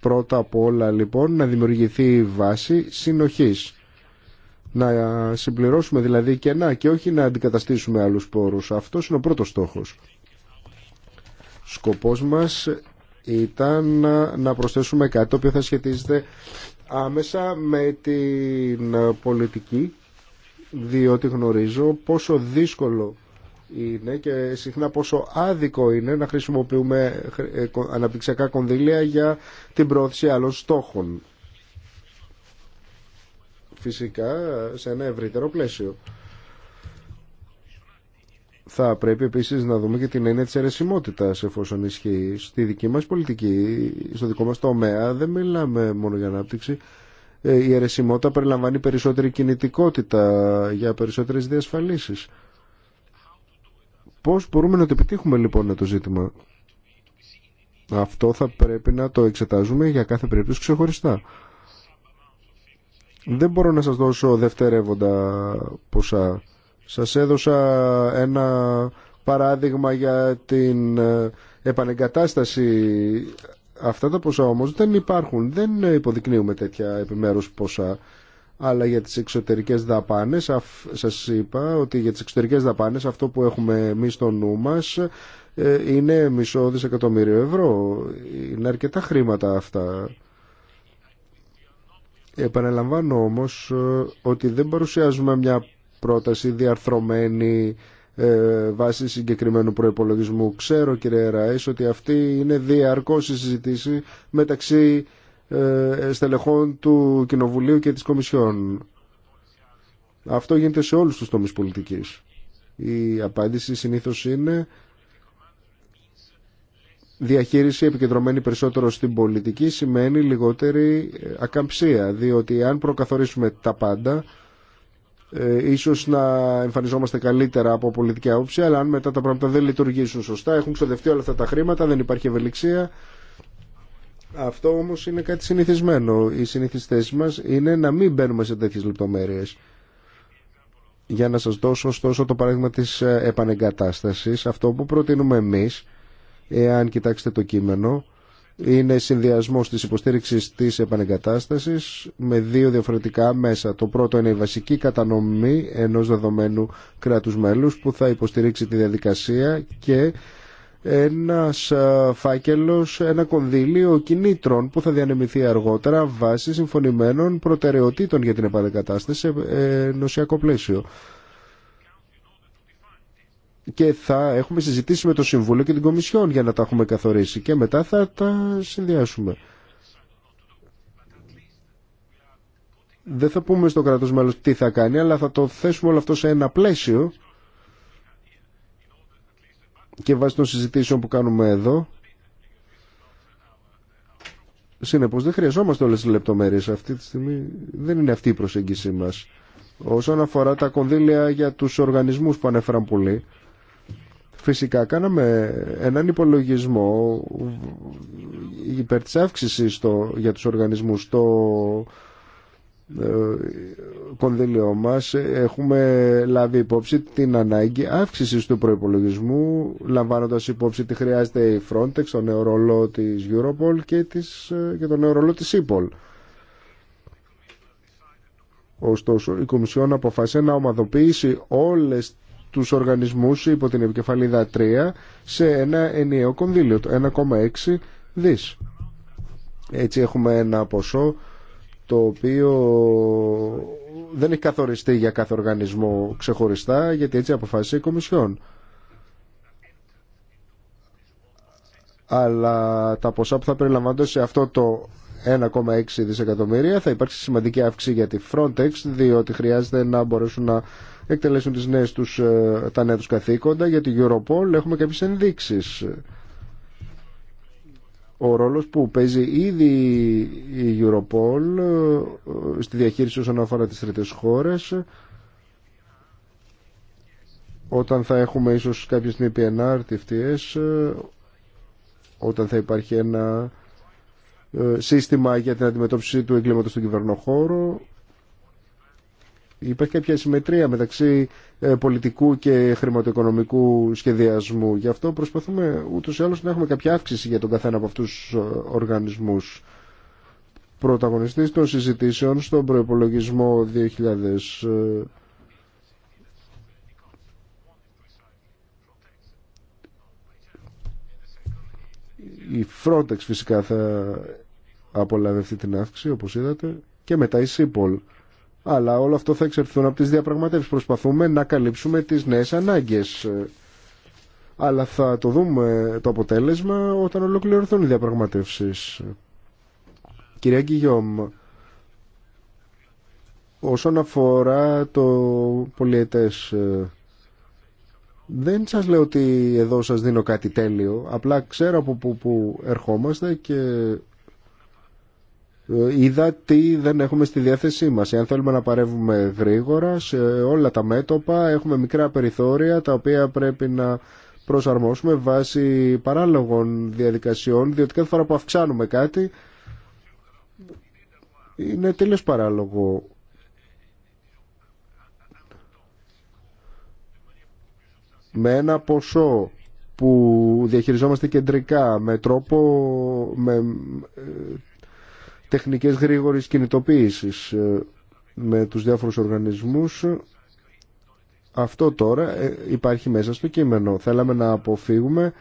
Πρώτα απ' όλα λοιπόν να δημιουργηθεί βάση συνοχής. Να συμπληρώσουμε δηλαδή κενά και όχι να αντικαταστήσουμε άλλους πόρους. Αυτός είναι ο πρώτος στόχος. Σκοπός μας ήταν να προσθέσουμε κάτι το οποίο θα σχετίζεται άμεσα με την πολιτική διότι γνωρίζω πόσο δύσκολο είναι και συχνά πόσο άδικο είναι να χρησιμοποιούμε ε, αναπτυξιακά κονδύλια για την πρόθεση άλλων στόχων. Φυσικά σε ένα ευρύτερο πλαίσιο θα πρέπει επίσης να δούμε και την έννοια της αιρεσιμότητας εφόσον ισχύει. Στη δική μας πολιτική, στο δικό μας τομέα δεν μιλάμε μόνο για ανάπτυξη. Ε, η αιρεσιμότητα περιλαμβάνει περισσότερη κινητικότητα για περισσότερες διασφαλίσεις. Πώς μπορούμε να το επιτύχουμε λοιπόν το ζήτημα. Αυτό θα πρέπει να το εξετάζουμε για κάθε περίπτωση ξεχωριστά. Δεν μπορώ να σας δώσω δευτερεύοντα ποσά. Σας έδωσα ένα παράδειγμα για την ε, επανεγκατάσταση. Αυτά τα ποσά όμως δεν υπάρχουν, δεν υποδεικνύουμε τέτοια επιμέρους ποσά. Αλλά για τις εξωτερικές δαπάνες, σας είπα ότι για τις εξωτερικές δαπάνες αυτό που έχουμε εμεί στο νου μας ε, είναι μισό δισεκατομμύριο ευρώ. Είναι αρκετά χρήματα αυτά. Επαναλαμβάνω όμως ε, ότι δεν παρουσιάζουμε μια πρόταση διαρθρωμένη ε, βάσει συγκεκριμένου προϋπολογισμού. Ξέρω κύριε Ράης ότι αυτή είναι διαρκώς η συζητήση μεταξύ ε, στελεχών του Κοινοβουλίου και της Κομισιόν. Αυτό γίνεται σε όλους τους τομείς πολιτικής. Η απάντηση συνήθως είναι διαχείριση επικεντρωμένη περισσότερο στην πολιτική σημαίνει λιγότερη ε, ακαμψία, διότι αν προκαθορίσουμε τα πάντα ε, ίσως να εμφανιζόμαστε καλύτερα από πολιτική άποψη, αλλά αν μετά τα πράγματα δεν λειτουργήσουν σωστά, έχουν ξοδευτεί όλα αυτά τα χρήματα, δεν υπάρχει ευελιξία. Αυτό όμως είναι κάτι συνηθισμένο. Η συνηθιστές μα μας είναι να μην μπαίνουμε σε τέτοιες λεπτομέρειες. Για να σας δώσω ωστόσο το παράδειγμα της ε, επανεγκατάστασης, αυτό που προτείνουμε εμείς, εάν κοιτάξετε το κείμενο, είναι συνδυασμό της υποστήριξης τη επανεγκατάσταση με δύο διαφορετικά μέσα. Το πρώτο είναι η βασική κατανομή ενός δεδομένου κράτου μέλου που θα υποστηρίξει τη διαδικασία και ένας φάκελος, ένα κονδύλιο κινήτρων που θα διανεμηθεί αργότερα βάσει συμφωνημένων προτεραιοτήτων για την επανεγκατάσταση σε ε, νοσιακό πλαίσιο και θα έχουμε συζητήσει με το Συμβούλιο και την Κομισιόν για να τα έχουμε καθορίσει και μετά θα τα συνδυάσουμε. Δεν θα πούμε στο κράτος μέλος τι θα κάνει, αλλά θα το θέσουμε όλο αυτό σε ένα πλαίσιο και βάσει των συζητήσεων που κάνουμε εδώ. Συνεπώς δεν χρειαζόμαστε όλες τις λεπτομέρειες αυτή τη στιγμή. Δεν είναι αυτή η προσέγγιση μας. Όσον αφορά τα κονδύλια για τους οργανισμούς που ανέφεραν πολλοί, Φυσικά κάναμε έναν υπολογισμό υπέρ της αύξησης για τους οργανισμούς. Το ε, κονδύλιό μας έχουμε λάβει υπόψη την ανάγκη αύξησης του προϋπολογισμού λαμβάνοντας υπόψη τι χρειάζεται η Frontex, τον νέο ρόλο της Europol και, της, και τον νέο ρόλο της EPOL. Ωστόσο, η Κομισιόν αποφάσισε να ομαδοποιήσει όλες τους οργανισμούς υπό την επικεφαλίδα 3 σε ένα ενιαίο κονδύλιο, το 1,6 δις. Έτσι έχουμε ένα ποσό το οποίο δεν έχει καθοριστεί για κάθε οργανισμό ξεχωριστά γιατί έτσι αποφάσισε η Κομισιόν. Αλλά τα ποσά που θα περιλαμβάνονται σε αυτό το 1,6 δισεκατομμύρια θα υπάρξει σημαντική αύξηση για τη Frontex διότι χρειάζεται να μπορέσουν να εκτελέσουν τις νέες τους, ε, τα νέα τους καθήκοντα. Για την Europol έχουμε κάποιες ενδείξεις. Ο ρόλος που παίζει ήδη η Europol ε, στη διαχείριση όσον αφορά τις τρίτες χώρες όταν θα έχουμε ίσως κάποιες PNR, TFTS, ε, όταν θα υπάρχει ένα σύστημα για την αντιμετώπιση του εγκλήματος στον κυβερνοχώρο Υπάρχει κάποια συμμετρία μεταξύ ε, πολιτικού και χρηματοοικονομικού σχεδιασμού. Γι' αυτό προσπαθούμε ούτως ή άλλως να έχουμε κάποια αύξηση για τον καθένα από αυτούς τους ε, οργανισμούς. Πρωταγωνιστής των συζητήσεων στον προϋπολογισμό 2000 ε, η Frontex φυσικά θα απολαύει την αύξηση όπως είδατε και μετά η Σίπολ αλλά όλο αυτό θα εξερθούν από τις διαπραγματεύσεις. Προσπαθούμε να καλύψουμε τις νέες ανάγκες. Αλλά θα το δούμε το αποτέλεσμα όταν ολοκληρωθούν οι διαπραγματεύσεις. Κυρία Γκυγιόμ, όσον αφορά το πολιετές δεν σας λέω ότι εδώ σας δίνω κάτι τέλειο απλά ξέρω από που ερχόμαστε και ε, είδα τι δεν έχουμε στη διάθεσή μας. Εάν θέλουμε να παρεύουμε γρήγορα σε όλα τα μέτωπα έχουμε μικρά περιθώρια τα οποία πρέπει να προσαρμόσουμε βάσει παράλογων διαδικασιών διότι κάθε φορά που αυξάνουμε κάτι είναι τέλειος παράλογο. Με ένα ποσό που διαχειριζόμαστε κεντρικά με τρόπο με τεχνικές γρήγορης κινητοποίησης ε, με τους διάφορους οργανισμούς. Αυτό τώρα ε, υπάρχει μέσα στο κείμενο. Θέλαμε να αποφύγουμε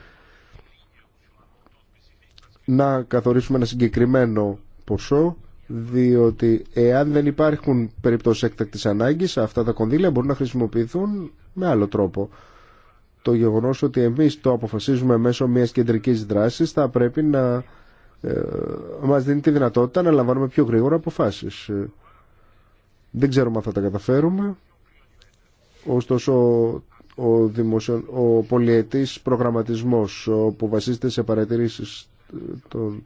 να καθορίσουμε ένα συγκεκριμένο ποσό διότι εάν δεν υπάρχουν περιπτώσεις έκτακτης ανάγκης αυτά τα κονδύλια μπορούν να χρησιμοποιηθούν με άλλο τρόπο. Το γεγονός ότι εμείς το αποφασίζουμε μέσω μιας κεντρικής δράσης θα πρέπει να ε, μας δίνει τη δυνατότητα να λαμβάνουμε πιο γρήγορα αποφάσεις. Ε, δεν ξέρουμε αν θα τα καταφέρουμε. Ωστόσο, ο, δημοσιο... ο πολιετής προγραμματισμός που βασίζεται σε παρατηρήσεις των...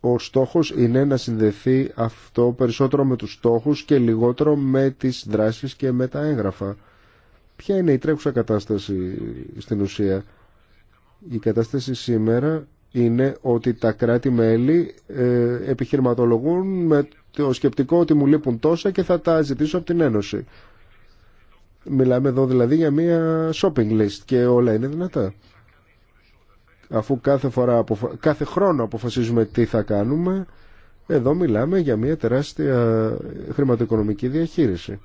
Ο στόχος είναι να συνδεθεί αυτό περισσότερο με τους στόχους και λιγότερο με τις δράσεις και με τα έγγραφα. Ποια είναι η τρέχουσα κατάσταση στην ουσία. Η κατάσταση σήμερα είναι ότι τα κράτη-μέλη ε, επιχειρηματολογούν με το σκεπτικό ότι μου λείπουν τόσα και θα τα ζητήσω από την Ένωση. Μιλάμε εδώ δηλαδή για μία shopping list και όλα είναι δυνατά. Αφού κάθε, φορά, κάθε χρόνο αποφασίζουμε τι θα κάνουμε, εδώ μιλάμε για μία τεράστια χρηματοοικονομική διαχείριση.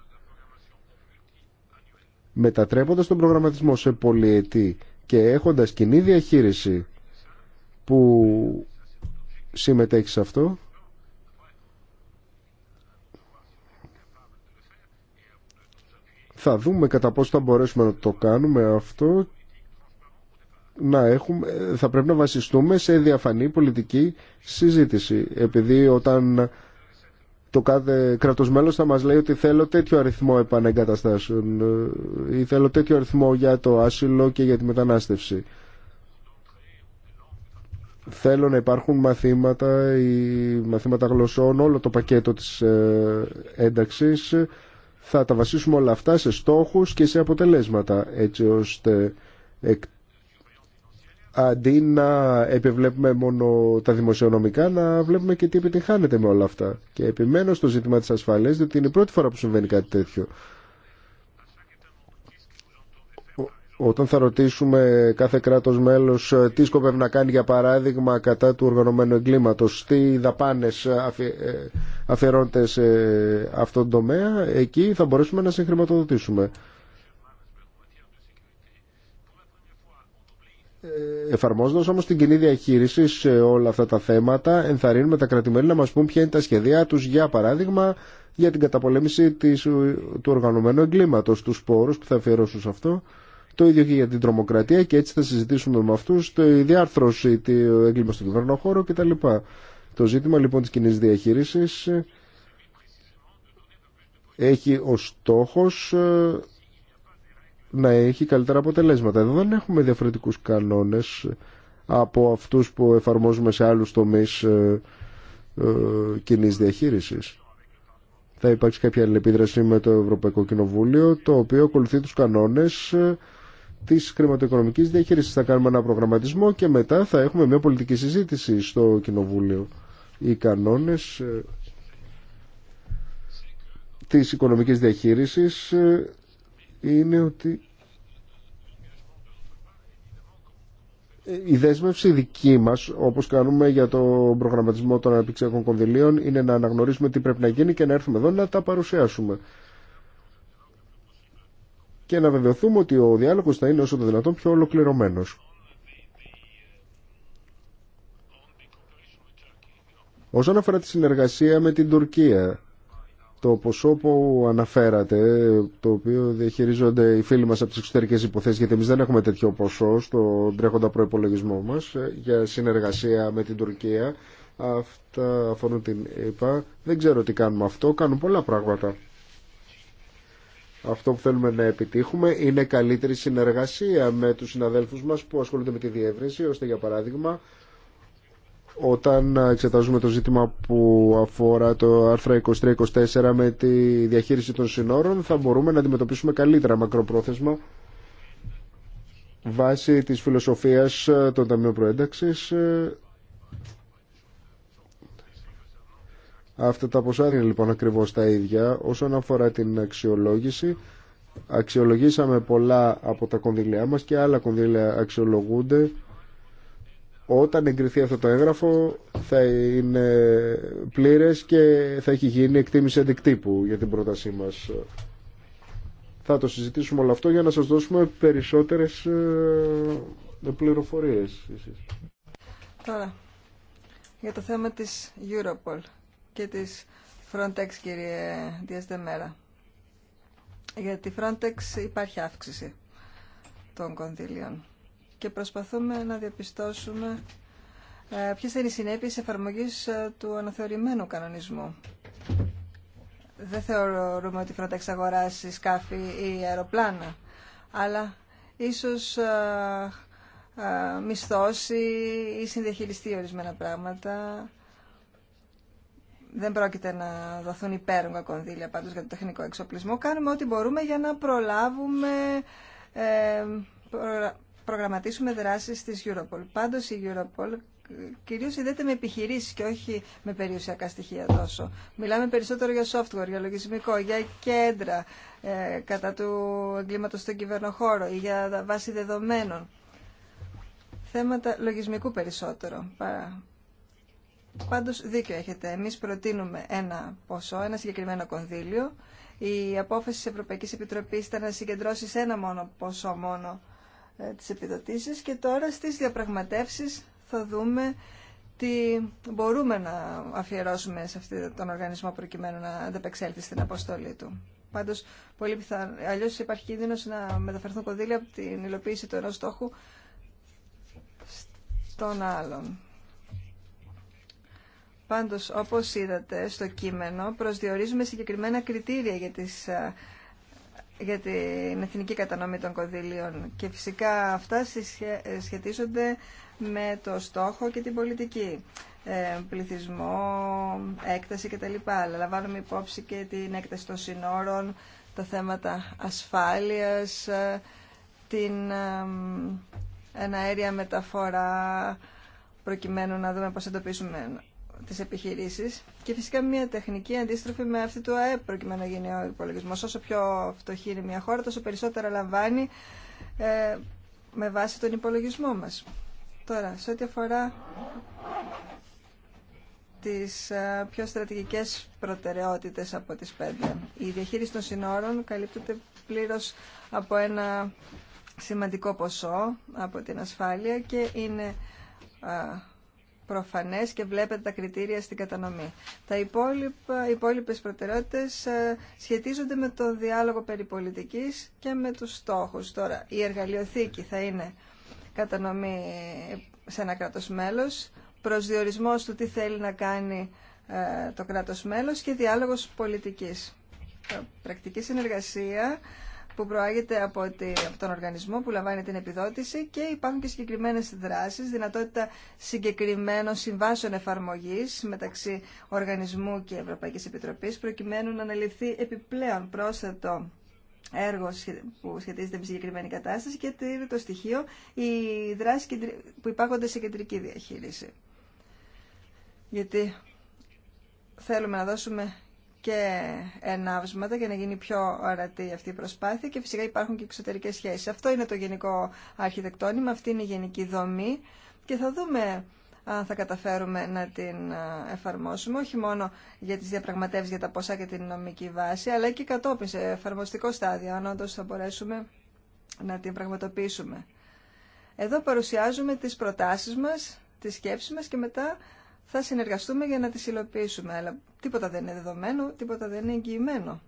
Μετατρέποντας τον προγραμματισμό σε πολυετή και έχοντας κοινή διαχείριση που συμμετέχει σε αυτό θα δούμε κατά πόσο θα μπορέσουμε να το κάνουμε αυτό να έχουμε, θα πρέπει να βασιστούμε σε διαφανή πολιτική συζήτηση επειδή όταν το κάθε κράτος μέλος θα μας λέει ότι θέλω τέτοιο αριθμό επανεγκαταστάσεων ε, ή θέλω τέτοιο αριθμό για το άσυλο και για τη μετανάστευση. Θέλω να υπάρχουν μαθήματα ή μαθήματα γλωσσών, όλο το πακέτο της ε, ένταξης. Θα τα βασίσουμε όλα αυτά σε στόχους και σε αποτελέσματα έτσι ώστε αντί να επιβλέπουμε μόνο τα δημοσιονομικά, να βλέπουμε και τι επιτυχάνεται με όλα αυτά. Και επιμένω στο ζήτημα της ασφάλειας, διότι είναι η πρώτη φορά που συμβαίνει κάτι τέτοιο. Όταν θα ρωτήσουμε κάθε κράτος μέλος ε, τι σκοπεύει να κάνει για παράδειγμα κατά του οργανωμένου εγκλήματος, τι δαπάνες ε, αφιερώνται σε αυτόν τον τομέα, εκεί θα μπορέσουμε να συγχρηματοδοτήσουμε. Ε, Εφαρμόζοντα όμω την κοινή διαχείριση σε όλα αυτά τα θέματα, ενθαρρύνουμε τα κρατημέλη να μα πούν ποια είναι τα σχέδιά του, για παράδειγμα, για την καταπολέμηση της, του οργανωμένου εγκλήματο, του σπόρου που θα αφιερώσουν σε αυτό. Το ίδιο και για την τρομοκρατία και έτσι θα συζητήσουμε με αυτού τη διάρθρωση του εγκλήματο στον χώρο κτλ. Το ζήτημα λοιπόν τη κοινή διαχείριση έχει ως στόχος ε, να έχει καλύτερα αποτελέσματα. Εδώ δεν έχουμε διαφορετικούς κανόνες από αυτούς που εφαρμόζουμε σε άλλους τομείς ε, ε διαχείρισης. Θα υπάρξει κάποια αλληλεπίδραση με το Ευρωπαϊκό Κοινοβούλιο, το οποίο ακολουθεί τους κανόνες ε, της χρηματοοικονομικής διαχείρισης. Θα κάνουμε ένα προγραμματισμό και μετά θα έχουμε μια πολιτική συζήτηση στο Κοινοβούλιο. Οι κανόνες ε, της οικονομικής διαχείρισης είναι ότι η δέσμευση δική μας, όπως κάνουμε για το προγραμματισμό των αναπτυξιακών κονδυλίων, είναι να αναγνωρίσουμε τι πρέπει να γίνει και να έρθουμε εδώ να τα παρουσιάσουμε. Και να βεβαιωθούμε ότι ο διάλογος θα είναι όσο το δυνατόν πιο ολοκληρωμένος. Όσον αφορά τη συνεργασία με την Τουρκία, το ποσό που αναφέρατε, το οποίο διαχειρίζονται οι φίλοι μας από τις εξωτερικές υποθέσεις, γιατί εμείς δεν έχουμε τέτοιο ποσό στον τρέχοντα προϋπολογισμό μας ε, για συνεργασία με την Τουρκία. Αυτά αφορούν την ΕΠΑ. Δεν ξέρω τι κάνουμε αυτό. Κάνουν πολλά πράγματα. Αυτό που θέλουμε να επιτύχουμε είναι καλύτερη συνεργασία με τους συναδέλφους μας που ασχολούνται με τη διεύρυνση, ώστε για παράδειγμα όταν εξετάζουμε το ζήτημα που αφορά το άρθρα 23-24 με τη διαχείριση των συνόρων θα μπορούμε να αντιμετωπίσουμε καλύτερα μακροπρόθεσμα βάσει της φιλοσοφίας των Ταμείων Προένταξης Αυτά τα ποσά είναι λοιπόν ακριβώς τα ίδια όσον αφορά την αξιολόγηση αξιολογήσαμε πολλά από τα κονδυλιά μας και άλλα κονδύλια αξιολογούνται όταν εγκριθεί αυτό το έγγραφο θα είναι πλήρες και θα έχει γίνει εκτίμηση αντικτύπου για την πρότασή μας. Θα το συζητήσουμε όλο αυτό για να σας δώσουμε περισσότερες ε, πληροφορίες. Τώρα, για το θέμα της Europol και της Frontex, κύριε Διασδεμέρα. Για τη Frontex υπάρχει αύξηση των κονδύλιων και προσπαθούμε να διαπιστώσουμε ε, ποιες είναι οι συνέπειες εφαρμογής ε, του αναθεωρημένου κανονισμού. Δεν θεωρούμε ότι Frontex αγοράσει σκάφη ή αεροπλάνα, αλλά ίσως ε, μισθώσει ή συνδιαχειριστεί ορισμένα πράγματα. Δεν πρόκειται να δοθούν υπέρογκα κονδύλια πάντως για το τεχνικό εξοπλισμό. Κάνουμε ό,τι μπορούμε για να προλάβουμε προγραμματίσουμε δράσει τη Europol. Πάντως η Europol κυρίως συνδέεται με επιχειρήσει και όχι με περιουσιακά στοιχεία τόσο. Μιλάμε περισσότερο για software, για λογισμικό, για κέντρα ε, κατά του εγκλήματο στον κυβερνοχώρο ή για βάση δεδομένων. Θέματα λογισμικού περισσότερο. Παρά. Πάντως δίκιο έχετε. Εμείς προτείνουμε ένα ποσό, ένα συγκεκριμένο κονδύλιο. Η για βαση δεδομενων θεματα λογισμικου περισσοτερο παρα δικιο εχετε συγκεντρώσει προτεινουμε ενα ποσο ενα συγκεκριμενο κονδυλιο η αποφαση τη ευρωπαικη Επιτροπή ήταν να συγκεντρώσει σε ένα μόνο ποσό μόνο ε, τις επιδοτήσεις και τώρα στις διαπραγματεύσεις θα δούμε τι μπορούμε να αφιερώσουμε σε αυτόν τον οργανισμό προκειμένου να ανταπεξέλθει στην αποστολή του. Πάντω, πολύ πιθανό. Αλλιώ υπάρχει κίνδυνο να μεταφερθούν κονδύλια από την υλοποίηση του ενό στόχου στον άλλον. Πάντω, όπω είδατε στο κείμενο, προσδιορίζουμε συγκεκριμένα κριτήρια για τις ε, για την εθνική κατανομή των κονδυλίων και φυσικά αυτά σχετίζονται με το στόχο και την πολιτική ε, πληθυσμό, έκταση κτλ. Αλλά λαμβάνουμε υπόψη και την έκταση των συνόρων, τα θέματα ασφάλειας, ε, την αέρια μεταφορά προκειμένου να δούμε πώς εντοπίσουμε τι επιχειρήσει και φυσικά μια τεχνική αντίστροφη με αυτή του ΑΕΠ προκειμένου να γίνει ο υπολογισμό. Όσο πιο φτωχή είναι μια χώρα, τόσο περισσότερα λαμβάνει ε, με βάση τον υπολογισμό μας. Τώρα, σε ό,τι αφορά τις ε, πιο στρατηγικές προτεραιότητες από τις πέντε. Η διαχείριση των συνόρων καλύπτεται πλήρω από ένα σημαντικό ποσό από την ασφάλεια και είναι ε, προφανές και βλέπετε τα κριτήρια στην κατανομή. Τα υπόλοιπα, οι υπόλοιπες προτεραιότητες ε, σχετίζονται με το διάλογο περιπολιτικής και με τους στόχους. Τώρα, η εργαλειοθήκη θα είναι κατανομή σε ένα κράτος μέλος, προσδιορισμός του τι θέλει να κάνει ε, το κράτος μέλος και διάλογος πολιτικής. Ε, πρακτική συνεργασία που προάγεται από, τον οργανισμό που λαμβάνει την επιδότηση και υπάρχουν και συγκεκριμένες δράσεις, δυνατότητα συγκεκριμένων συμβάσεων εφαρμογής μεταξύ οργανισμού και Ευρωπαϊκής Επιτροπής προκειμένου να αναλυθεί επιπλέον πρόσθετο έργο που σχετίζεται με συγκεκριμένη κατάσταση και το στοιχείο οι δράσεις που υπάρχονται σε κεντρική διαχείριση. Γιατί θέλουμε να δώσουμε και ενάυσματα για να γίνει πιο ορατή αυτή η προσπάθεια και φυσικά υπάρχουν και εξωτερικές σχέσεις. Αυτό είναι το γενικό αρχιτεκτόνημα, αυτή είναι η γενική δομή και θα δούμε αν θα καταφέρουμε να την εφαρμόσουμε, όχι μόνο για τις διαπραγματεύσεις για τα ποσά και την νομική βάση, αλλά και κατόπιν σε εφαρμοστικό στάδιο, αν όντως θα μπορέσουμε να την πραγματοποιήσουμε. Εδώ παρουσιάζουμε τις προτάσεις μας, τις σκέψεις μας και μετά θα συνεργαστούμε για να τις υλοποιήσουμε. Αλλά τίποτα δεν είναι δεδομένο, τίποτα δεν είναι εγγυημένο.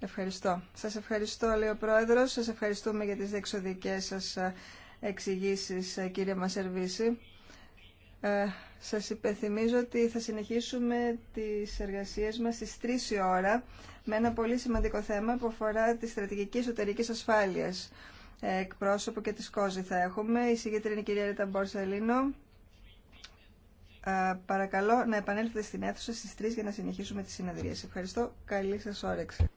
Ευχαριστώ. Σας ευχαριστώ, λέει ο Πρόεδρος. Σας ευχαριστούμε για τις διεξοδικές σας ε, εξηγήσει ε, κύριε Μασερβίση. Ε, σας υπενθυμίζω ότι θα συνεχίσουμε τις εργασίες μας στις 3 η ώρα με ένα πολύ σημαντικό θέμα που αφορά τη στρατηγική εσωτερική ασφάλειας. Ε, εκπρόσωπο και της Κόζη θα έχουμε. Η συγκεκριμένη κυρία Ρεταμπόρ Σαλίνο ε, παρακαλώ να επανέλθετε στην αίθουσα στις 3 για να συνεχίσουμε τις συνεδρία. Ευχαριστώ. Καλή σας όρεξη.